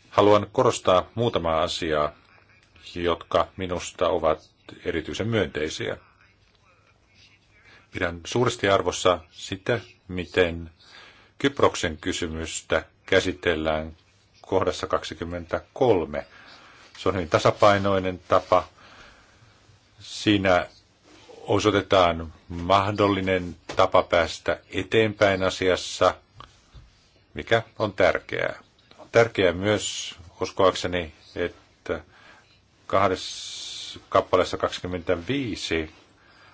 Haluan korostaa muutamaa asiaa, jotka minusta ovat erityisen myönteisiä. Pidän suuresti arvossa sitä, miten Kyproksen kysymystä käsitellään kohdassa 23. Se on hyvin tasapainoinen tapa Siinä osoitetaan mahdollinen tapa päästä eteenpäin asiassa, mikä on tärkeää. On tärkeää myös, uskoakseni, että kahdessa kappaleessa 25,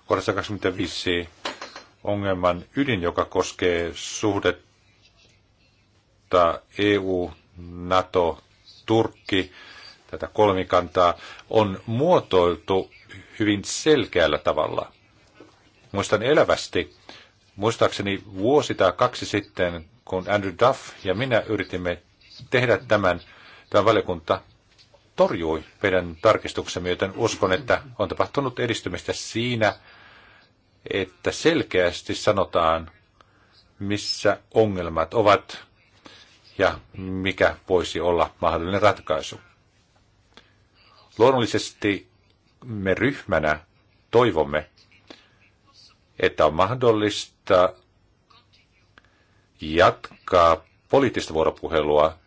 kohdassa 25 ongelman ydin, joka koskee suhdetta EU, NATO, Turkki, tätä kolmikantaa, on muotoiltu hyvin selkeällä tavalla. Muistan elävästi, muistaakseni vuosi tai kaksi sitten, kun Andrew Duff ja minä yritimme tehdä tämän, tämä valiokunta torjui meidän tarkistuksemme, joten uskon, että on tapahtunut edistymistä siinä, että selkeästi sanotaan, missä ongelmat ovat ja mikä voisi olla mahdollinen ratkaisu. Luonnollisesti me ryhmänä toivomme, että on mahdollista jatkaa poliittista vuoropuhelua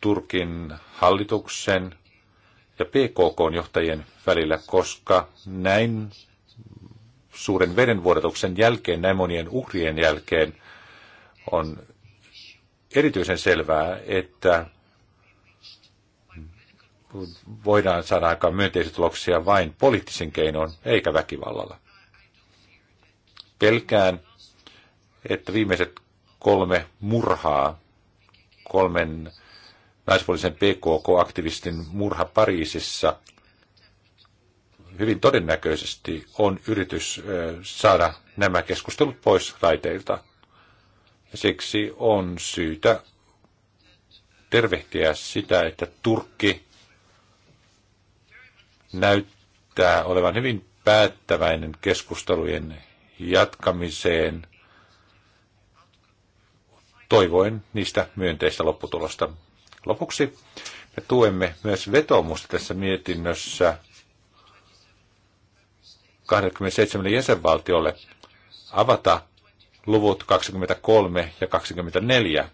Turkin hallituksen ja PKK-johtajien välillä, koska näin suuren vedenvuodatuksen jälkeen, näin monien uhrien jälkeen, on erityisen selvää, että voidaan saada aikaan myönteisiä tuloksia vain poliittisen keinoin eikä väkivallalla. Pelkään, että viimeiset kolme murhaa, kolmen naispuolisen PKK-aktivistin murha Pariisissa hyvin todennäköisesti on yritys saada nämä keskustelut pois raiteilta. Ja siksi on syytä tervehtiä sitä, että Turkki näyttää olevan hyvin päättäväinen keskustelujen jatkamiseen, toivoen niistä myönteistä lopputulosta. Lopuksi me tuemme myös vetomusta tässä mietinnössä 27 jäsenvaltiolle avata luvut 23 ja 24.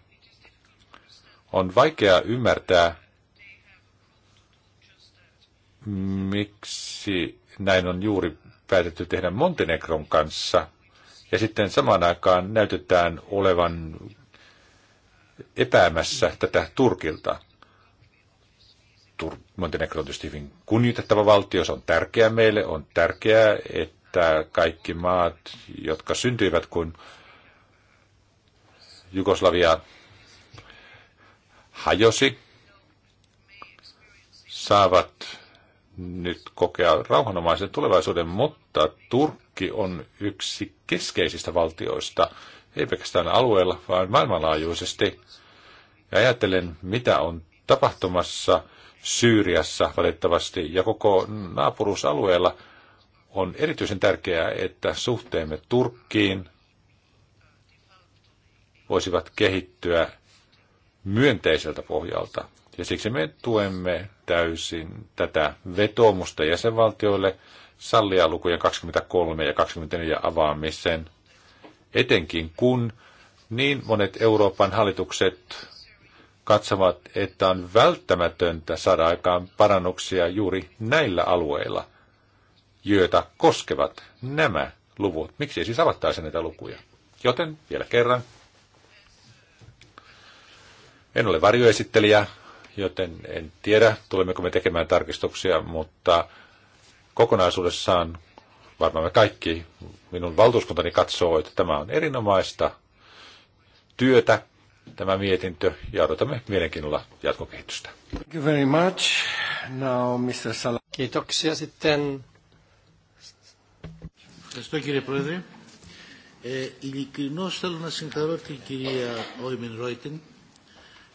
On vaikea ymmärtää, miksi näin on juuri päätetty tehdä Montenegron kanssa. Ja sitten samaan aikaan näytetään olevan epäämässä tätä Turkilta. Tur- Montenegro on tietysti hyvin kunnioitettava valtio, se on tärkeää meille, on tärkeää, että kaikki maat, jotka syntyivät, kun Jugoslavia hajosi, saavat nyt kokea rauhanomaisen tulevaisuuden, mutta Turkki on yksi keskeisistä valtioista, ei pelkästään alueella, vaan maailmanlaajuisesti. Ja ajattelen, mitä on tapahtumassa Syyriassa valitettavasti ja koko naapuruusalueella on erityisen tärkeää, että suhteemme Turkkiin voisivat kehittyä myönteiseltä pohjalta. Ja siksi me tuemme täysin tätä vetoomusta jäsenvaltioille sallia lukujen 23 ja 24 avaamisen, etenkin kun niin monet Euroopan hallitukset katsovat, että on välttämätöntä saada aikaan parannuksia juuri näillä alueilla, joita koskevat nämä luvut. Miksi ei siis avattaisi näitä lukuja? Joten vielä kerran. En ole varjoesittelijä, joten en tiedä, tulemmeko me tekemään tarkistuksia, mutta kokonaisuudessaan varmaan me kaikki, minun valtuuskuntani katsoo, että tämä on erinomaista työtä, tämä mietintö, ja odotamme mielenkiinnolla jatkokehitystä. Thank you very much. Now, Mr. Sala. Kiitoksia sitten. Ευχαριστώ κύριε Πρόεδρε. ειλικρινώς θέλω να συγχαρώ την κυρία Ρόιτεν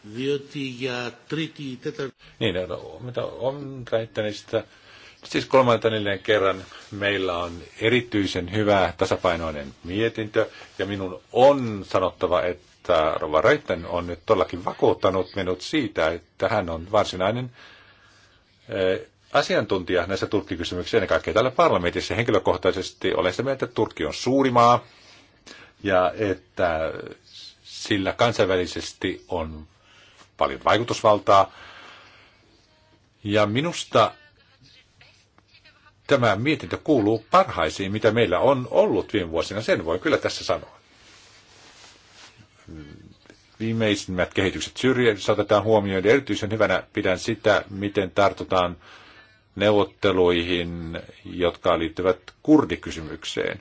διότι για τρίτη ή τέταρτη... Niin, mitä on räittänistä. Siis kolmantena kerran meillä on erityisen hyvä tasapainoinen mietintö, ja minun on sanottava, että Rova Reitten on nyt todellakin vakuuttanut minut siitä, että hän on varsinainen eh, asiantuntija näissä turkkikysymyksissä, ennen kaikkea täällä parlamentissa. Henkilökohtaisesti olen sitä mieltä, että Turkki on suuri maa, ja että sillä kansainvälisesti on paljon vaikutusvaltaa. Ja minusta tämä mietintö kuuluu parhaisiin, mitä meillä on ollut viime vuosina. Sen voi kyllä tässä sanoa. Viimeisimmät kehitykset syrjässä saatetaan huomioida. Erityisen hyvänä pidän sitä, miten tartutaan neuvotteluihin, jotka liittyvät kurdikysymykseen.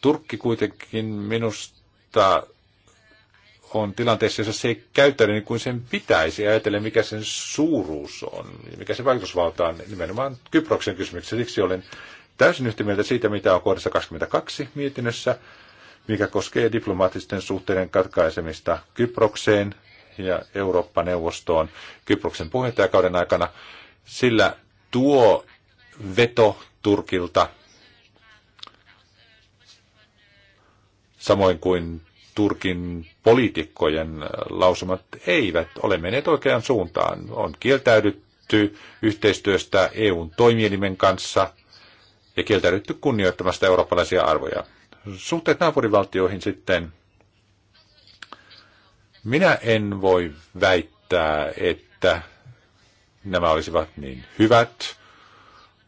Turkki kuitenkin minusta on tilanteessa, jossa se ei käyttäydy niin kuin sen pitäisi, ajatellen mikä sen suuruus on mikä se vaikutusvalta on nimenomaan Kyproksen kysymyksessä. Siksi olen täysin yhtä mieltä siitä, mitä on kohdassa 22 mietinnössä, mikä koskee diplomaattisten suhteiden katkaisemista Kyprokseen ja Eurooppa-neuvostoon Kyproksen puheenjohtajakauden aikana, sillä tuo veto Turkilta, samoin kuin Turkin poliitikkojen lausumat eivät ole menneet oikeaan suuntaan. On kieltäydytty yhteistyöstä EUn toimielimen kanssa ja kieltäydytty kunnioittamasta eurooppalaisia arvoja. Suhteet naapurivaltioihin sitten. Minä en voi väittää, että nämä olisivat niin hyvät.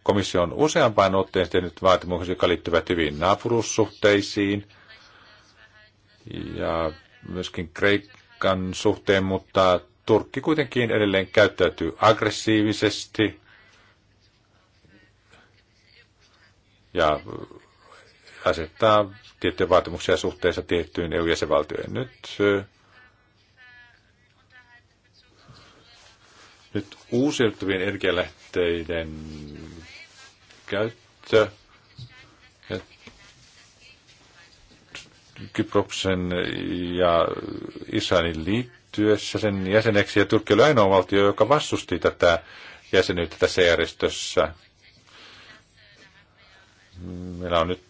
Komissio on useampaan otteeseen tehnyt vaatimuksia, jotka liittyvät hyvin naapuruussuhteisiin – ja myöskin Kreikan suhteen, mutta Turkki kuitenkin edelleen käyttäytyy aggressiivisesti ja asettaa tiettyjä vaatimuksia suhteessa tiettyyn EU-jäsenvaltioihin. Nyt, eh, nyt uusiutuvien energialähteiden käyttö ja Kyproksen ja Israelin liittyessä sen jäseneksi, ja Turkki oli ainoa valtio, joka vastusti tätä jäsenyyttä tässä järjestössä. Meillä on nyt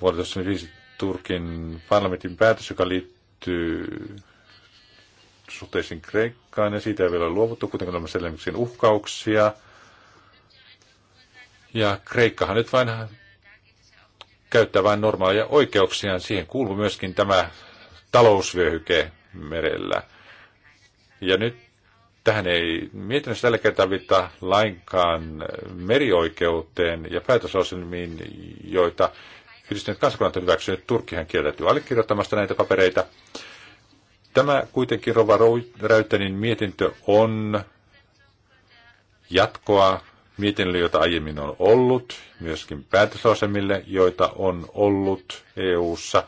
vuodessa viisi Turkin parlamentin päätös, joka liittyy suhteisiin Kreikkaan, ja siitä ei vielä luovuttu, kuitenkin olemme selvityksiin uhkauksia. Ja Kreikkahan nyt vain käyttää vain normaaleja oikeuksiaan. Siihen kuuluu myöskin tämä talousvyöhyke merellä. Ja nyt tähän ei mietinnössä tällä kertaa viittaa lainkaan merioikeuteen ja päätösosilmiin, joita yhdistyneet kansakunnat on hyväksynyt. Turkkihan kieltäytyy allekirjoittamasta näitä papereita. Tämä kuitenkin Rova Räytänin mietintö on jatkoa mietinnölle, jota aiemmin on ollut, myöskin päätösasemille, joita on ollut EU:ssa.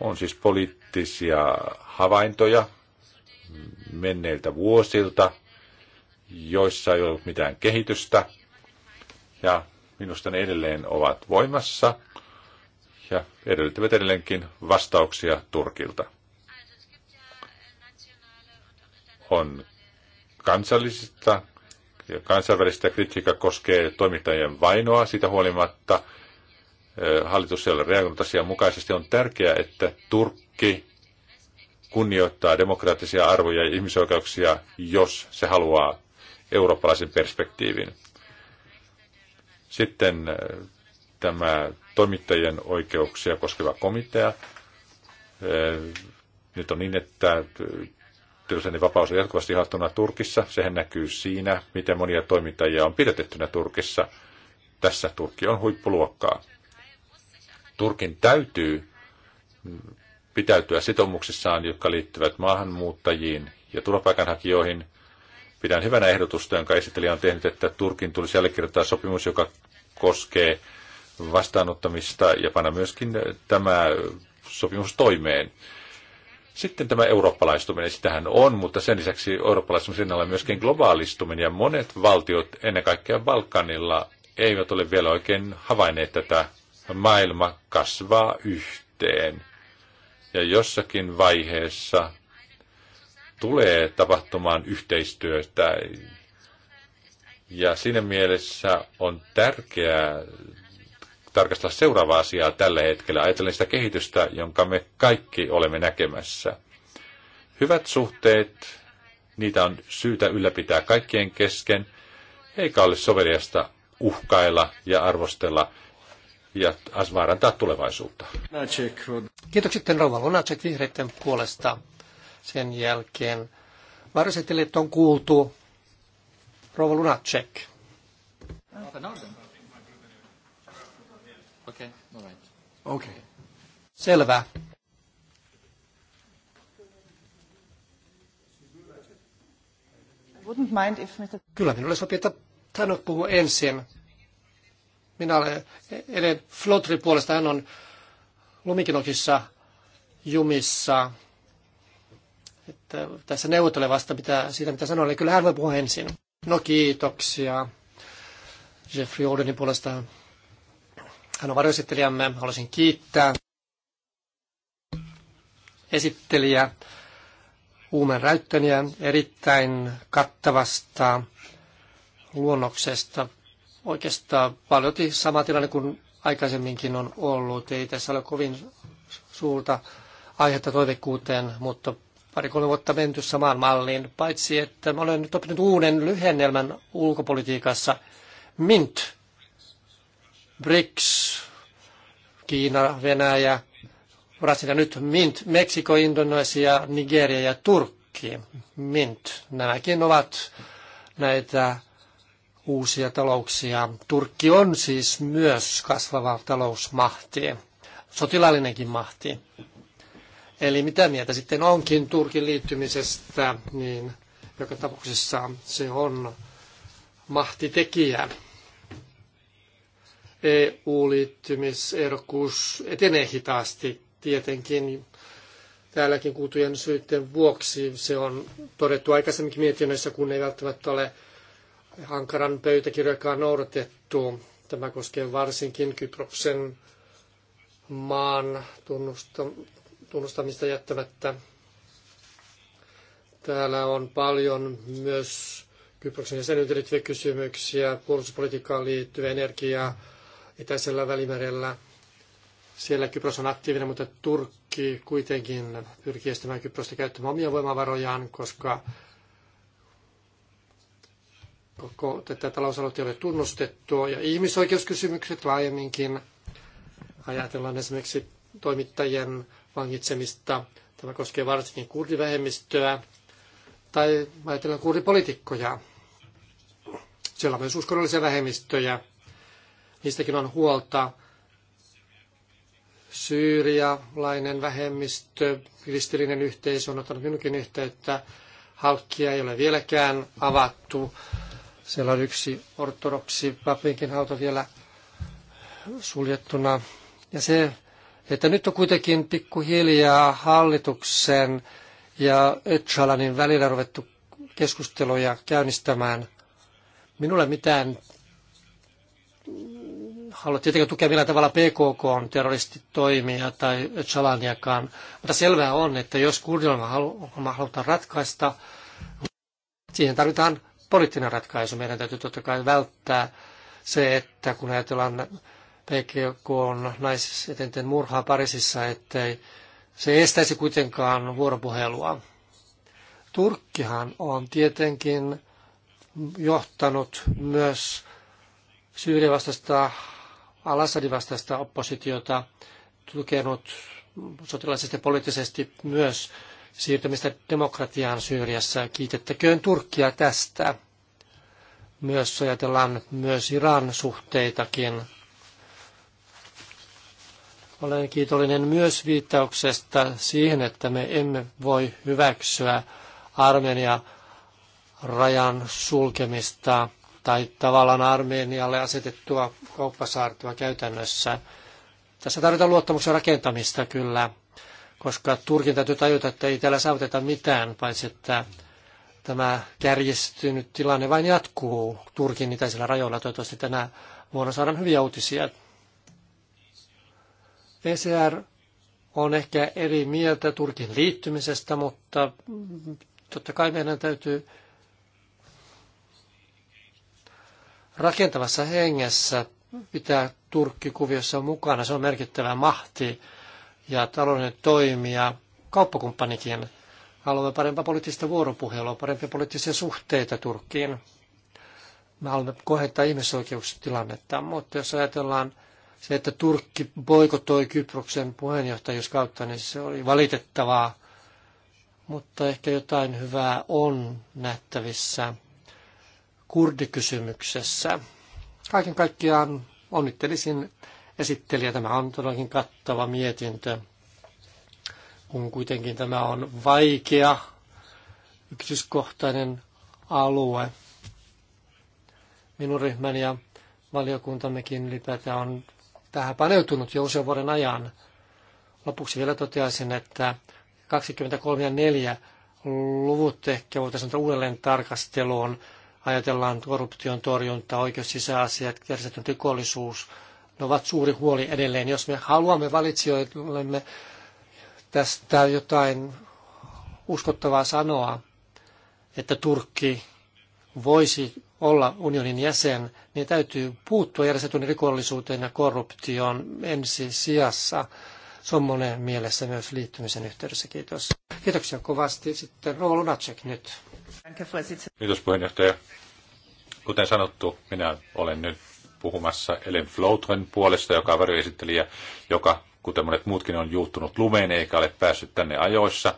On siis poliittisia havaintoja menneiltä vuosilta, joissa ei ollut mitään kehitystä. Ja minusta ne edelleen ovat voimassa ja edellyttävät edelleenkin vastauksia Turkilta. On kansallista Kansainvälistä kritiikkiä koskee toimittajien vainoa sitä huolimatta. Eh, hallitus ei ole reagoinut asian mukaisesti. On tärkeää, että Turkki kunnioittaa demokraattisia arvoja ja ihmisoikeuksia, jos se haluaa eurooppalaisen perspektiivin. Sitten eh, tämä toimittajien oikeuksia koskeva komitea. Eh, nyt on niin, että tiedotusvälineen vapaus on jatkuvasti ihattuna Turkissa. Sehän näkyy siinä, miten monia toimittajia on pidetettynä Turkissa. Tässä Turkki on huippuluokkaa. Turkin täytyy pitäytyä sitoumuksissaan, jotka liittyvät maahanmuuttajiin ja turvapaikanhakijoihin. Pidän hyvänä ehdotusta, jonka esittelijä on tehnyt, että Turkin tulisi allekirjoittaa sopimus, joka koskee vastaanottamista ja panna myöskin tämä sopimus toimeen. Sitten tämä eurooppalaistuminen, sitähän on, mutta sen lisäksi eurooppalaistumisen on myöskin globaalistuminen ja monet valtiot, ennen kaikkea Balkanilla, eivät ole vielä oikein havainneet tätä. Maailma kasvaa yhteen ja jossakin vaiheessa tulee tapahtumaan yhteistyötä ja siinä mielessä on tärkeää tarkastella seuraavaa asiaa tällä hetkellä, ajatellen sitä kehitystä, jonka me kaikki olemme näkemässä. Hyvät suhteet, niitä on syytä ylläpitää kaikkien kesken, eikä ole soveliasta uhkailla ja arvostella ja vaarantaa tulevaisuutta. Kiitokset sitten Rouva Lunacek vihreiden puolesta sen jälkeen. Varsetelijat on kuultu. Rouva Lunacek. Northern. Okay, all right. Okay. Selvä. Wouldn't mind if Mr. Kyllä minulle sopii, että Tanok puhuu ensin. Minä olen Ede Flotri puolesta, hän on Lumikinokissa jumissa. Että tässä neuvottelee vasta mitä, siitä, mitä sanoin. kyllä hän voi puhua ensin. No kiitoksia. Jeffrey Odenin puolesta hän on varjoesittelijämme. Haluaisin kiittää esittelijä Uumen Räyttöniä erittäin kattavasta luonnoksesta. Oikeastaan paljon sama tilanne kuin aikaisemminkin on ollut. Ei tässä ole kovin suurta aihetta toivekuuteen, mutta pari-kolme vuotta menty samaan malliin, paitsi että olen nyt oppinut uuden lyhennelmän ulkopolitiikassa, MINT, BRICS, Kiina, Venäjä, Brasilia nyt MINT, Meksiko, Indonesia, Nigeria ja Turkki, MINT. Nämäkin ovat näitä uusia talouksia. Turkki on siis myös kasvava talousmahti, sotilaallinenkin mahti. Eli mitä mieltä sitten onkin Turkin liittymisestä, niin joka tapauksessa se on mahtitekijä. EU-liittymisehdokkuus etenee hitaasti tietenkin täälläkin kuultujen syiden vuoksi. Se on todettu aikaisemminkin mietinnöissä, kun ei välttämättä ole Ankaran pöytäkirjakaan noudatettu. Tämä koskee varsinkin Kyproksen maan tunnusta, tunnustamista jättämättä. Täällä on paljon myös Kyproksen jäsenyyteen liittyviä kysymyksiä, puolustuspolitiikkaan liittyviä, energiaa, itäisellä välimerellä. Siellä Kypros on aktiivinen, mutta Turkki kuitenkin pyrkii estämään Kyprosta käyttämään omia voimavarojaan, koska koko tätä talousaloitetta ei ole tunnustettu. Ja ihmisoikeuskysymykset laajemminkin. Ajatellaan esimerkiksi toimittajien vangitsemista. Tämä koskee varsinkin kurdivähemmistöä tai ajatellaan kurdipolitiikkoja. Siellä on myös uskonnollisia vähemmistöjä, niistäkin on huolta. Syyrialainen vähemmistö, kristillinen yhteisö on ottanut minunkin yhteyttä. Halkkia ei ole vieläkään avattu. Siellä on yksi ortodoksi papinkin hauta vielä suljettuna. Ja se, että nyt on kuitenkin pikkuhiljaa hallituksen ja Öcalanin välillä ruvettu keskusteluja käynnistämään. Minulla mitään halua tietenkään tukea millään tavalla PKK on terroristitoimia tai Chalaniakaan, mutta selvää on, että jos kurdilainen halutaan ratkaista, siihen tarvitaan poliittinen ratkaisu. Meidän täytyy totta kai välttää se, että kun ajatellaan PKK on naisetenten murhaa Pariisissa, ettei se estäisi kuitenkaan vuoropuhelua. Turkkihan on tietenkin johtanut myös Syyrian vastaista Al-Assadin vastaista oppositiota, tukenut sotilaisesti ja poliittisesti myös siirtymistä demokratiaan Syyriassa. Kiitettäköön Turkkia tästä. Myös ajatellaan myös Iran suhteitakin. Olen kiitollinen myös viittauksesta siihen, että me emme voi hyväksyä Armenia rajan sulkemista tai tavallaan Armenialle asetettua kauppasaartoa käytännössä. Tässä tarvitaan luottamuksen rakentamista kyllä, koska Turkin täytyy tajuta, että ei täällä saavuteta mitään, paitsi että tämä kärjistynyt tilanne vain jatkuu Turkin itäisillä rajoilla. Toivottavasti tänä vuonna saadaan hyviä uutisia. ECR on ehkä eri mieltä Turkin liittymisestä, mutta totta kai meidän täytyy rakentavassa hengessä pitää Turkki kuviossa mukana. Se on merkittävä mahti ja taloudellinen toimija, kauppakumppanikin. Haluamme parempaa poliittista vuoropuhelua, parempia poliittisia suhteita Turkkiin. Me haluamme kohentaa ihmisoikeustilannetta, mutta jos ajatellaan se, että Turkki boikotoi Kyproksen puheenjohtajuuskautta, niin se oli valitettavaa. Mutta ehkä jotain hyvää on nähtävissä kurdikysymyksessä. Kaiken kaikkiaan onnittelisin esittelijä. Tämä on todellakin kattava mietintö, kun kuitenkin tämä on vaikea yksityiskohtainen alue. Minun ryhmäni ja valiokuntammekin ylipäätään on tähän paneutunut jo usean vuoden ajan. Lopuksi vielä toteaisin, että 23 ja 4 luvut ehkä voitaisiin uudelleen tarkasteluun ajatellaan korruption torjunta, oikeus sisäasiat, järjestetty rikollisuus, ne ovat suuri huoli edelleen. Jos me haluamme valitsijoillemme tästä jotain uskottavaa sanoa, että Turkki voisi olla unionin jäsen, niin täytyy puuttua järjestetyn rikollisuuteen ja korruptioon ensi sijassa. Se on monen mielessä myös liittymisen yhteydessä. Kiitos. Kiitoksia kovasti. Sitten Rova Lunacek nyt. Kiitos puheenjohtaja. Kuten sanottu, minä olen nyt puhumassa Ellen Floatren puolesta, joka on varjoesittelijä, joka, kuten monet muutkin, on juuttunut lumeen eikä ole päässyt tänne ajoissa.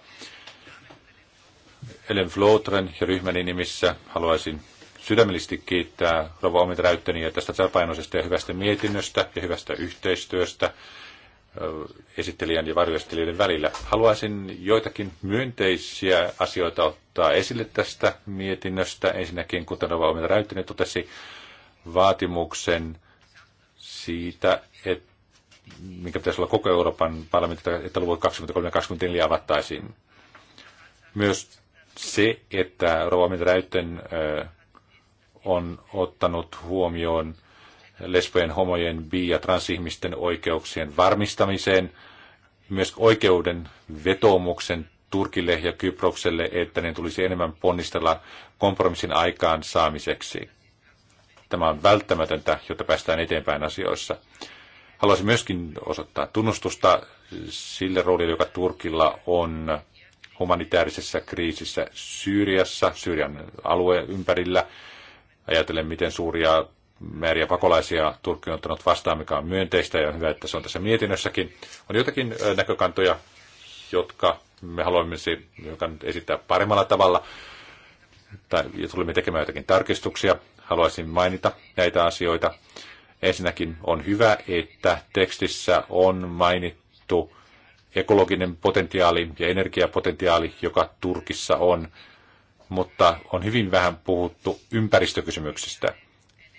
Ellen Floatren ja ryhmäni nimissä haluaisin sydämellisesti kiittää Rova Omitra tästä tasapainoisesta ja hyvästä mietinnöstä ja hyvästä yhteistyöstä esittelijän ja varjoesittelijöiden välillä. Haluaisin joitakin myönteisiä asioita ottaa esille tästä mietinnöstä. Ensinnäkin, kuten Rova Räyttinen totesi, vaatimuksen siitä, että minkä pitäisi olla koko Euroopan parlamentti, että luvut 2023-2024 avattaisiin. Myös se, että Rova Räytten on ottanut huomioon lesbojen, homojen, bi- ja transihmisten oikeuksien varmistamiseen, myös oikeuden vetoomuksen Turkille ja Kyprokselle, että ne tulisi enemmän ponnistella kompromissin aikaan saamiseksi. Tämä on välttämätöntä, jotta päästään eteenpäin asioissa. Haluaisin myöskin osoittaa tunnustusta sille roolille, joka Turkilla on humanitaarisessa kriisissä Syyriassa, Syyrian alueen ympärillä. Ajatellen, miten suuria määriä pakolaisia Turkki on ottanut vastaan, mikä on myönteistä ja on hyvä, että se on tässä mietinnössäkin. On jotakin näkökantoja, jotka me haluamme joka esittää paremmalla tavalla, tai tulemme tekemään jotakin tarkistuksia. Haluaisin mainita näitä asioita. Ensinnäkin on hyvä, että tekstissä on mainittu ekologinen potentiaali ja energiapotentiaali, joka Turkissa on, mutta on hyvin vähän puhuttu ympäristökysymyksistä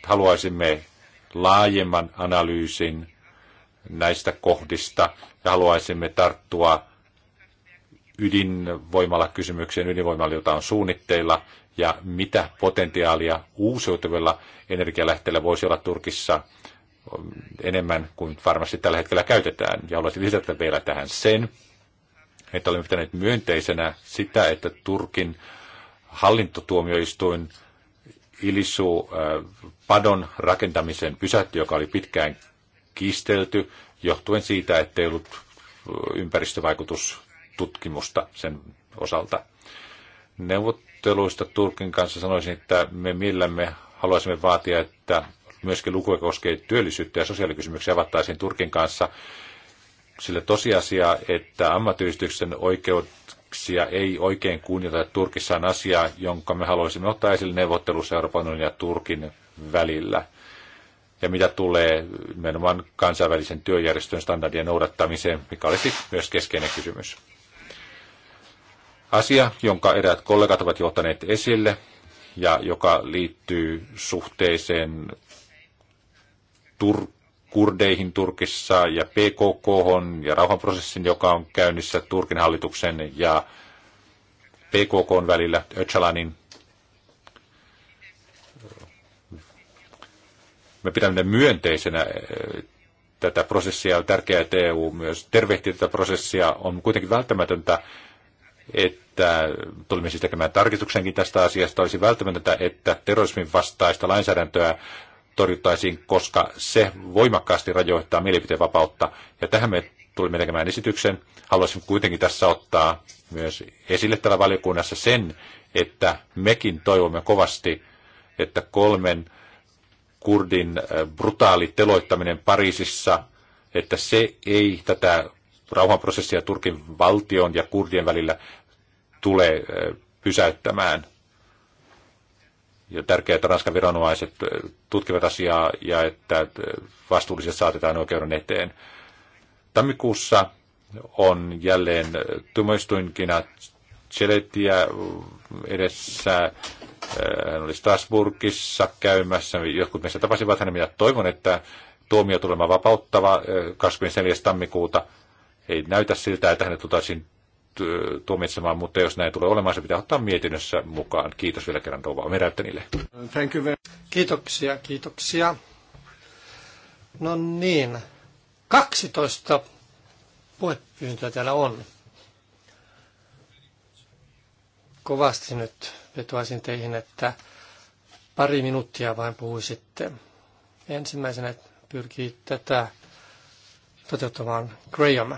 haluaisimme laajemman analyysin näistä kohdista ja haluaisimme tarttua ydinvoimalla kysymykseen, ydinvoimalla, jota on suunnitteilla, ja mitä potentiaalia uusiutuvilla energialähteillä voisi olla Turkissa enemmän kuin varmasti tällä hetkellä käytetään. Ja haluaisin lisätä vielä tähän sen, että olemme pitäneet myönteisenä sitä, että Turkin hallintotuomioistuin Ilisu äh, padon rakentamisen pysähty, joka oli pitkään kiistelty, johtuen siitä, ettei ollut äh, ympäristövaikutustutkimusta sen osalta. Neuvotteluista Turkin kanssa sanoisin, että me millämme haluaisimme vaatia, että myöskin lukuja koskee työllisyyttä ja sosiaalikysymyksiä avattaisiin Turkin kanssa, sillä tosiasia, että ammattiyhdistyksen oikeudet ihmisoikeuksia ei oikein kunnioiteta Turkissa on asia, jonka me haluaisimme ottaa esille neuvottelussa Euroopan unionin ja Turkin välillä. Ja mitä tulee nimenomaan kansainvälisen työjärjestön standardien noudattamiseen, mikä olisi myös keskeinen kysymys. Asia, jonka eräät kollegat ovat johtaneet esille ja joka liittyy suhteeseen Turkkiin, kurdeihin Turkissa ja PKK ja rauhanprosessin, joka on käynnissä Turkin hallituksen ja PKK välillä Öcalanin. Me pidämme myönteisenä eh, tätä prosessia. On tärkeää, että EU myös tervehtii tätä prosessia. On kuitenkin välttämätöntä, että tulimme siis tekemään tarkistuksenkin tästä asiasta. Olisi välttämätöntä, että terrorismin vastaista lainsäädäntöä torjuttaisiin, koska se voimakkaasti rajoittaa mielipiteenvapautta. Ja tähän me tulimme tekemään esityksen. Haluaisin kuitenkin tässä ottaa myös esille täällä valiokunnassa sen, että mekin toivomme kovasti, että kolmen kurdin äh, brutaali teloittaminen Pariisissa, että se ei tätä rauhanprosessia Turkin valtion ja kurdien välillä tule äh, pysäyttämään. Ja tärkeää, että Ranskan viranomaiset äh, tutkivat asiaa ja että äh, vastuulliset saatetaan oikeuden eteen. Tammikuussa on jälleen äh, tuomioistuinkina Chelettiä edessä. Hän oli Strasbourgissa käymässä. Jotkut meistä tapasivat hänen, mitä toivon, että tuomio tulemaan vapauttava 24. tammikuuta. Ei näytä siltä, että hänet tultaisiin tuomitsemaan, mutta jos näin tulee olemaan, se pitää ottaa mietinnössä mukaan. Kiitos vielä kerran Rouva Merättänille. Thank you very... Kiitoksia, kiitoksia. No niin, 12 puhepyyntöä täällä on. Kovasti nyt vetoaisin teihin, että pari minuuttia vain puhuisitte. Ensimmäisenä pyrkii tätä toteuttamaan. Graham.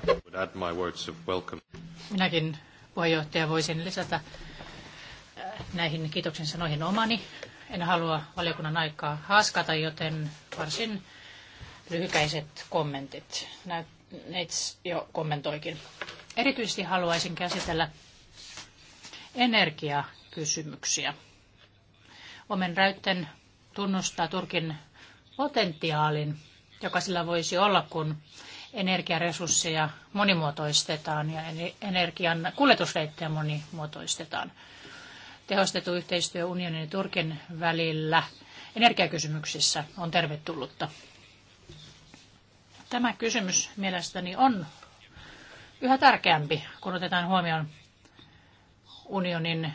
Minäkin puheenjohtaja voisin lisätä äh, näihin kiitoksen sanoihin omani. En halua valiokunnan aikaa haaskata, joten varsin lyhykäiset kommentit. Neits jo kommentoikin. Erityisesti haluaisin käsitellä energiakysymyksiä. Omen Räytten tunnustaa Turkin potentiaalin, joka sillä voisi olla, kun energiaresursseja monimuotoistetaan ja energian kuljetusreittejä monimuotoistetaan. Tehostettu yhteistyö unionin ja Turkin välillä energiakysymyksissä on tervetullutta. Tämä kysymys mielestäni on yhä tärkeämpi, kun otetaan huomioon unionin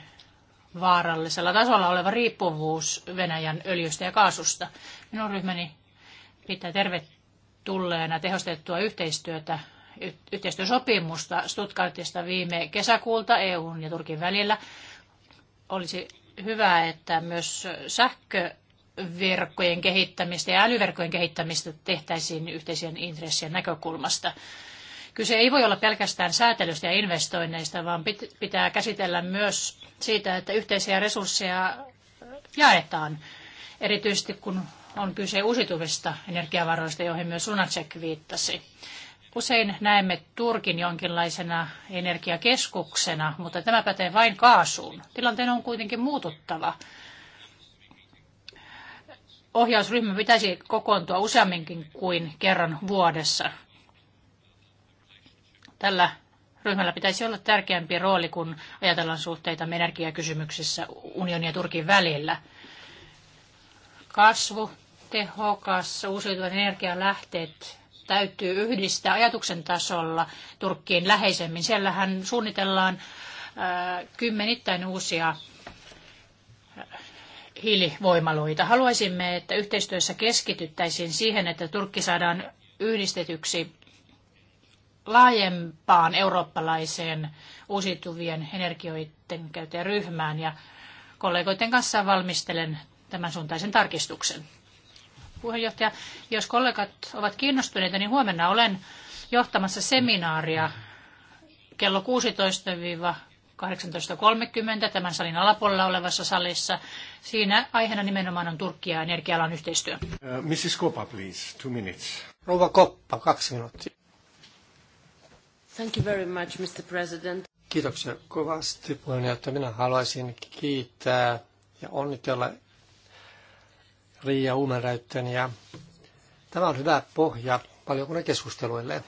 vaarallisella tasolla oleva riippuvuus Venäjän öljystä ja kaasusta. Minun ryhmäni pitää tervetuloa tulleena tehostettua yhteistyötä, yhteistyösopimusta Stuttgartista viime kesäkuulta EUn ja Turkin välillä. Olisi hyvä, että myös sähköverkkojen kehittämistä ja älyverkkojen kehittämistä tehtäisiin yhteisien intressien näkökulmasta. Kyse ei voi olla pelkästään säätelystä ja investoinneista, vaan pitää käsitellä myös siitä, että yhteisiä resursseja jaetaan, erityisesti kun on kyse uusituvista energiavaroista, joihin myös Sunacek viittasi. Usein näemme Turkin jonkinlaisena energiakeskuksena, mutta tämä pätee vain kaasuun. Tilanteen on kuitenkin muututtava. Ohjausryhmä pitäisi kokoontua useamminkin kuin kerran vuodessa. Tällä ryhmällä pitäisi olla tärkeämpi rooli, kun ajatellaan suhteita energiakysymyksissä unionin ja Turkin välillä – kasvu, tehokas, uusiutuvan energian lähteet täytyy yhdistää ajatuksen tasolla Turkkiin läheisemmin. Siellähän suunnitellaan äh, kymmenittäin uusia äh, hiilivoimaloita. Haluaisimme, että yhteistyössä keskityttäisiin siihen, että Turkki saadaan yhdistetyksi laajempaan eurooppalaiseen uusiutuvien energioiden käyttäjäryhmään ja kollegoiden kanssa valmistelen tämän suuntaisen tarkistuksen. Puheenjohtaja, jos kollegat ovat kiinnostuneita, niin huomenna olen johtamassa seminaaria kello 16-18.30 tämän salin alapuolella olevassa salissa. Siinä aiheena nimenomaan on Turkki ja energialan yhteistyö. Uh, Mrs. Koppa, please, two minutes. Rouva Koppa, kaksi minuuttia. Thank you very much, Mr. President. Kiitoksia kovasti puheenjohtaja. Minä haluaisin kiittää ja onnitella Riia Uumenräytten ja tämä on hyvä pohja valiokunnan keskusteluille.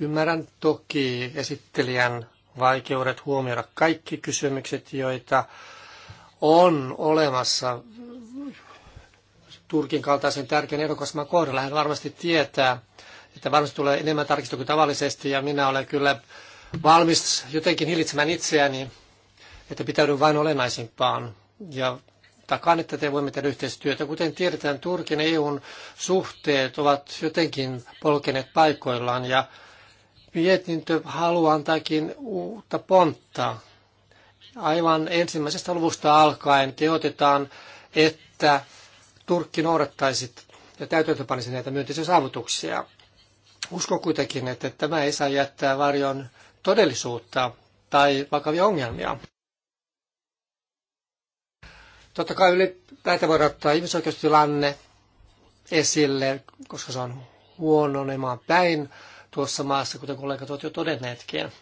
Ymmärrän toki esittelijän vaikeudet huomioida kaikki kysymykset, joita on olemassa Turkin kaltaisen tärkeän ehdokasman kohdalla. Hän varmasti tietää, että varmasti tulee enemmän tarkistu kuin tavallisesti ja minä olen kyllä valmis jotenkin hillitsemään itseäni, että pitäydyn vain olennaisimpaan ja takaan, että te voimme tehdä yhteistyötä. Kuten tiedetään, Turkin ja EUn suhteet ovat jotenkin polkeneet paikoillaan ja mietintö haluaa antaakin uutta pontta. Aivan ensimmäisestä luvusta alkaen kehotetaan, että Turkki noudattaisi ja täytäntöpanisi näitä myönteisiä saavutuksia. Uskon kuitenkin, että tämä ei saa jättää varjon todellisuutta tai vakavia ongelmia. Totta kai ylipäätään voidaan ottaa ihmisoikeustilanne esille, koska se on huononemaan päin tuossa maassa, kuten kollegat ovat jo todenneetkin.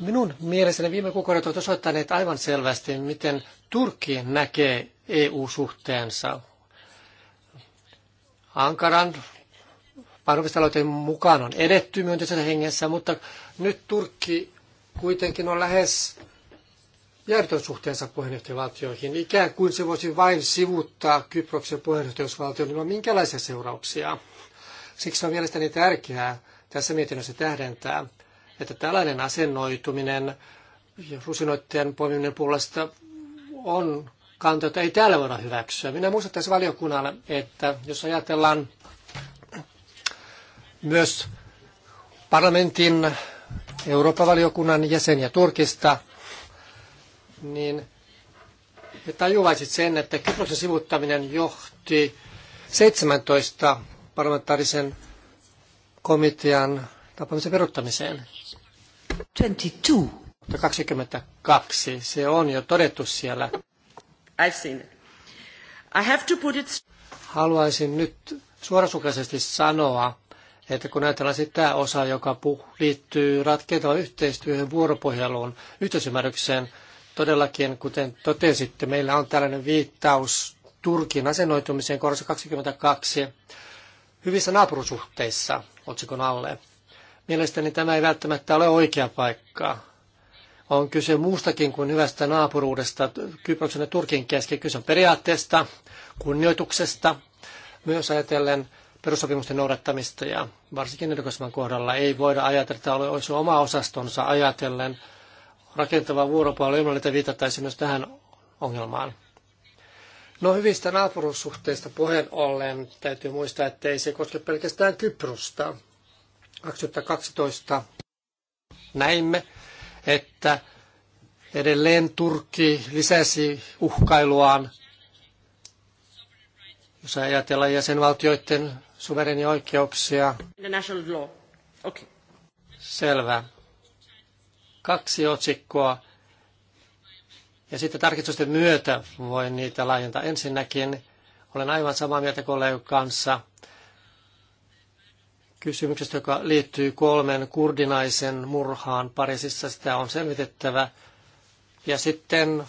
Minun mielestäni viime kuukaudet ovat osoittaneet aivan selvästi, miten Turkki näkee EU-suhteensa. Ankaran parvistaloiden mukaan on edetty myönteisessä hengessä, mutta nyt Turkki kuitenkin on lähes järjestösuhteensa puheenjohtajavaltioihin. Ikään kuin se voisi vain sivuttaa Kyproksen puheenjohtajuusvaltion ilman minkälaisia seurauksia. Siksi on mielestäni tärkeää tässä mietinnössä tähdentää, että tällainen asennoituminen ja rusinoitteen poiminen puolesta on kanta, jota ei täällä voida hyväksyä. Minä muistan tässä valiokunnalle, että jos ajatellaan myös parlamentin Euroopan valiokunnan jäseniä Turkista, niin he tajuvaisit sen, että Kyproksen sivuttaminen johti 17 parlamentaarisen komitean tapaamisen peruuttamiseen. 22. 22. Se on jo todettu siellä. I've seen it. I have to put it... Haluaisin nyt suorasukaisesti sanoa, että kun ajatellaan sitä osaa, joka liittyy ratkeetavan yhteistyöhön, vuoropohjeluun, yhteisymmärrykseen, Todellakin, kuten totesitte, meillä on tällainen viittaus Turkin asennoitumiseen korossa 22 hyvissä naapurusuhteissa otsikon alle. Mielestäni tämä ei välttämättä ole oikea paikka. On kyse muustakin kuin hyvästä naapuruudesta Kyproksen ja Turkin kesken. Kyse on periaatteesta, kunnioituksesta, myös ajatellen perussopimusten noudattamista ja varsinkin Erkosman kohdalla ei voida ajatella, että olisi oma osastonsa ajatellen – rakentavaa vuoropuhelua ilman, että viitattaisiin myös tähän ongelmaan. No hyvistä naapuruussuhteista puheen ollen täytyy muistaa, että ei se koske pelkästään Kyprusta. 2012 näimme, että edelleen Turkki lisäsi uhkailuaan, jos ajatellaan jäsenvaltioiden suvereni oikeuksia. Okay. Selvä kaksi otsikkoa. Ja sitten tarkistusten myötä voin niitä laajentaa. Ensinnäkin olen aivan samaa mieltä kollegan kanssa kysymyksestä, joka liittyy kolmen kurdinaisen murhaan Pariisissa. Sitä on selvitettävä. Ja sitten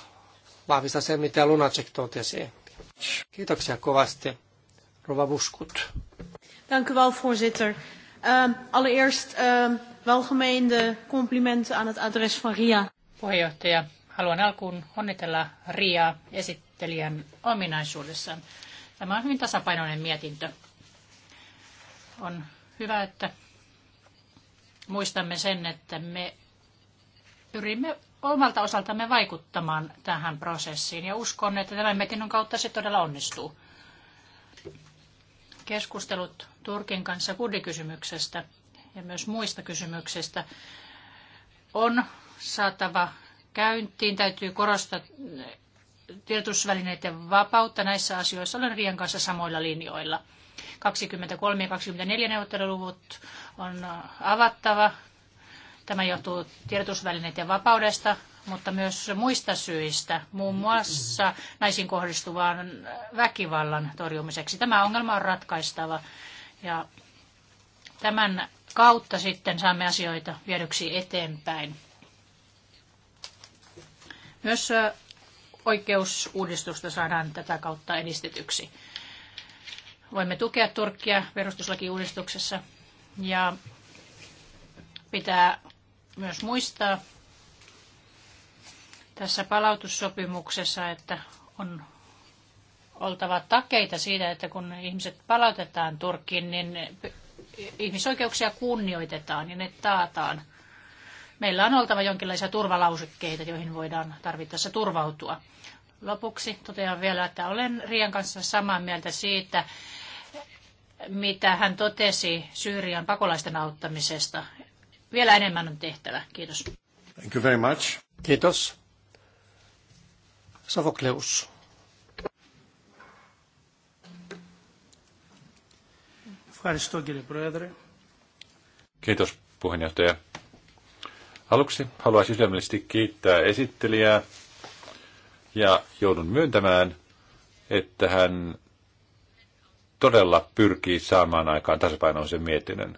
vahvista se, mitä Lunacek totesi. Kiitoksia kovasti. Rova Buskut. Dank u wel, voorzitter. Um, allereerst ehm, Welgemeende complimenten aan het adres van Ria. Puheenjohtaja, haluan alkuun onnitella Ria esittelijän ominaisuudessaan. Tämä on hyvin tasapainoinen mietintö. On hyvä, että muistamme sen, että me pyrimme omalta osaltamme vaikuttamaan tähän prosessiin ja uskon, että tämän mietinnön kautta se todella onnistuu. Keskustelut Turkin kanssa budikysymyksestä ja myös muista kysymyksistä on saatava käyntiin. Täytyy korostaa tiedotusvälineiden vapautta näissä asioissa. Olen Rian kanssa samoilla linjoilla. 23 ja 24 neuvotteluluvut on avattava. Tämä johtuu tiedotusvälineiden vapaudesta, mutta myös muista syistä, muun muassa naisiin kohdistuvan väkivallan torjumiseksi. Tämä ongelma on ratkaistava ja tämän kautta sitten saamme asioita viedyksi eteenpäin. Myös oikeusuudistusta saadaan tätä kautta edistetyksi. Voimme tukea Turkkia perustuslakiuudistuksessa ja pitää myös muistaa tässä palautussopimuksessa, että on oltava takeita siitä, että kun ihmiset palautetaan Turkkiin, niin ihmisoikeuksia kunnioitetaan ja ne taataan. Meillä on oltava jonkinlaisia turvalausekkeita, joihin voidaan tarvittaessa turvautua. Lopuksi totean vielä, että olen Rian kanssa samaa mieltä siitä, mitä hän totesi Syyrian pakolaisten auttamisesta. Vielä enemmän on tehtävä. Kiitos. Thank you very much. Kiitos. Savokleus. Ευχαριστώ κύριε Πρόεδρε. Kiitos puheenjohtaja. Aluksi haluaisin sydämellisesti kiittää esittelijää ja joudun myöntämään, että hän todella pyrkii saamaan aikaan tasapainoisen mietinnön.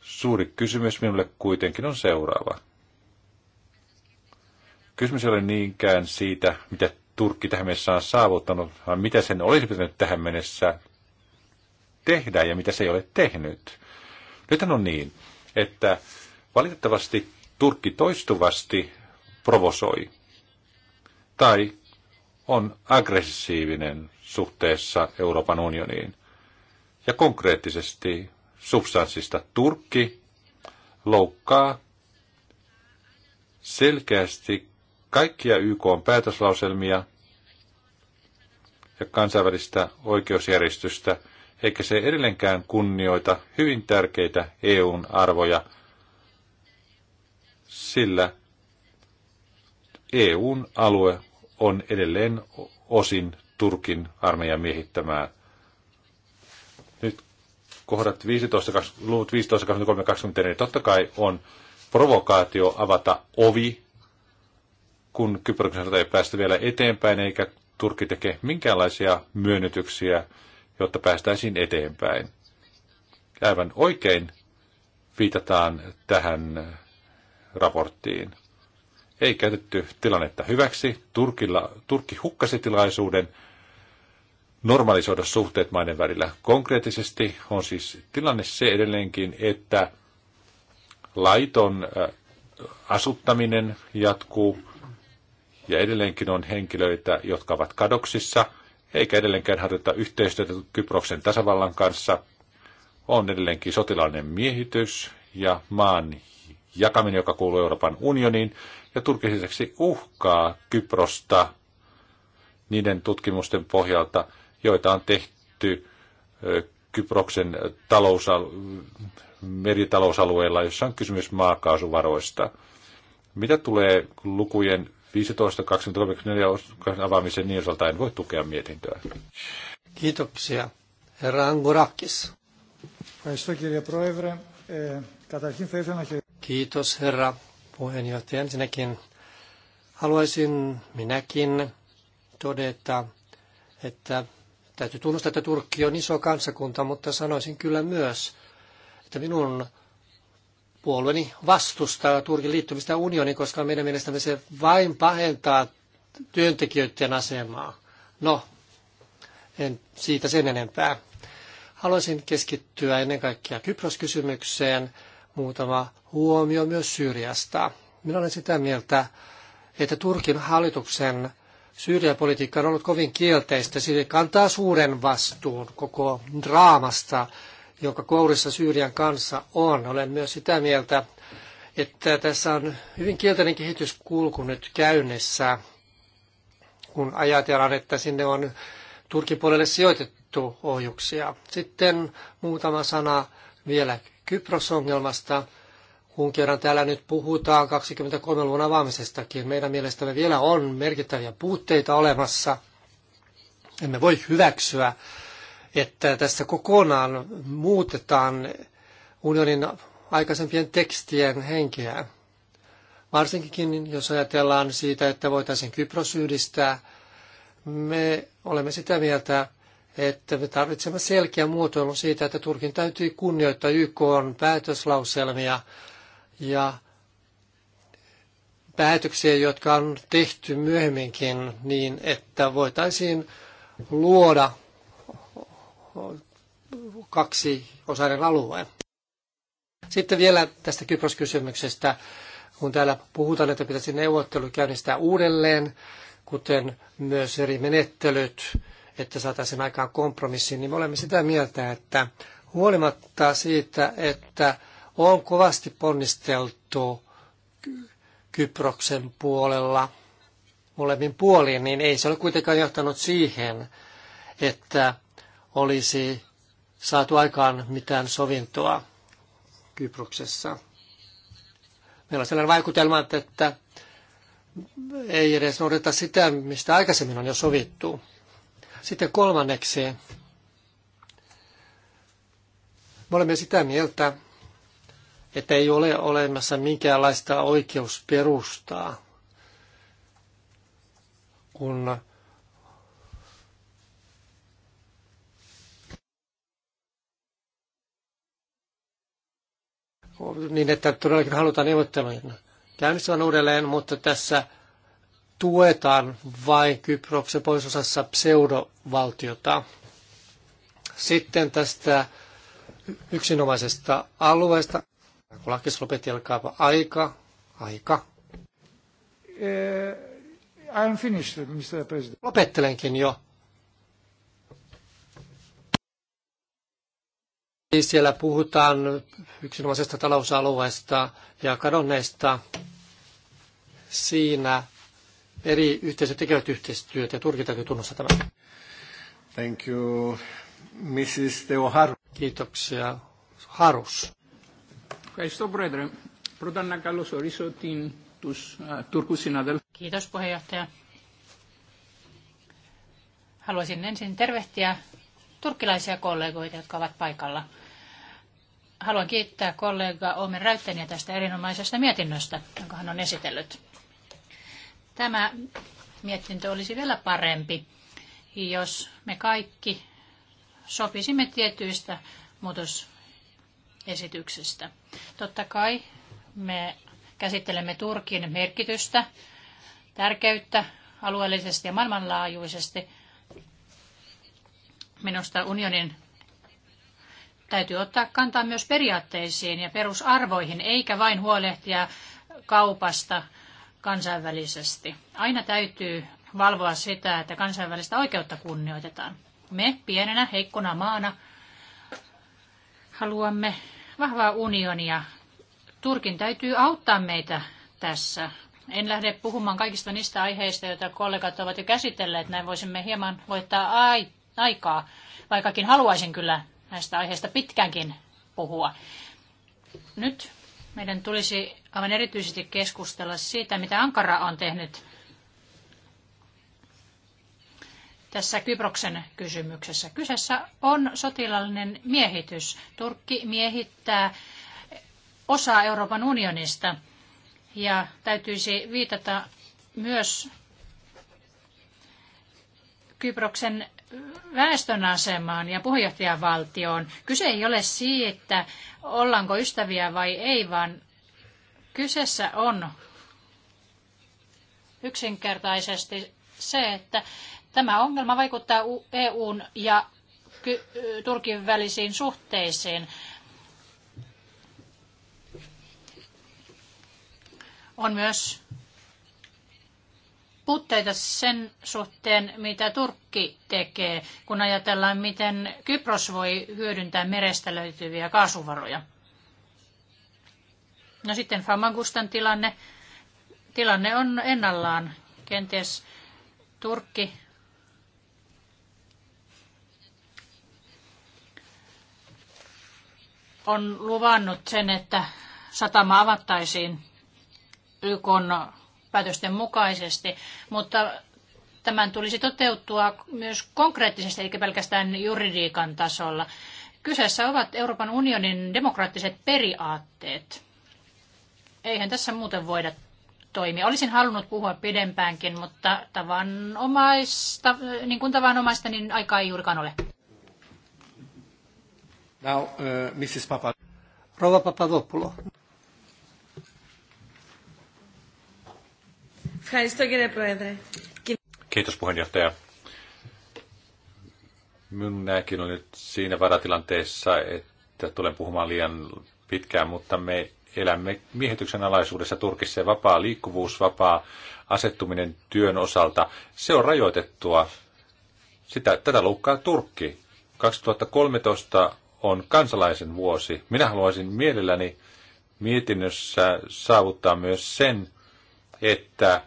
Suuri kysymys minulle kuitenkin on seuraava. Kysymys ei ole niinkään siitä, mitä Turkki tähän mennessä on saavuttanut, vaan mitä sen olisi pitänyt tähän mennessä tehdä ja mitä se ei ole tehnyt. Nyt on niin, että valitettavasti Turkki toistuvasti provosoi tai on aggressiivinen suhteessa Euroopan unioniin. Ja konkreettisesti substanssista Turkki loukkaa selkeästi kaikkia YK on päätöslauselmia ja kansainvälistä oikeusjärjestystä – eikä se edelleenkään kunnioita hyvin tärkeitä EUn arvoja, sillä EUn alue on edelleen osin Turkin armeijan miehittämää. Nyt kohdat 15, luvut 15, 23, 24, niin totta kai on provokaatio avata ovi, kun Kyproksen sota ei päästä vielä eteenpäin, eikä Turkki tekee minkäänlaisia myönnytyksiä jotta päästäisiin eteenpäin. Aivan oikein viitataan tähän raporttiin. Ei käytetty tilannetta hyväksi. Turkilla, Turkki hukkasi tilaisuuden normalisoida suhteet maiden välillä. Konkreettisesti on siis tilanne se edelleenkin, että laiton äh, asuttaminen jatkuu ja edelleenkin on henkilöitä, jotka ovat kadoksissa – eikä edelleenkään harjoita yhteistyötä Kyproksen tasavallan kanssa. On edelleenkin sotilaallinen miehitys ja maan jakaminen, joka kuuluu Euroopan unioniin, ja Turkin lisäksi uhkaa Kyprosta niiden tutkimusten pohjalta, joita on tehty Kyproksen talousal- meritalousalueella, jossa on kysymys maakaasuvaroista. Mitä tulee lukujen 15, 24 avaamisen niin osalta en voi tukea mietintöä. Kiitoksia. Herra Angurakis. Kiitos herra puheenjohtaja. Ensinnäkin haluaisin minäkin todeta, että täytyy tunnustaa, että Turkki on iso kansakunta, mutta sanoisin kyllä myös, että minun puolueeni vastustaa Turkin liittymistä unioniin, koska meidän mielestämme se vain pahentaa työntekijöiden asemaa. No, en siitä sen enempää. Haluaisin keskittyä ennen kaikkea Kypros-kysymykseen, muutama huomio myös Syyriasta. Minä olen sitä mieltä, että Turkin hallituksen Syyriapolitiikka on ollut kovin kielteistä. Se kantaa suuren vastuun koko draamasta, joka kourissa Syyrian kanssa on. Olen myös sitä mieltä, että tässä on hyvin kielteinen kehityskulku nyt käynnissä, kun ajatellaan, että sinne on Turkin puolelle sijoitettu ohjuksia. Sitten muutama sana vielä Kypros-ongelmasta, kun kerran täällä nyt puhutaan 23-luvun avaamisestakin. Meidän mielestämme vielä on merkittäviä puutteita olemassa. Emme voi hyväksyä että tässä kokonaan muutetaan unionin aikaisempien tekstien henkeä. Varsinkin jos ajatellaan siitä, että voitaisiin Kypros yhdistää, me olemme sitä mieltä, että me tarvitsemme selkeän muotoilun siitä, että Turkin täytyy kunnioittaa YK on päätöslauselmia ja päätöksiä, jotka on tehty myöhemminkin niin, että voitaisiin luoda kaksi osaiden alue. Sitten vielä tästä Kypros-kysymyksestä, kun täällä puhutaan, että pitäisi neuvottelu käynnistää uudelleen, kuten myös eri menettelyt, että saataisiin aikaan kompromissi, niin me olemme sitä mieltä, että huolimatta siitä, että on kovasti ponnisteltu Kyproksen puolella molemmin puolin, niin ei se ole kuitenkaan johtanut siihen, että olisi saatu aikaan mitään sovintoa Kyproksessa. Meillä on sellainen vaikutelma, että ei edes noudata sitä, mistä aikaisemmin on jo sovittu. Sitten kolmanneksi, me olemme sitä mieltä, että ei ole olemassa minkäänlaista oikeusperustaa, kun niin, että todellakin halutaan neuvottelujen käynnistävän uudelleen, mutta tässä tuetaan vain Kyproksen pohjoisosassa pseudovaltiota. Sitten tästä yksinomaisesta alueesta. Kolakis alkaa aika. Aika. Eh, I'm finished, Mr. President. Lopettelenkin jo. Siis siellä puhutaan yksinomaisesta talousalueesta ja kadonneista. Siinä eri yhteisöt tekevät yhteistyötä ja Turkin täytyy tunnustaa tämä. Thank you, Mrs. Teo Harus. Kiitoksia. Harus. Kiitos, puheenjohtaja. Haluaisin ensin tervehtiä turkkilaisia kollegoita, jotka ovat paikalla haluan kiittää kollega Omen Räyttäniä tästä erinomaisesta mietinnöstä, jonka hän on esitellyt. Tämä mietintö olisi vielä parempi, jos me kaikki sopisimme tietyistä muutosesityksistä. Totta kai me käsittelemme Turkin merkitystä, tärkeyttä alueellisesti ja maailmanlaajuisesti. Minusta unionin Täytyy ottaa kantaa myös periaatteisiin ja perusarvoihin, eikä vain huolehtia kaupasta kansainvälisesti. Aina täytyy valvoa sitä, että kansainvälistä oikeutta kunnioitetaan. Me pienenä, heikkona maana haluamme vahvaa unionia. Turkin täytyy auttaa meitä tässä. En lähde puhumaan kaikista niistä aiheista, joita kollegat ovat jo käsitelleet. Näin voisimme hieman voittaa aikaa, vaikkakin haluaisin kyllä näistä aiheista pitkäänkin puhua. Nyt meidän tulisi aivan erityisesti keskustella siitä, mitä Ankara on tehnyt tässä Kyproksen kysymyksessä. Kyseessä on sotilallinen miehitys. Turkki miehittää osaa Euroopan unionista ja täytyisi viitata myös Kyproksen väestön asemaan ja puheenjohtajavaltioon. Kyse ei ole siitä, ollaanko ystäviä vai ei, vaan kyseessä on yksinkertaisesti se, että tämä ongelma vaikuttaa EUn ja Turkin välisiin suhteisiin. On myös puutteita sen suhteen, mitä Turkki tekee, kun ajatellaan, miten Kypros voi hyödyntää merestä löytyviä kaasuvaroja. No sitten Famagustan tilanne. Tilanne on ennallaan. Kenties Turkki on luvannut sen, että satama avattaisiin YK päätösten mukaisesti, mutta tämän tulisi toteutua myös konkreettisesti eikä pelkästään juridiikan tasolla. Kyseessä ovat Euroopan unionin demokraattiset periaatteet. Eihän tässä muuten voida toimia. Olisin halunnut puhua pidempäänkin, mutta tavanomaista, niin kuin tavanomaista, niin aikaa ei juurikaan ole. Now, uh, Mrs. Papa. Rouva Papadopoulos. Kiitos puheenjohtaja. Minäkin olen nyt siinä varatilanteessa, että tulen puhumaan liian pitkään, mutta me elämme miehityksen alaisuudessa Turkissa ja vapaa liikkuvuus, vapaa asettuminen työn osalta, se on rajoitettua. Sitä, tätä loukkaa Turkki. 2013 on kansalaisen vuosi. Minä haluaisin mielelläni mietinnössä saavuttaa myös sen, että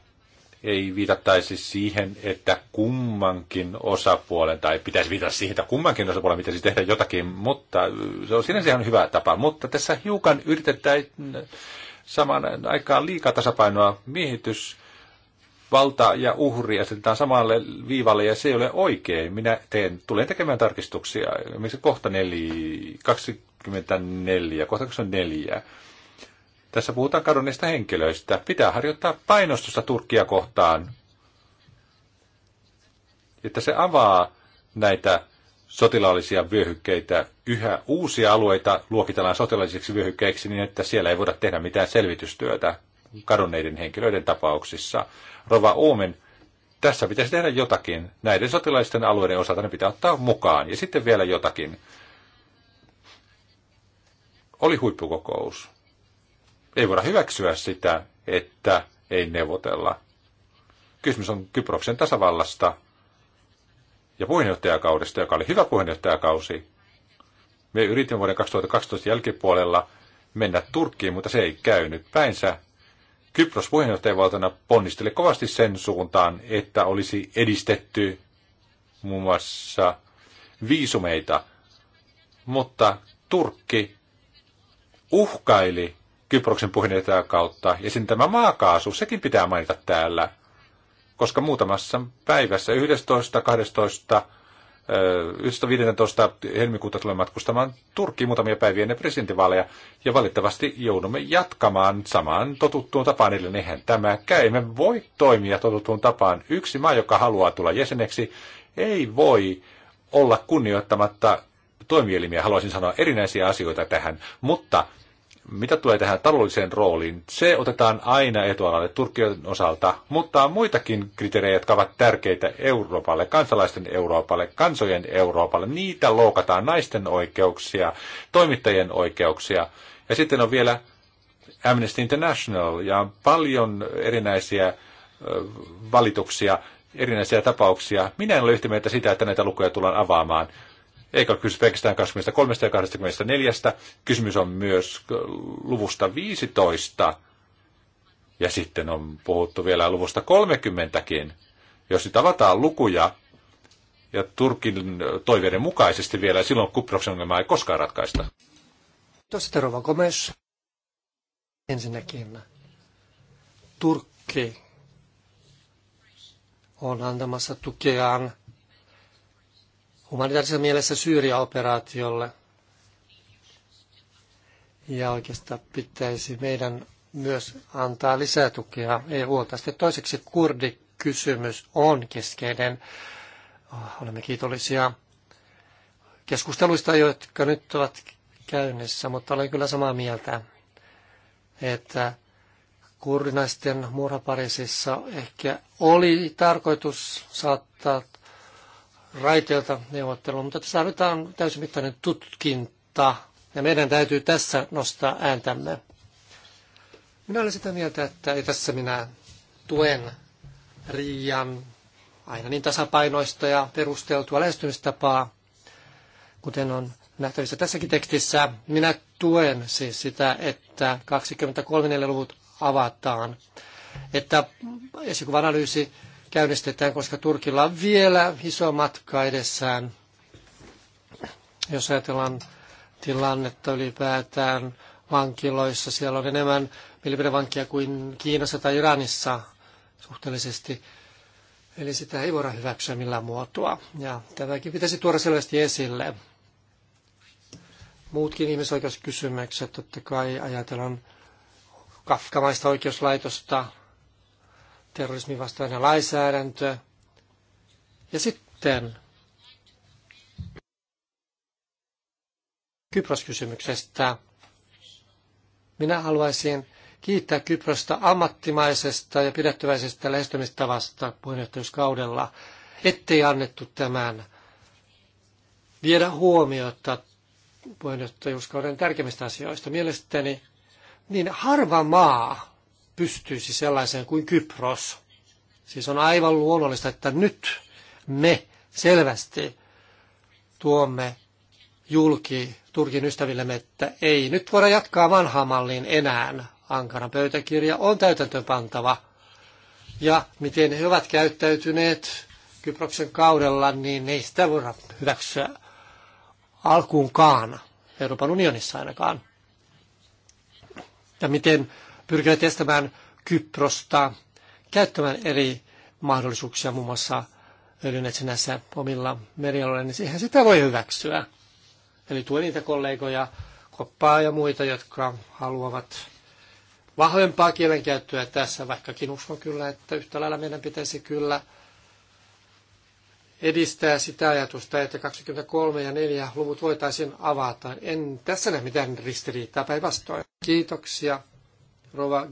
ei viitattaisi siihen, että kummankin osapuolen, tai pitäisi viitata siihen, että kummankin osapuolen pitäisi tehdä jotakin, mutta äh, se on sinänsä ihan hyvä tapa. Mutta tässä hiukan yritetään äh, samaan aikaan liikaa tasapainoa miehitys, valta ja uhri asetetaan samalle viivalle ja se ei ole oikein. Minä teen, tulen tekemään tarkistuksia, esimerkiksi kohta 4, 24, kohta 24 tässä puhutaan kadonneista henkilöistä. Pitää harjoittaa painostusta Turkkia kohtaan, että se avaa näitä sotilaallisia vyöhykkeitä, yhä uusia alueita luokitellaan sotilaallisiksi vyöhykkeiksi niin, että siellä ei voida tehdä mitään selvitystyötä kadonneiden henkilöiden tapauksissa. Rova Oomen, tässä pitäisi tehdä jotakin. Näiden sotilaisten alueiden osalta ne pitää ottaa mukaan. Ja sitten vielä jotakin. Oli huippukokous. Ei voida hyväksyä sitä, että ei neuvotella. Kysymys on Kyproksen tasavallasta ja puheenjohtajakaudesta, joka oli hyvä puheenjohtajakausi. Me yritimme vuoden 2012 jälkipuolella mennä Turkkiin, mutta se ei käynyt päinsä. Kypros puheenjohtajavaltana ponnisteli kovasti sen suuntaan, että olisi edistetty muun muassa viisumeita, mutta Turkki uhkaili Kyproksen puheenjohtaja kautta. Ja sitten tämä maakaasu, sekin pitää mainita täällä, koska muutamassa päivässä 11. 12. 11.15. helmikuuta tulee matkustamaan Turkkiin muutamia päiviä ennen presidentinvaaleja, ja valitettavasti joudumme jatkamaan samaan totuttuun tapaan, eli eihän tämä käy. Me voi toimia totuttuun tapaan. Yksi maa, joka haluaa tulla jäseneksi, ei voi olla kunnioittamatta toimielimiä, haluaisin sanoa erinäisiä asioita tähän, mutta mitä tulee tähän taloudelliseen rooliin, se otetaan aina etualalle Turkin osalta, mutta on muitakin kriteerejä, jotka ovat tärkeitä Euroopalle, kansalaisten Euroopalle, kansojen Euroopalle. Niitä loukataan naisten oikeuksia, toimittajien oikeuksia. Ja sitten on vielä Amnesty International ja on paljon erinäisiä valituksia, erinäisiä tapauksia. Minä en ole yhtä mieltä sitä, että näitä lukuja tullaan avaamaan. Eikä ole kysymys pelkästään 23 ja 24. Kysymys on myös luvusta 15. Ja sitten on puhuttu vielä luvusta 30kin. Jos nyt avataan lukuja ja Turkin toiveiden mukaisesti vielä, silloin Kuproksen ongelma ei koskaan ratkaista. Tuosta Rova Gomes. Ensinnäkin Turkki on antamassa tukeaan humanitaarisessa mielessä Syyria-operaatiolle. Ja oikeastaan pitäisi meidän myös antaa lisää tukea EU-ta. Sitten toiseksi kurdikysymys on keskeinen. Oh, olemme kiitollisia keskusteluista, jotka nyt ovat käynnissä, mutta olen kyllä samaa mieltä, että kurdinaisten murhaparisissa ehkä oli tarkoitus saattaa raiteilta neuvottelua, mutta tässä tarvitaan täysimittainen tutkinta ja meidän täytyy tässä nostaa ääntämme. Minä olen sitä mieltä, että ei tässä minä tuen Riian aina niin tasapainoista ja perusteltua lähestymistapaa, kuten on nähtävissä tässäkin tekstissä. Minä tuen siis sitä, että 23.4. luvut avataan, että esikuvanalyysi käynnistetään, koska Turkilla on vielä iso matka edessään. Jos ajatellaan tilannetta ylipäätään vankiloissa, siellä on enemmän mielipidevankia kuin Kiinassa tai Iranissa suhteellisesti. Eli sitä ei voida hyväksyä millään muotoa. Ja tämäkin pitäisi tuoda selvästi esille. Muutkin ihmisoikeuskysymykset, totta kai ajatellaan kafkamaista oikeuslaitosta, terrorismin vastainen lainsäädäntö. Ja sitten Kypros-kysymyksestä. Minä haluaisin kiittää Kyprosta ammattimaisesta ja pidättyväisestä lähestymistavasta puheenjohtajuuskaudella, ettei annettu tämän viedä huomiota puheenjohtajuuskauden tärkeimmistä asioista. Mielestäni niin harva maa pystyisi sellaiseen kuin Kypros. Siis on aivan luonnollista, että nyt me selvästi tuomme julki Turkin ystävillemme, että ei nyt voida jatkaa vanhaan malliin enää. Ankaran pöytäkirja on täytäntöönpantava. Ja miten he ovat käyttäytyneet Kyproksen kaudella, niin ei sitä voida hyväksyä alkuunkaan, Euroopan unionissa ainakaan. Ja miten pyrkineet estämään Kyprosta käyttämään eri mahdollisuuksia, muun muassa öljynetsinnässä omilla merialueilla, niin siihen sitä voi hyväksyä. Eli tuen niitä kollegoja, koppaa ja muita, jotka haluavat vahvempaa kielenkäyttöä tässä, vaikkakin uskon kyllä, että yhtä lailla meidän pitäisi kyllä edistää sitä ajatusta, että 23 ja 4 luvut voitaisiin avata. En tässä näe mitään ristiriitaa päinvastoin. Kiitoksia. Rova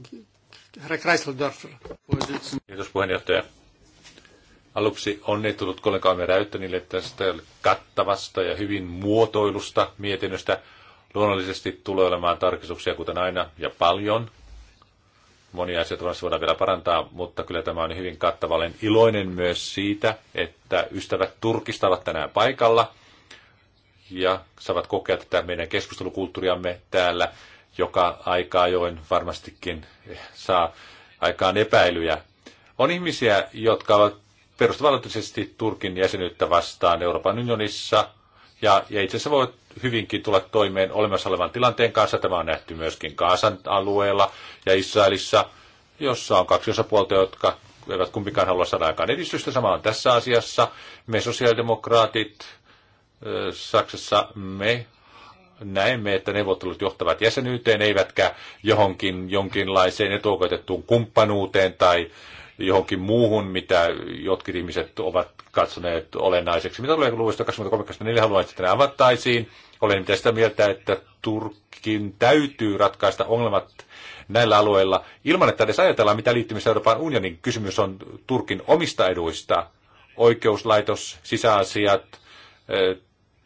herra Kreiseldorfer. Kiitos puheenjohtaja. Aluksi onnittelut kollegaamme Räyttänille tästä kattavasta ja hyvin muotoilusta mietinnöstä. Luonnollisesti tulee olemaan tarkistuksia, kuten aina, ja paljon. Monia asioita varmasti voidaan vielä parantaa, mutta kyllä tämä on hyvin kattava. Olen iloinen myös siitä, että ystävät Turkista ovat tänään paikalla ja saavat kokea tätä meidän keskustelukulttuuriamme täällä joka aika ajoin varmastikin saa aikaan epäilyjä. On ihmisiä, jotka ovat perustavallisesti Turkin jäsenyyttä vastaan Euroopan unionissa, ja, ja itse asiassa voi hyvinkin tulla toimeen olemassa olevan tilanteen kanssa. Tämä on nähty myöskin Kaasan alueella ja Israelissa, jossa on kaksi osapuolta, jotka eivät kumpikaan halua saada aikaan edistystä. Sama on tässä asiassa. Me sosiaalidemokraatit Saksassa, me näemme, että neuvottelut johtavat jäsenyyteen, eivätkä johonkin jonkinlaiseen etuoikeutettuun kumppanuuteen tai johonkin muuhun, mitä jotkin ihmiset ovat katsoneet olennaiseksi. Mitä tulee luvusta 23.4 haluan, että ne avattaisiin. Olen mitä sitä mieltä, että Turkin täytyy ratkaista ongelmat näillä alueilla ilman, että edes ajatellaan, mitä liittymistä Euroopan unionin kysymys on Turkin omista eduista. Oikeuslaitos, sisäasiat, eh,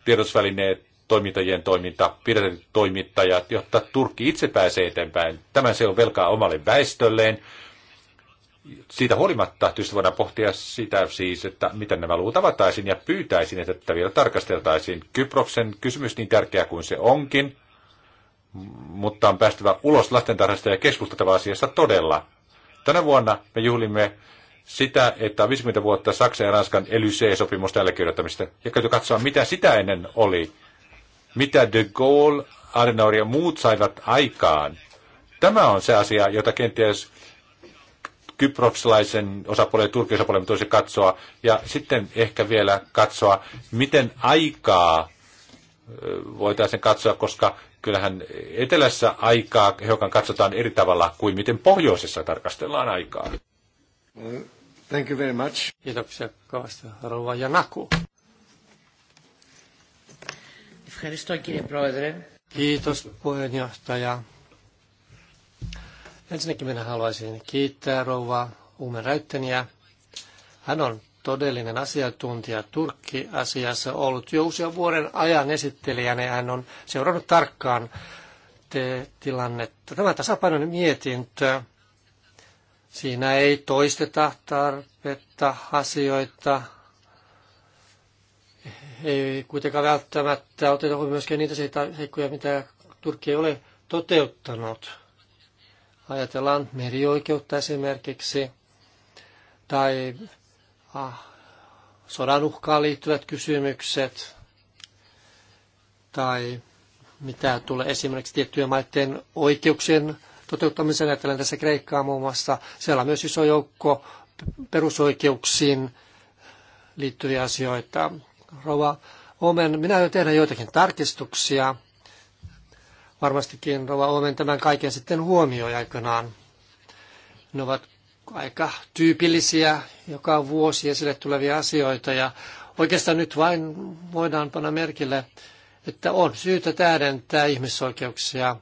tiedotusvälineet, toimittajien toiminta, pidätetyt toimittajat, jotta Turkki itse pääsee eteenpäin. Tämän se on velkaa omalle väestölleen. Siitä huolimatta tietysti voidaan pohtia sitä siis, että miten nämä luvut avataisiin ja pyytäisin, että vielä tarkasteltaisiin. Kyproksen kysymys niin tärkeä kuin se onkin, mutta on päästävä ulos lastentarhasta ja keskusteltava asiasta todella. Tänä vuonna me juhlimme sitä, että 50 vuotta Saksan ja Ranskan ELYC-sopimusta allekirjoittamista. Ja katsoa, mitä sitä ennen oli mitä de Gaulle, Adenauer ja muut saivat aikaan. Tämä on se asia, jota kenties kyproksilaisen osapuolen ja turkin osapuolen tulisi katsoa. Ja sitten ehkä vielä katsoa, miten aikaa voitaisiin katsoa, koska kyllähän etelässä aikaa hiukan katsotaan eri tavalla kuin miten pohjoisessa tarkastellaan aikaa. Thank you very much. Kiitoksia kovasti, Rouva Janaku. Ευχαριστώ κύριε Πρόεδρε. Kiitos puheenjohtaja. Ensinnäkin minä haluaisin kiittää rouva Uume Räytteniä. Hän on todellinen asiantuntija Turkki-asiassa ollut jo usean vuoden ajan esittelijänä ja hän on seurannut tarkkaan te tilannetta. Tämä tasapainoinen mietintö, siinä ei toisteta tarpeetta asioita, ei kuitenkaan välttämättä oteta myöskään niitä seikkoja, mitä Turkki ei ole toteuttanut. Ajatellaan merioikeutta esimerkiksi tai ah, sodan uhkaan liittyvät kysymykset tai mitä tulee esimerkiksi tiettyjen maiden oikeuksien toteuttamiseen, ajattelen tässä Kreikkaa muun muassa. Siellä on myös iso joukko perusoikeuksiin liittyviä asioita. Rova Omen, minä aion tehdä joitakin tarkistuksia. Varmastikin Rova Omen tämän kaiken sitten huomioi aikanaan. Ne ovat aika tyypillisiä joka vuosi esille tulevia asioita ja oikeastaan nyt vain voidaan panna merkille, että on syytä täydentää ihmisoikeuksia,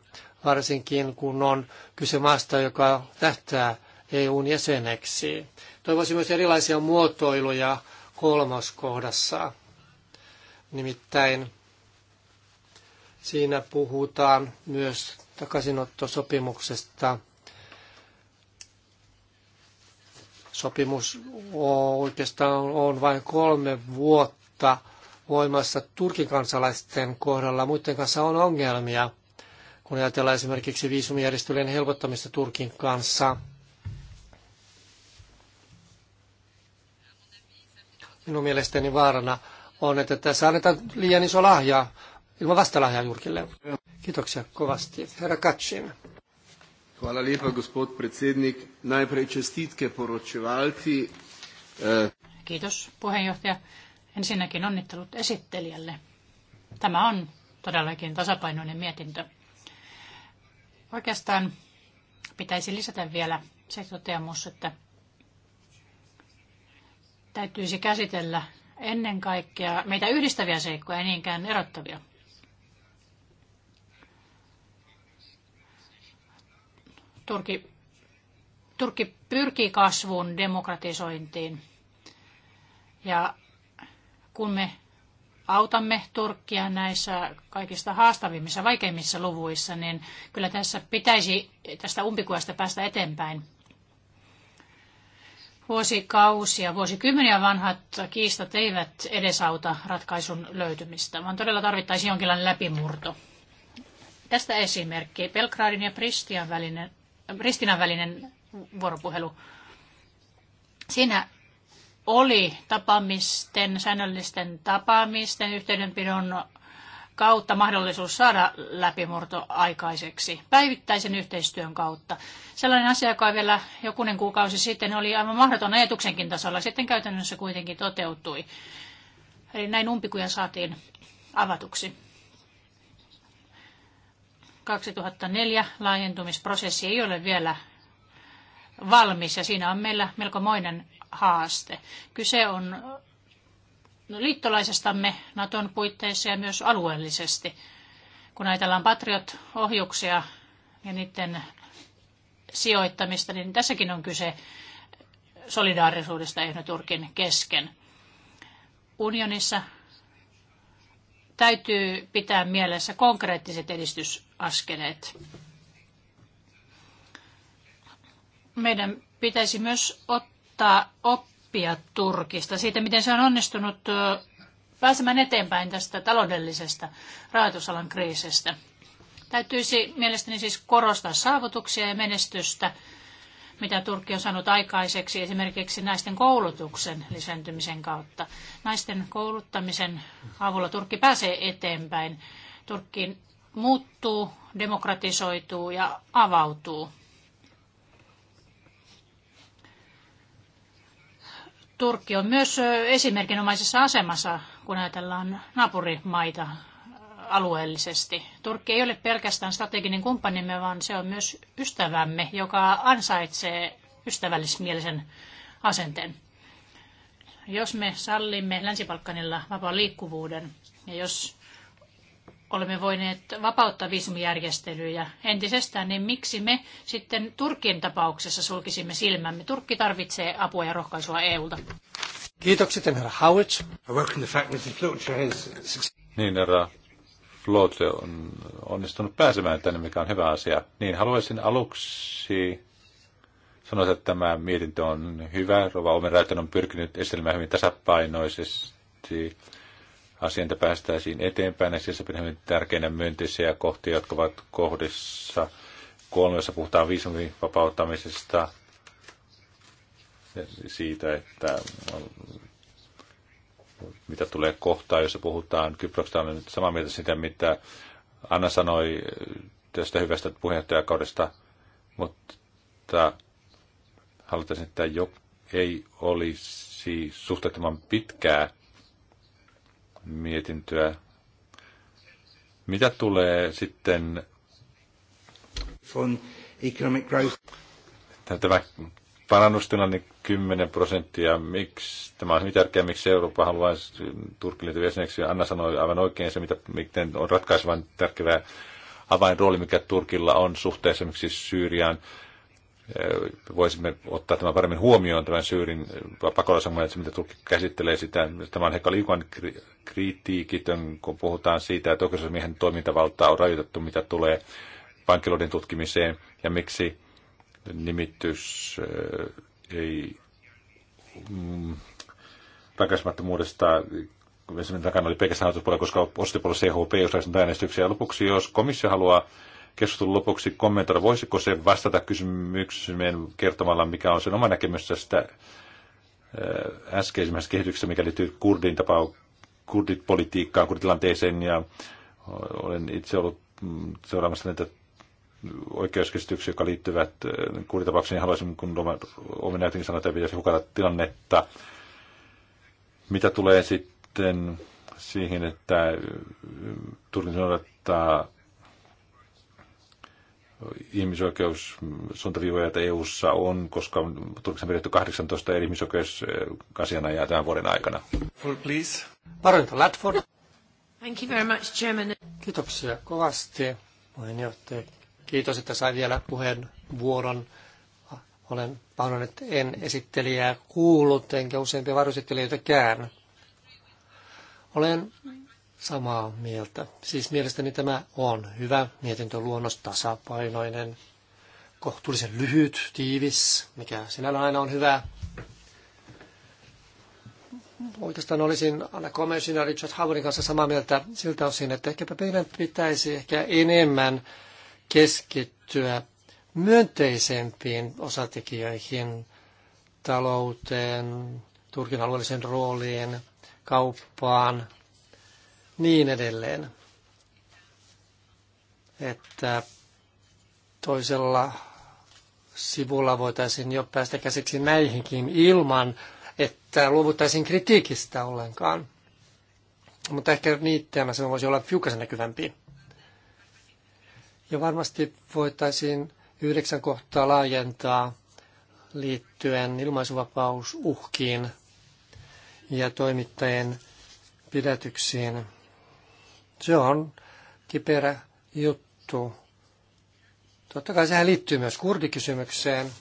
varsinkin kun on kyse maasta, joka tähtää EUn jäseneksi. Toivoisin myös erilaisia muotoiluja kolmoskohdassa. Nimittäin siinä puhutaan myös takaisinottosopimuksesta. Sopimus oikeastaan on vain kolme vuotta voimassa Turkin kansalaisten kohdalla. Muiden kanssa on ongelmia, kun ajatellaan esimerkiksi viisumijärjestelyjen helpottamista Turkin kanssa. Minun mielestäni vaarana on, että tässä annetaan liian iso lahja ilman vastalahjaa Jurkille. Kiitoksia kovasti. Herra Katsin. Hvala lepa, gospod predsednik. Najprej čestitke poročevalti. Eh, Kiitos puheenjohtaja. Ensinnäkin onnittelut esittelijälle. Tämä on todellakin tasapainoinen mietintö. Oikeastaan pitäisi lisätä vielä se toteamus, että täytyisi käsitellä ennen kaikkea meitä yhdistäviä seikkoja, ei niinkään erottavia. Turki, Turkki pyrkii kasvuun, demokratisointiin. Ja kun me autamme Turkkia näissä kaikista haastavimmissa, vaikeimmissa luvuissa, niin kyllä tässä pitäisi tästä umpikuvasta päästä eteenpäin vuosikausia, vuosikymmeniä vanhat kiistat eivät edesauta ratkaisun löytymistä, vaan todella tarvittaisiin jonkinlainen läpimurto. Tästä esimerkki. Belgradin ja Pristian välinen, Pristinan välinen vuoropuhelu. Siinä oli tapaamisten, säännöllisten tapaamisten, yhteydenpidon kautta mahdollisuus saada läpimurto aikaiseksi päivittäisen yhteistyön kautta. Sellainen asia, joka vielä jokunen kuukausi sitten oli aivan mahdoton ajatuksenkin tasolla, sitten käytännössä kuitenkin toteutui. Eli näin umpikuja saatiin avatuksi. 2004 laajentumisprosessi ei ole vielä valmis ja siinä on meillä melkomoinen haaste. Kyse on liittolaisestamme Naton puitteissa ja myös alueellisesti. Kun ajatellaan Patriot-ohjuksia ja niiden sijoittamista, niin tässäkin on kyse solidaarisuudesta Ehno Turkin kesken. Unionissa täytyy pitää mielessä konkreettiset edistysaskeleet. Meidän pitäisi myös ottaa oppia oppia Turkista, siitä miten se on onnistunut pääsemään eteenpäin tästä taloudellisesta rahoitusalan kriisistä. Täytyisi mielestäni siis korostaa saavutuksia ja menestystä, mitä Turkki on saanut aikaiseksi esimerkiksi naisten koulutuksen lisääntymisen kautta. Naisten kouluttamisen avulla Turkki pääsee eteenpäin. Turkki muuttuu, demokratisoituu ja avautuu. Turkki on myös esimerkinomaisessa asemassa, kun ajatellaan naapurimaita alueellisesti. Turkki ei ole pelkästään strateginen kumppanimme, vaan se on myös ystävämme, joka ansaitsee ystävällismielisen asenteen. Jos me sallimme Länsi-Balkanilla vapaan liikkuvuuden ja jos olemme voineet vapauttaa viisumijärjestelyjä entisestään, niin miksi me sitten Turkin tapauksessa sulkisimme silmämme? Turkki tarvitsee apua ja rohkaisua EUlta. Kiitokset, herra Howitz. Niin, herra Flotre on onnistunut pääsemään tänne, mikä on hyvä asia. Niin, haluaisin aluksi sanoa, että tämä mietintö on hyvä. Rova Omen on pyrkinyt esittelemään hyvin tasapainoisesti asianta päästäisiin eteenpäin. Ja siellä pidämme tärkeinä myönteisiä kohtia, jotka ovat kohdissa kolme, jossa puhutaan viisumin vapauttamisesta, siitä, että mitä tulee kohtaan, jossa puhutaan Kyproksesta, olen nyt samaa mieltä sitä, mitä Anna sanoi tästä hyvästä puheenjohtajakaudesta, mutta haluaisin, että jo ei olisi suhteettoman pitkää mietintöä. Mitä tulee sitten on economic growth. Tämä parannustilanne niin 10 prosenttia. Miksi? Tämä on hyvin tärkeää, miksi Eurooppa haluaa Turkin jäseneksi. Anna sanoi aivan oikein se, mitä, miten on ratkaisevan tärkeä avainrooli, mikä Turkilla on suhteessa esimerkiksi Syyriaan voisimme ottaa tämän paremmin huomioon, tämän Syyrin pakolaisamman, että mitä tulkki käsittelee sitä. Tämä on ehkä Liukan kritiikitön, kun puhutaan siitä, että oikeusmiehen toimintavaltaa on rajoitettu, mitä tulee vankiloiden tutkimiseen, ja miksi nimitys ei mm, takaisinmattomuudesta takana oli pelkästään hallituspuolella, koska ostipuolella CHP osaisi äänestyksiä. lopuksi, jos komissio haluaa keskustelun lopuksi kommentoida, voisiko se vastata kysymykseen kertomalla, mikä on sen oma näkemys tästä äskeisimmässä kehityksessä, mikä liittyy kurdin tapaa, kurdit politiikkaan, kurditilanteeseen, ja olen itse ollut mm, seuraamassa näitä oikeuskäsityksiä, jotka liittyvät kurditapauksiin, haluaisin, kun Omen näytin sanoa, että pitäisi hukata tilannetta. Mitä tulee sitten siihen, että Turkin että ihmisoikeussuuntaviivoja, joita EU:ssa on, koska on Turkissa pidetty 18 eri ja tämän vuoden aikana. Full please. Varoita Latford. Thank you very much, Chairman. Kiitoksia kovasti, puheenjohtaja. Kiitos, että sain vielä puheenvuoron. Olen pahoin, että en esittelijää kuullut, enkä useampia varoesittelijöitäkään. Olen samaa mieltä. Siis mielestäni tämä on hyvä mietintöluonnos, tasapainoinen, kohtuullisen lyhyt, tiivis, mikä sinällä aina on hyvä. Oikeastaan olisin Anna Komersin ja Richard Howardin kanssa samaa mieltä siltä osin, että ehkäpä meidän pitäisi ehkä enemmän keskittyä myönteisempiin osatekijöihin, talouteen, Turkin alueelliseen rooliin, kauppaan, niin edelleen. Että toisella sivulla voitaisiin jo päästä käsiksi näihinkin ilman, että luovuttaisiin kritiikistä ollenkaan. Mutta ehkä niitä se voisi olla hiukan näkyvämpi. Ja varmasti voitaisiin yhdeksän kohtaa laajentaa liittyen ilmaisuvapausuhkiin ja toimittajien pidätyksiin. Se on kiperä juttu. Totta kai sehän liittyy myös kurdikysymykseen.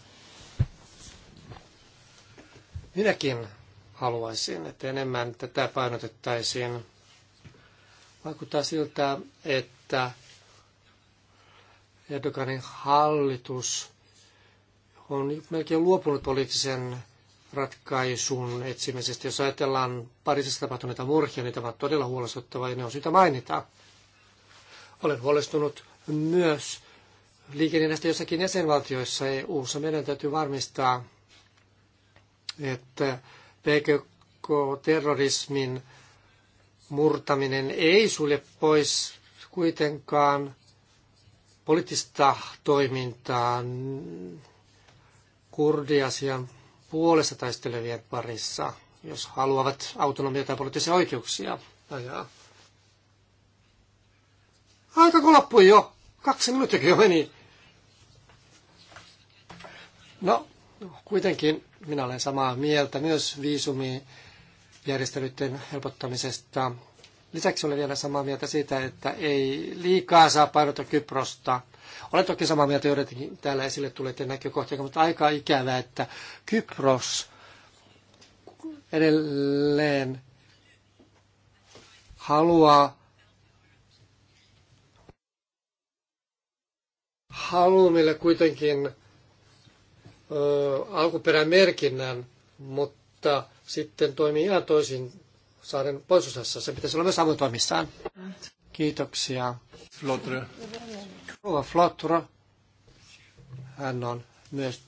Minäkin haluaisin, että enemmän tätä painotettaisiin. Vaikuttaa siltä, että Erdoganin hallitus on melkein luopunut poliittisen ratkaisun etsimisestä. Jos ajatellaan Pariisissa tapahtuneita murhia, niitä ovat todella huolestuttavia ja ne on syytä mainita. Olen huolestunut myös liikennästä jossakin jäsenvaltioissa EU-ssa. Meidän täytyy varmistaa, että PKK-terrorismin murtaminen ei sulje pois kuitenkaan poliittista toimintaa kurdiasian puolesta taistelevien parissa, jos haluavat autonomia tai poliittisia oikeuksia ajaa. Aika kun loppui jo. Kaksi minuuttia jo meni. No, kuitenkin minä olen samaa mieltä myös viisumijärjestelyiden helpottamisesta. Lisäksi olen vielä samaa mieltä siitä, että ei liikaa saa painota Kyprosta – olen toki samaa mieltä joidenkin täällä esille tulleiden näkökohtia, mutta aika ikävää, että Kypros edelleen haluaa meille kuitenkin ö, alkuperämerkinnän, mutta sitten toimii ihan toisin saaren pohjoisosassa. Se pitäisi olla myös avotoimissaan. Kiitoksia. Flotre. Rova Flotra. Hän on myös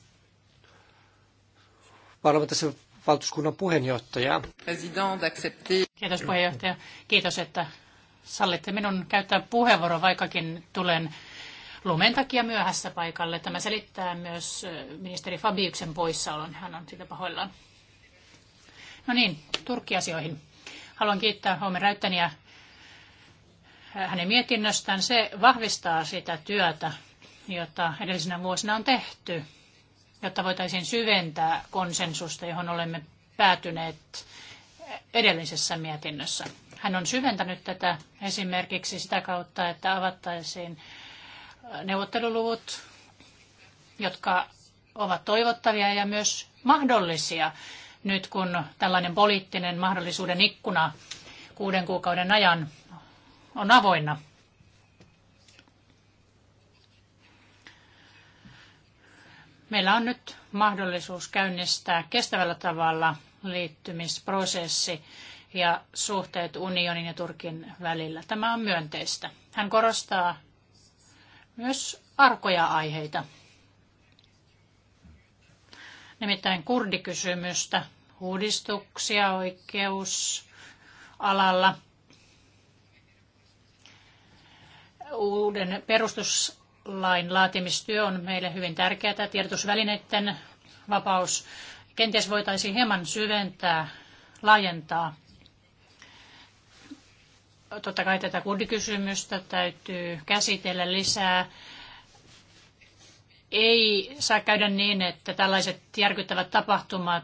parlamentaarisen valtuuskunnan puheenjohtaja. Kiitos puheenjohtaja. Kiitos, että sallitte minun käyttää puheenvuoron, vaikkakin tulen lumen takia myöhässä paikalle. Tämä selittää myös ministeri Fabiuksen poissaolon. Hän on siitä pahoillaan. No niin, turkkiasioihin. Haluan kiittää Homer Räyttäniä hänen mietinnöstään, se vahvistaa sitä työtä, jota edellisenä vuosina on tehty, jotta voitaisiin syventää konsensusta, johon olemme päätyneet edellisessä mietinnössä. Hän on syventänyt tätä esimerkiksi sitä kautta, että avattaisiin neuvotteluluvut, jotka ovat toivottavia ja myös mahdollisia nyt, kun tällainen poliittinen mahdollisuuden ikkuna kuuden kuukauden ajan on avoinna. Meillä on nyt mahdollisuus käynnistää kestävällä tavalla liittymisprosessi ja suhteet unionin ja Turkin välillä. Tämä on myönteistä. Hän korostaa myös arkoja aiheita. Nimittäin kurdikysymystä, uudistuksia oikeusalalla, uuden perustuslain laatimistyö on meille hyvin tärkeää. Tiedotusvälineiden vapaus kenties voitaisiin hieman syventää, laajentaa. Totta kai tätä kurdikysymystä täytyy käsitellä lisää. Ei saa käydä niin, että tällaiset järkyttävät tapahtumat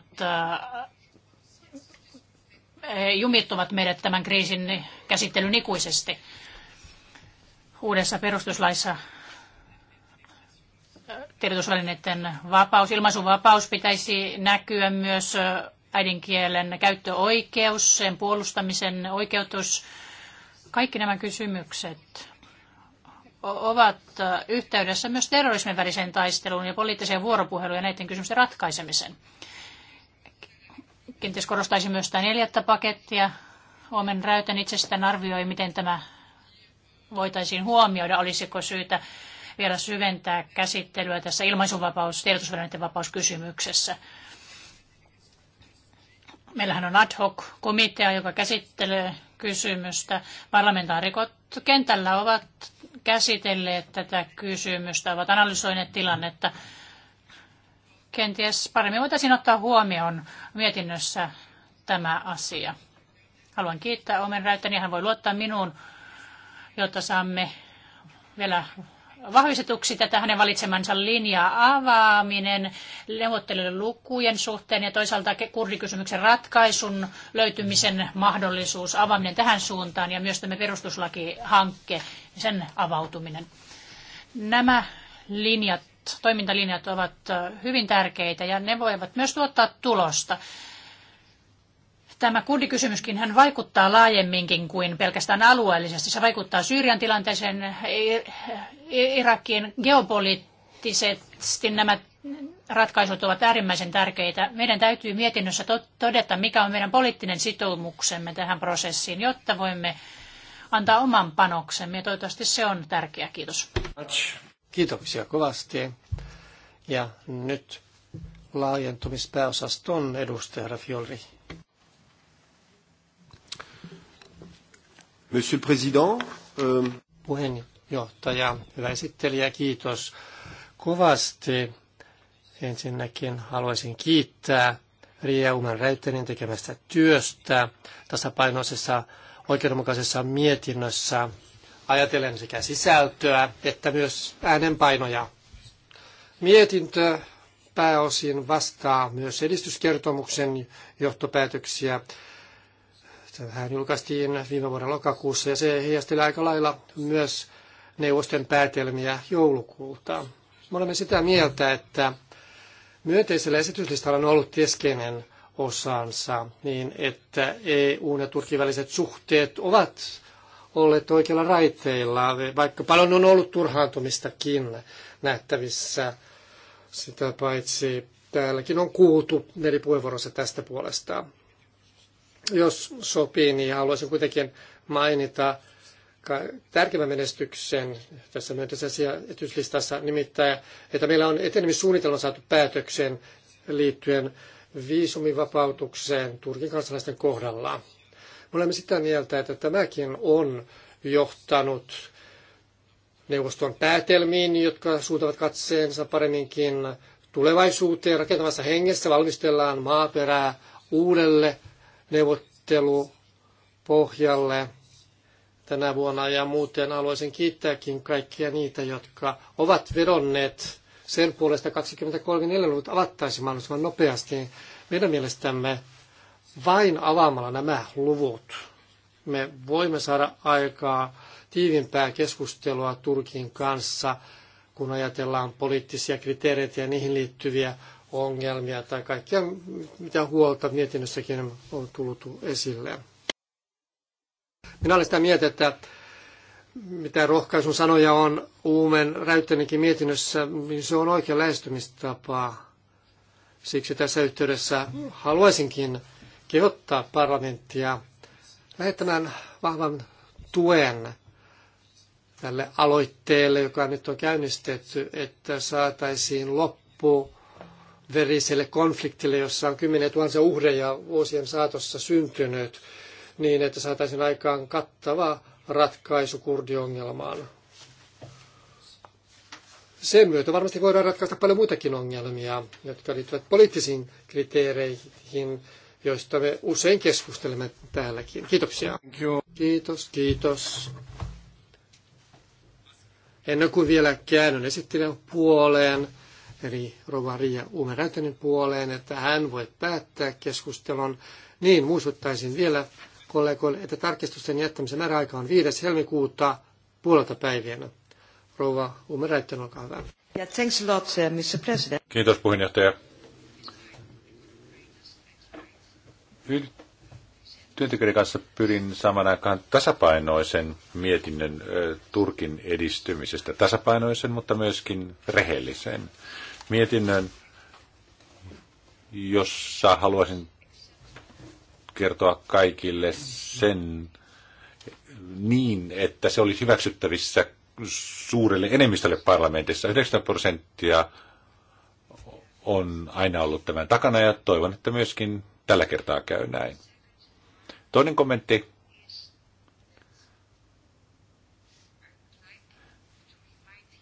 eh, jumittuvat meidät tämän kriisin käsittelyn ikuisesti uudessa perustuslaissa äh, tiedotusvälineiden vapaus, vapaus pitäisi näkyä myös äh, äidinkielen käyttöoikeus, sen puolustamisen oikeutus. Kaikki nämä kysymykset ovat äh, yhteydessä myös terrorismin väliseen taisteluun ja poliittiseen vuoropuheluun ja näiden kysymysten ratkaisemiseen. Kenties korostaisin myös tämä neljättä pakettia. Omen Räytän itsestään arvioi, miten tämä voitaisiin huomioida, olisiko syytä vielä syventää käsittelyä tässä ilmaisuvapaus- tiedotusvälineiden vapauskysymyksessä. Meillähän on ad hoc komitea, joka käsittelee kysymystä. Parlamentaarikot kentällä ovat käsitelleet tätä kysymystä, ovat analysoineet tilannetta. Kenties paremmin voitaisiin ottaa huomioon mietinnössä tämä asia. Haluan kiittää Omen hän voi luottaa minuun jotta saamme vielä vahvistetuksi tätä hänen valitsemansa linjaa avaaminen neuvottelujen lukujen suhteen ja toisaalta kurdikysymyksen ratkaisun löytymisen mahdollisuus avaaminen tähän suuntaan ja myös tämä perustuslakihankke sen avautuminen. Nämä linjat, toimintalinjat ovat hyvin tärkeitä ja ne voivat myös tuottaa tulosta. Tämä kurdikysymyskin hän vaikuttaa laajemminkin kuin pelkästään alueellisesti. Se vaikuttaa Syyrian tilanteeseen, Irakin geopoliittisesti nämä ratkaisut ovat äärimmäisen tärkeitä. Meidän täytyy mietinnössä todeta, mikä on meidän poliittinen sitoumuksemme tähän prosessiin, jotta voimme antaa oman panoksemme. Ja toivottavasti se on tärkeä. Kiitos. Kiitoksia kovasti. Ja nyt laajentumispääosaston edustaja Rafiolri Monsieur le Président. Euh, Puheenjohtaja, hyvä esittelijä, kiitos kovasti. Ensinnäkin haluaisin kiittää Ria Uman Reitenin tekemästä työstä tasapainoisessa oikeudenmukaisessa mietinnössä ajatellen sekä sisältöä että myös äänenpainoja. Mietintö pääosin vastaa myös edistyskertomuksen johtopäätöksiä Tämähän julkaistiin viime vuoden lokakuussa ja se heijasteli aika lailla myös neuvosten päätelmiä joulukuulta. Me olemme sitä mieltä, että myönteisellä esityslistalla on ollut keskeinen osansa, niin että EUn ja Turkin väliset suhteet ovat olleet oikeilla raiteilla, vaikka paljon on ollut turhaantumistakin nähtävissä. Sitä paitsi täälläkin on kuultu eri puheenvuorossa tästä puolesta. Jos sopii, niin haluaisin kuitenkin mainita tärkeimmän menestyksen tässä myönteisessä esityslistassa, nimittäin, että meillä on etenemissuunnitelma saatu päätökseen liittyen viisumivapautukseen Turkin kansalaisten kohdalla. Me olemme sitä mieltä, että tämäkin on johtanut neuvoston päätelmiin, jotka suuntavat katseensa paremminkin tulevaisuuteen rakentamassa hengessä, valmistellaan maaperää uudelle neuvottelupohjalle tänä vuonna ja muuten haluaisin kiittääkin kaikkia niitä, jotka ovat vedonneet sen puolesta 23 luvut avattaisiin mahdollisimman nopeasti. Meidän mielestämme vain avaamalla nämä luvut me voimme saada aikaa tiivimpää keskustelua Turkin kanssa, kun ajatellaan poliittisia kriteereitä ja niihin liittyviä ongelmia tai kaikkia, mitä huolta mietinnössäkin on tullut esille. Minä olen sitä mieltä, että mitä rohkaisun sanoja on Uumen räyttäminenkin mietinnössä, niin se on oikea lähestymistapa. Siksi tässä yhteydessä haluaisinkin kehottaa parlamenttia lähettämään vahvan tuen tälle aloitteelle, joka nyt on käynnistetty, että saataisiin loppu veriselle konfliktille, jossa on kymmeniä tuhansia uhreja vuosien saatossa syntynyt, niin että saataisiin aikaan kattava ratkaisu kurdiongelmaan. Sen myötä varmasti voidaan ratkaista paljon muitakin ongelmia, jotka liittyvät poliittisiin kriteereihin, joista me usein keskustelemme täälläkin. Kiitoksia. Kiitos, kiitos. Ennen kuin vielä käännyn esittelijän puoleen, eli Rovaria Uumeräytänen puoleen, että hän voi päättää keskustelun. Niin, muistuttaisin vielä kollegoille, että tarkistusten jättämisen määräaika on 5. helmikuuta puolelta päivienä. Rouva Uumeräyttänen, olkaa hyvä. Ja thanks a lot, uh, Mr. President. Kiitos puheenjohtaja. Työntekijöiden kanssa pyrin saman aikaan tasapainoisen mietinnön Turkin edistymisestä. Tasapainoisen, mutta myöskin rehellisen mietinnön, jossa haluaisin kertoa kaikille sen niin, että se olisi hyväksyttävissä suurelle enemmistölle parlamentissa. 90 prosenttia on aina ollut tämän takana ja toivon, että myöskin tällä kertaa käy näin. Toinen kommentti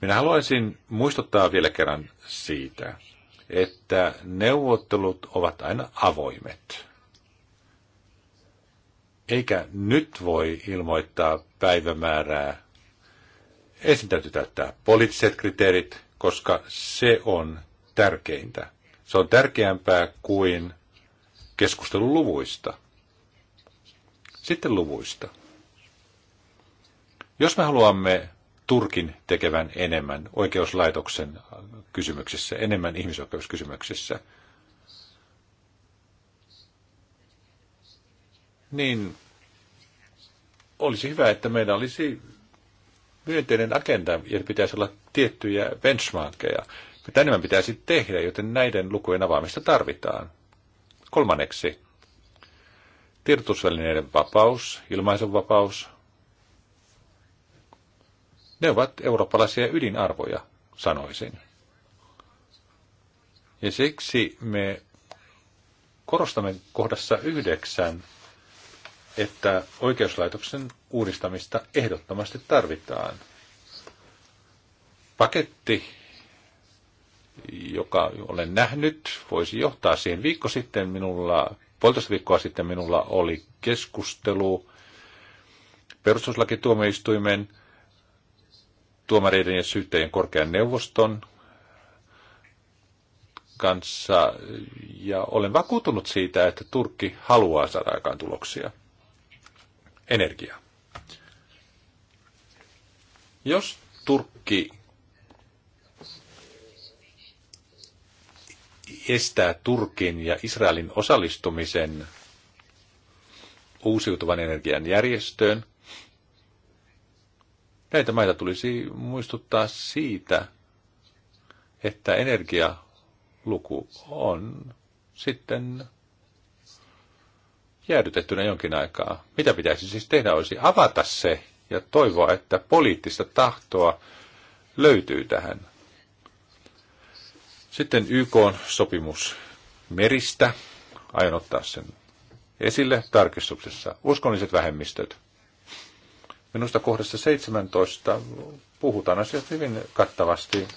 Minä haluaisin muistuttaa vielä kerran siitä, että neuvottelut ovat aina avoimet. Eikä nyt voi ilmoittaa päivämäärää. Ensin täytyy täyttää poliittiset kriteerit, koska se on tärkeintä. Se on tärkeämpää kuin keskustelun luvuista. Sitten luvuista. Jos me haluamme Turkin tekevän enemmän oikeuslaitoksen kysymyksissä, enemmän ihmisoikeuskysymyksissä. Niin olisi hyvä, että meillä olisi myönteinen agenda ja pitäisi olla tiettyjä benchmarkeja, Mitä enemmän pitäisi tehdä, joten näiden lukujen avaamista tarvitaan. Kolmanneksi, tiedotusvälineiden vapaus, ilmaisun vapaus, ne ovat eurooppalaisia ydinarvoja, sanoisin. Ja siksi me korostamme kohdassa yhdeksän, että oikeuslaitoksen uudistamista ehdottomasti tarvitaan. Paketti, joka olen nähnyt, voisi johtaa siihen. Viikko sitten minulla, puolitoista viikkoa sitten minulla oli keskustelu perustuslakituomioistuimen tuomareiden ja syyttäjien korkean neuvoston kanssa ja olen vakuutunut siitä, että Turkki haluaa saada aikaan tuloksia. Energiaa. Jos Turkki estää Turkin ja Israelin osallistumisen uusiutuvan energian järjestöön, Näitä maita tulisi muistuttaa siitä, että energialuku on sitten jäädytettynä jonkin aikaa. Mitä pitäisi siis tehdä olisi avata se ja toivoa, että poliittista tahtoa löytyy tähän. Sitten YK on sopimus meristä. Aion ottaa sen esille tarkistuksessa. Uskonnolliset vähemmistöt. Minusta kohdassa 17 puhutaan asiat hyvin kattavasti.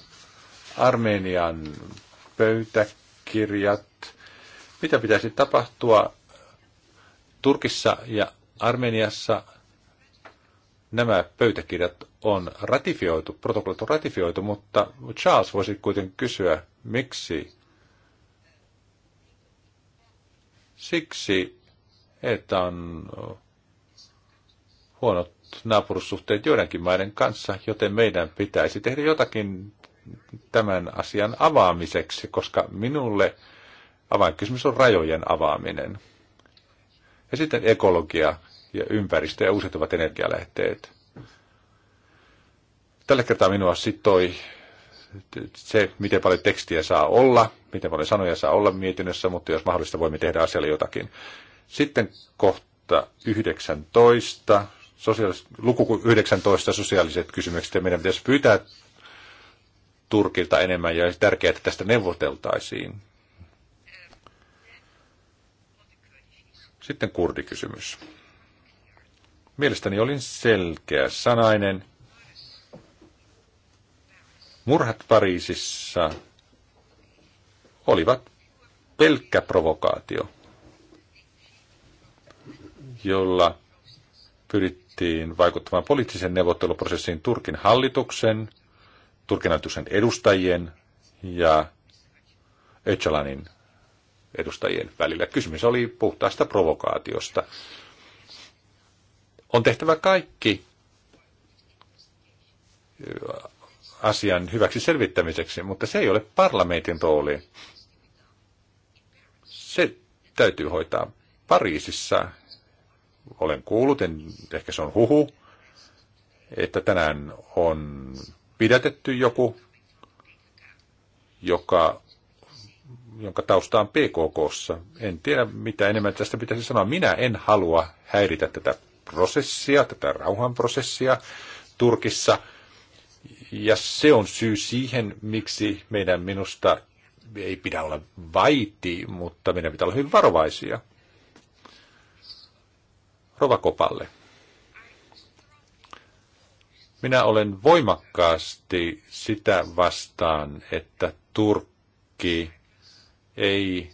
Armenian pöytäkirjat, mitä pitäisi tapahtua Turkissa ja Armeniassa nämä pöytäkirjat on ratifioitu, protokollat on ratifioitu, mutta Charles voisi kuitenkin kysyä, miksi? Siksi, että on huonot naapurussuhteet joidenkin maiden kanssa, joten meidän pitäisi tehdä jotakin tämän asian avaamiseksi, koska minulle avainkysymys on rajojen avaaminen. Ja sitten ekologia ja ympäristö ja uusiutuvat energialähteet. Tällä kertaa minua sitoi se, miten paljon tekstiä saa olla, miten paljon sanoja saa olla mietinnössä, mutta jos mahdollista voimme tehdä asialle jotakin. Sitten kohta 19, sosiaalis- luku 19 sosiaaliset kysymykset, ja meidän pitäisi pyytää Turkilta enemmän, ja olisi tärkeää, että tästä neuvoteltaisiin. Sitten kurdikysymys. Mielestäni olin selkeä sanainen. Murhat Pariisissa olivat pelkkä provokaatio, jolla pyrit, pyrittiin vaikuttamaan poliittisen neuvotteluprosessiin Turkin hallituksen, Turkin hallituksen edustajien ja Öcalanin edustajien välillä. Kysymys oli puhtaasta provokaatiosta. On tehtävä kaikki äh, asian hyväksi selvittämiseksi, mutta se ei ole parlamentin rooli. Se täytyy hoitaa Pariisissa olen kuullut, en, ehkä se on huhu, että tänään on pidätetty joku, joka, jonka tausta on PKKssa. En tiedä, mitä enemmän tästä pitäisi sanoa. Minä en halua häiritä tätä prosessia, tätä rauhanprosessia Turkissa. Ja se on syy siihen, miksi meidän minusta ei pidä olla vaiti, mutta meidän pitää olla hyvin varovaisia. Rovakopalle. Minä olen voimakkaasti sitä vastaan, että Turkki ei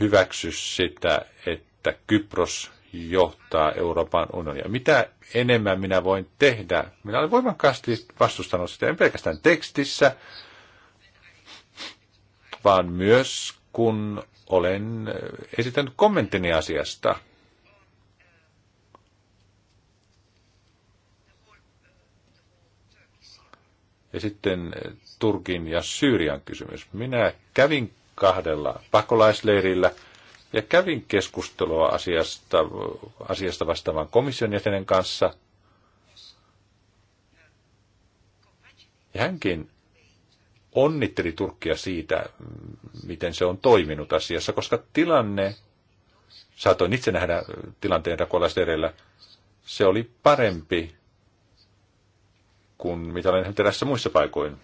hyväksy sitä, että Kypros johtaa Euroopan unionia. Mitä enemmän minä voin tehdä? Minä olen voimakkaasti vastustanut sitä, en pelkästään tekstissä, vaan myös kun olen esittänyt kommenttini asiasta. Ja sitten Turkin ja Syyrian kysymys. Minä kävin kahdella pakolaisleirillä ja kävin keskustelua asiasta, asiasta vastaavan komission jäsenen kanssa. Ja hänkin onnitteli Turkkia siitä, miten se on toiminut asiassa, koska tilanne, saatoin itse nähdä tilanteen rakolaiset edellä, se oli parempi kuin mitä olen nähnyt tässä muissa paikoin.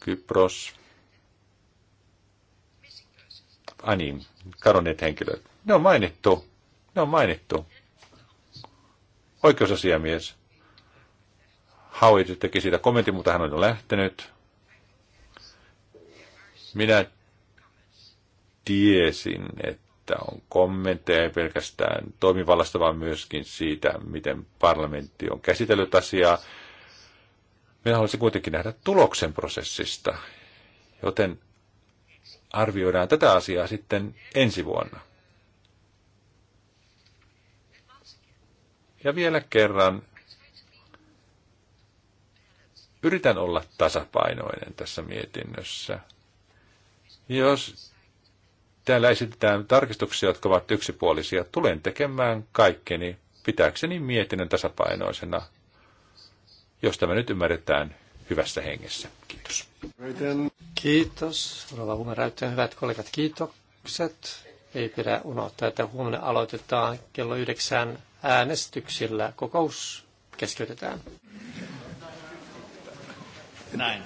Kypros. Ai niin, kadonneet henkilöt. Ne on mainittu. Ne on mainittu. Oikeusasiamies Howard teki siitä kommentin, mutta hän on jo lähtenyt. Minä tiesin, että on kommentteja ei pelkästään toimivallasta, vaan myöskin siitä, miten parlamentti on käsitellyt asiaa. Minä haluaisin kuitenkin nähdä tuloksen prosessista, joten arvioidaan tätä asiaa sitten ensi vuonna. Ja vielä kerran, yritän olla tasapainoinen tässä mietinnössä. Jos täällä esitetään tarkistuksia, jotka ovat yksipuolisia, tulen tekemään kaikkeni pitääkseni mietinnön tasapainoisena, jos tämä nyt ymmärretään hyvässä hengessä. Kiitos. Kiitos. Rova Humeräyttöön hyvät kollegat, kiitokset. Ei pidä unohtaa, että huomenna aloitetaan kello yhdeksän äänestyksillä. Kokous keskeytetään. Näin.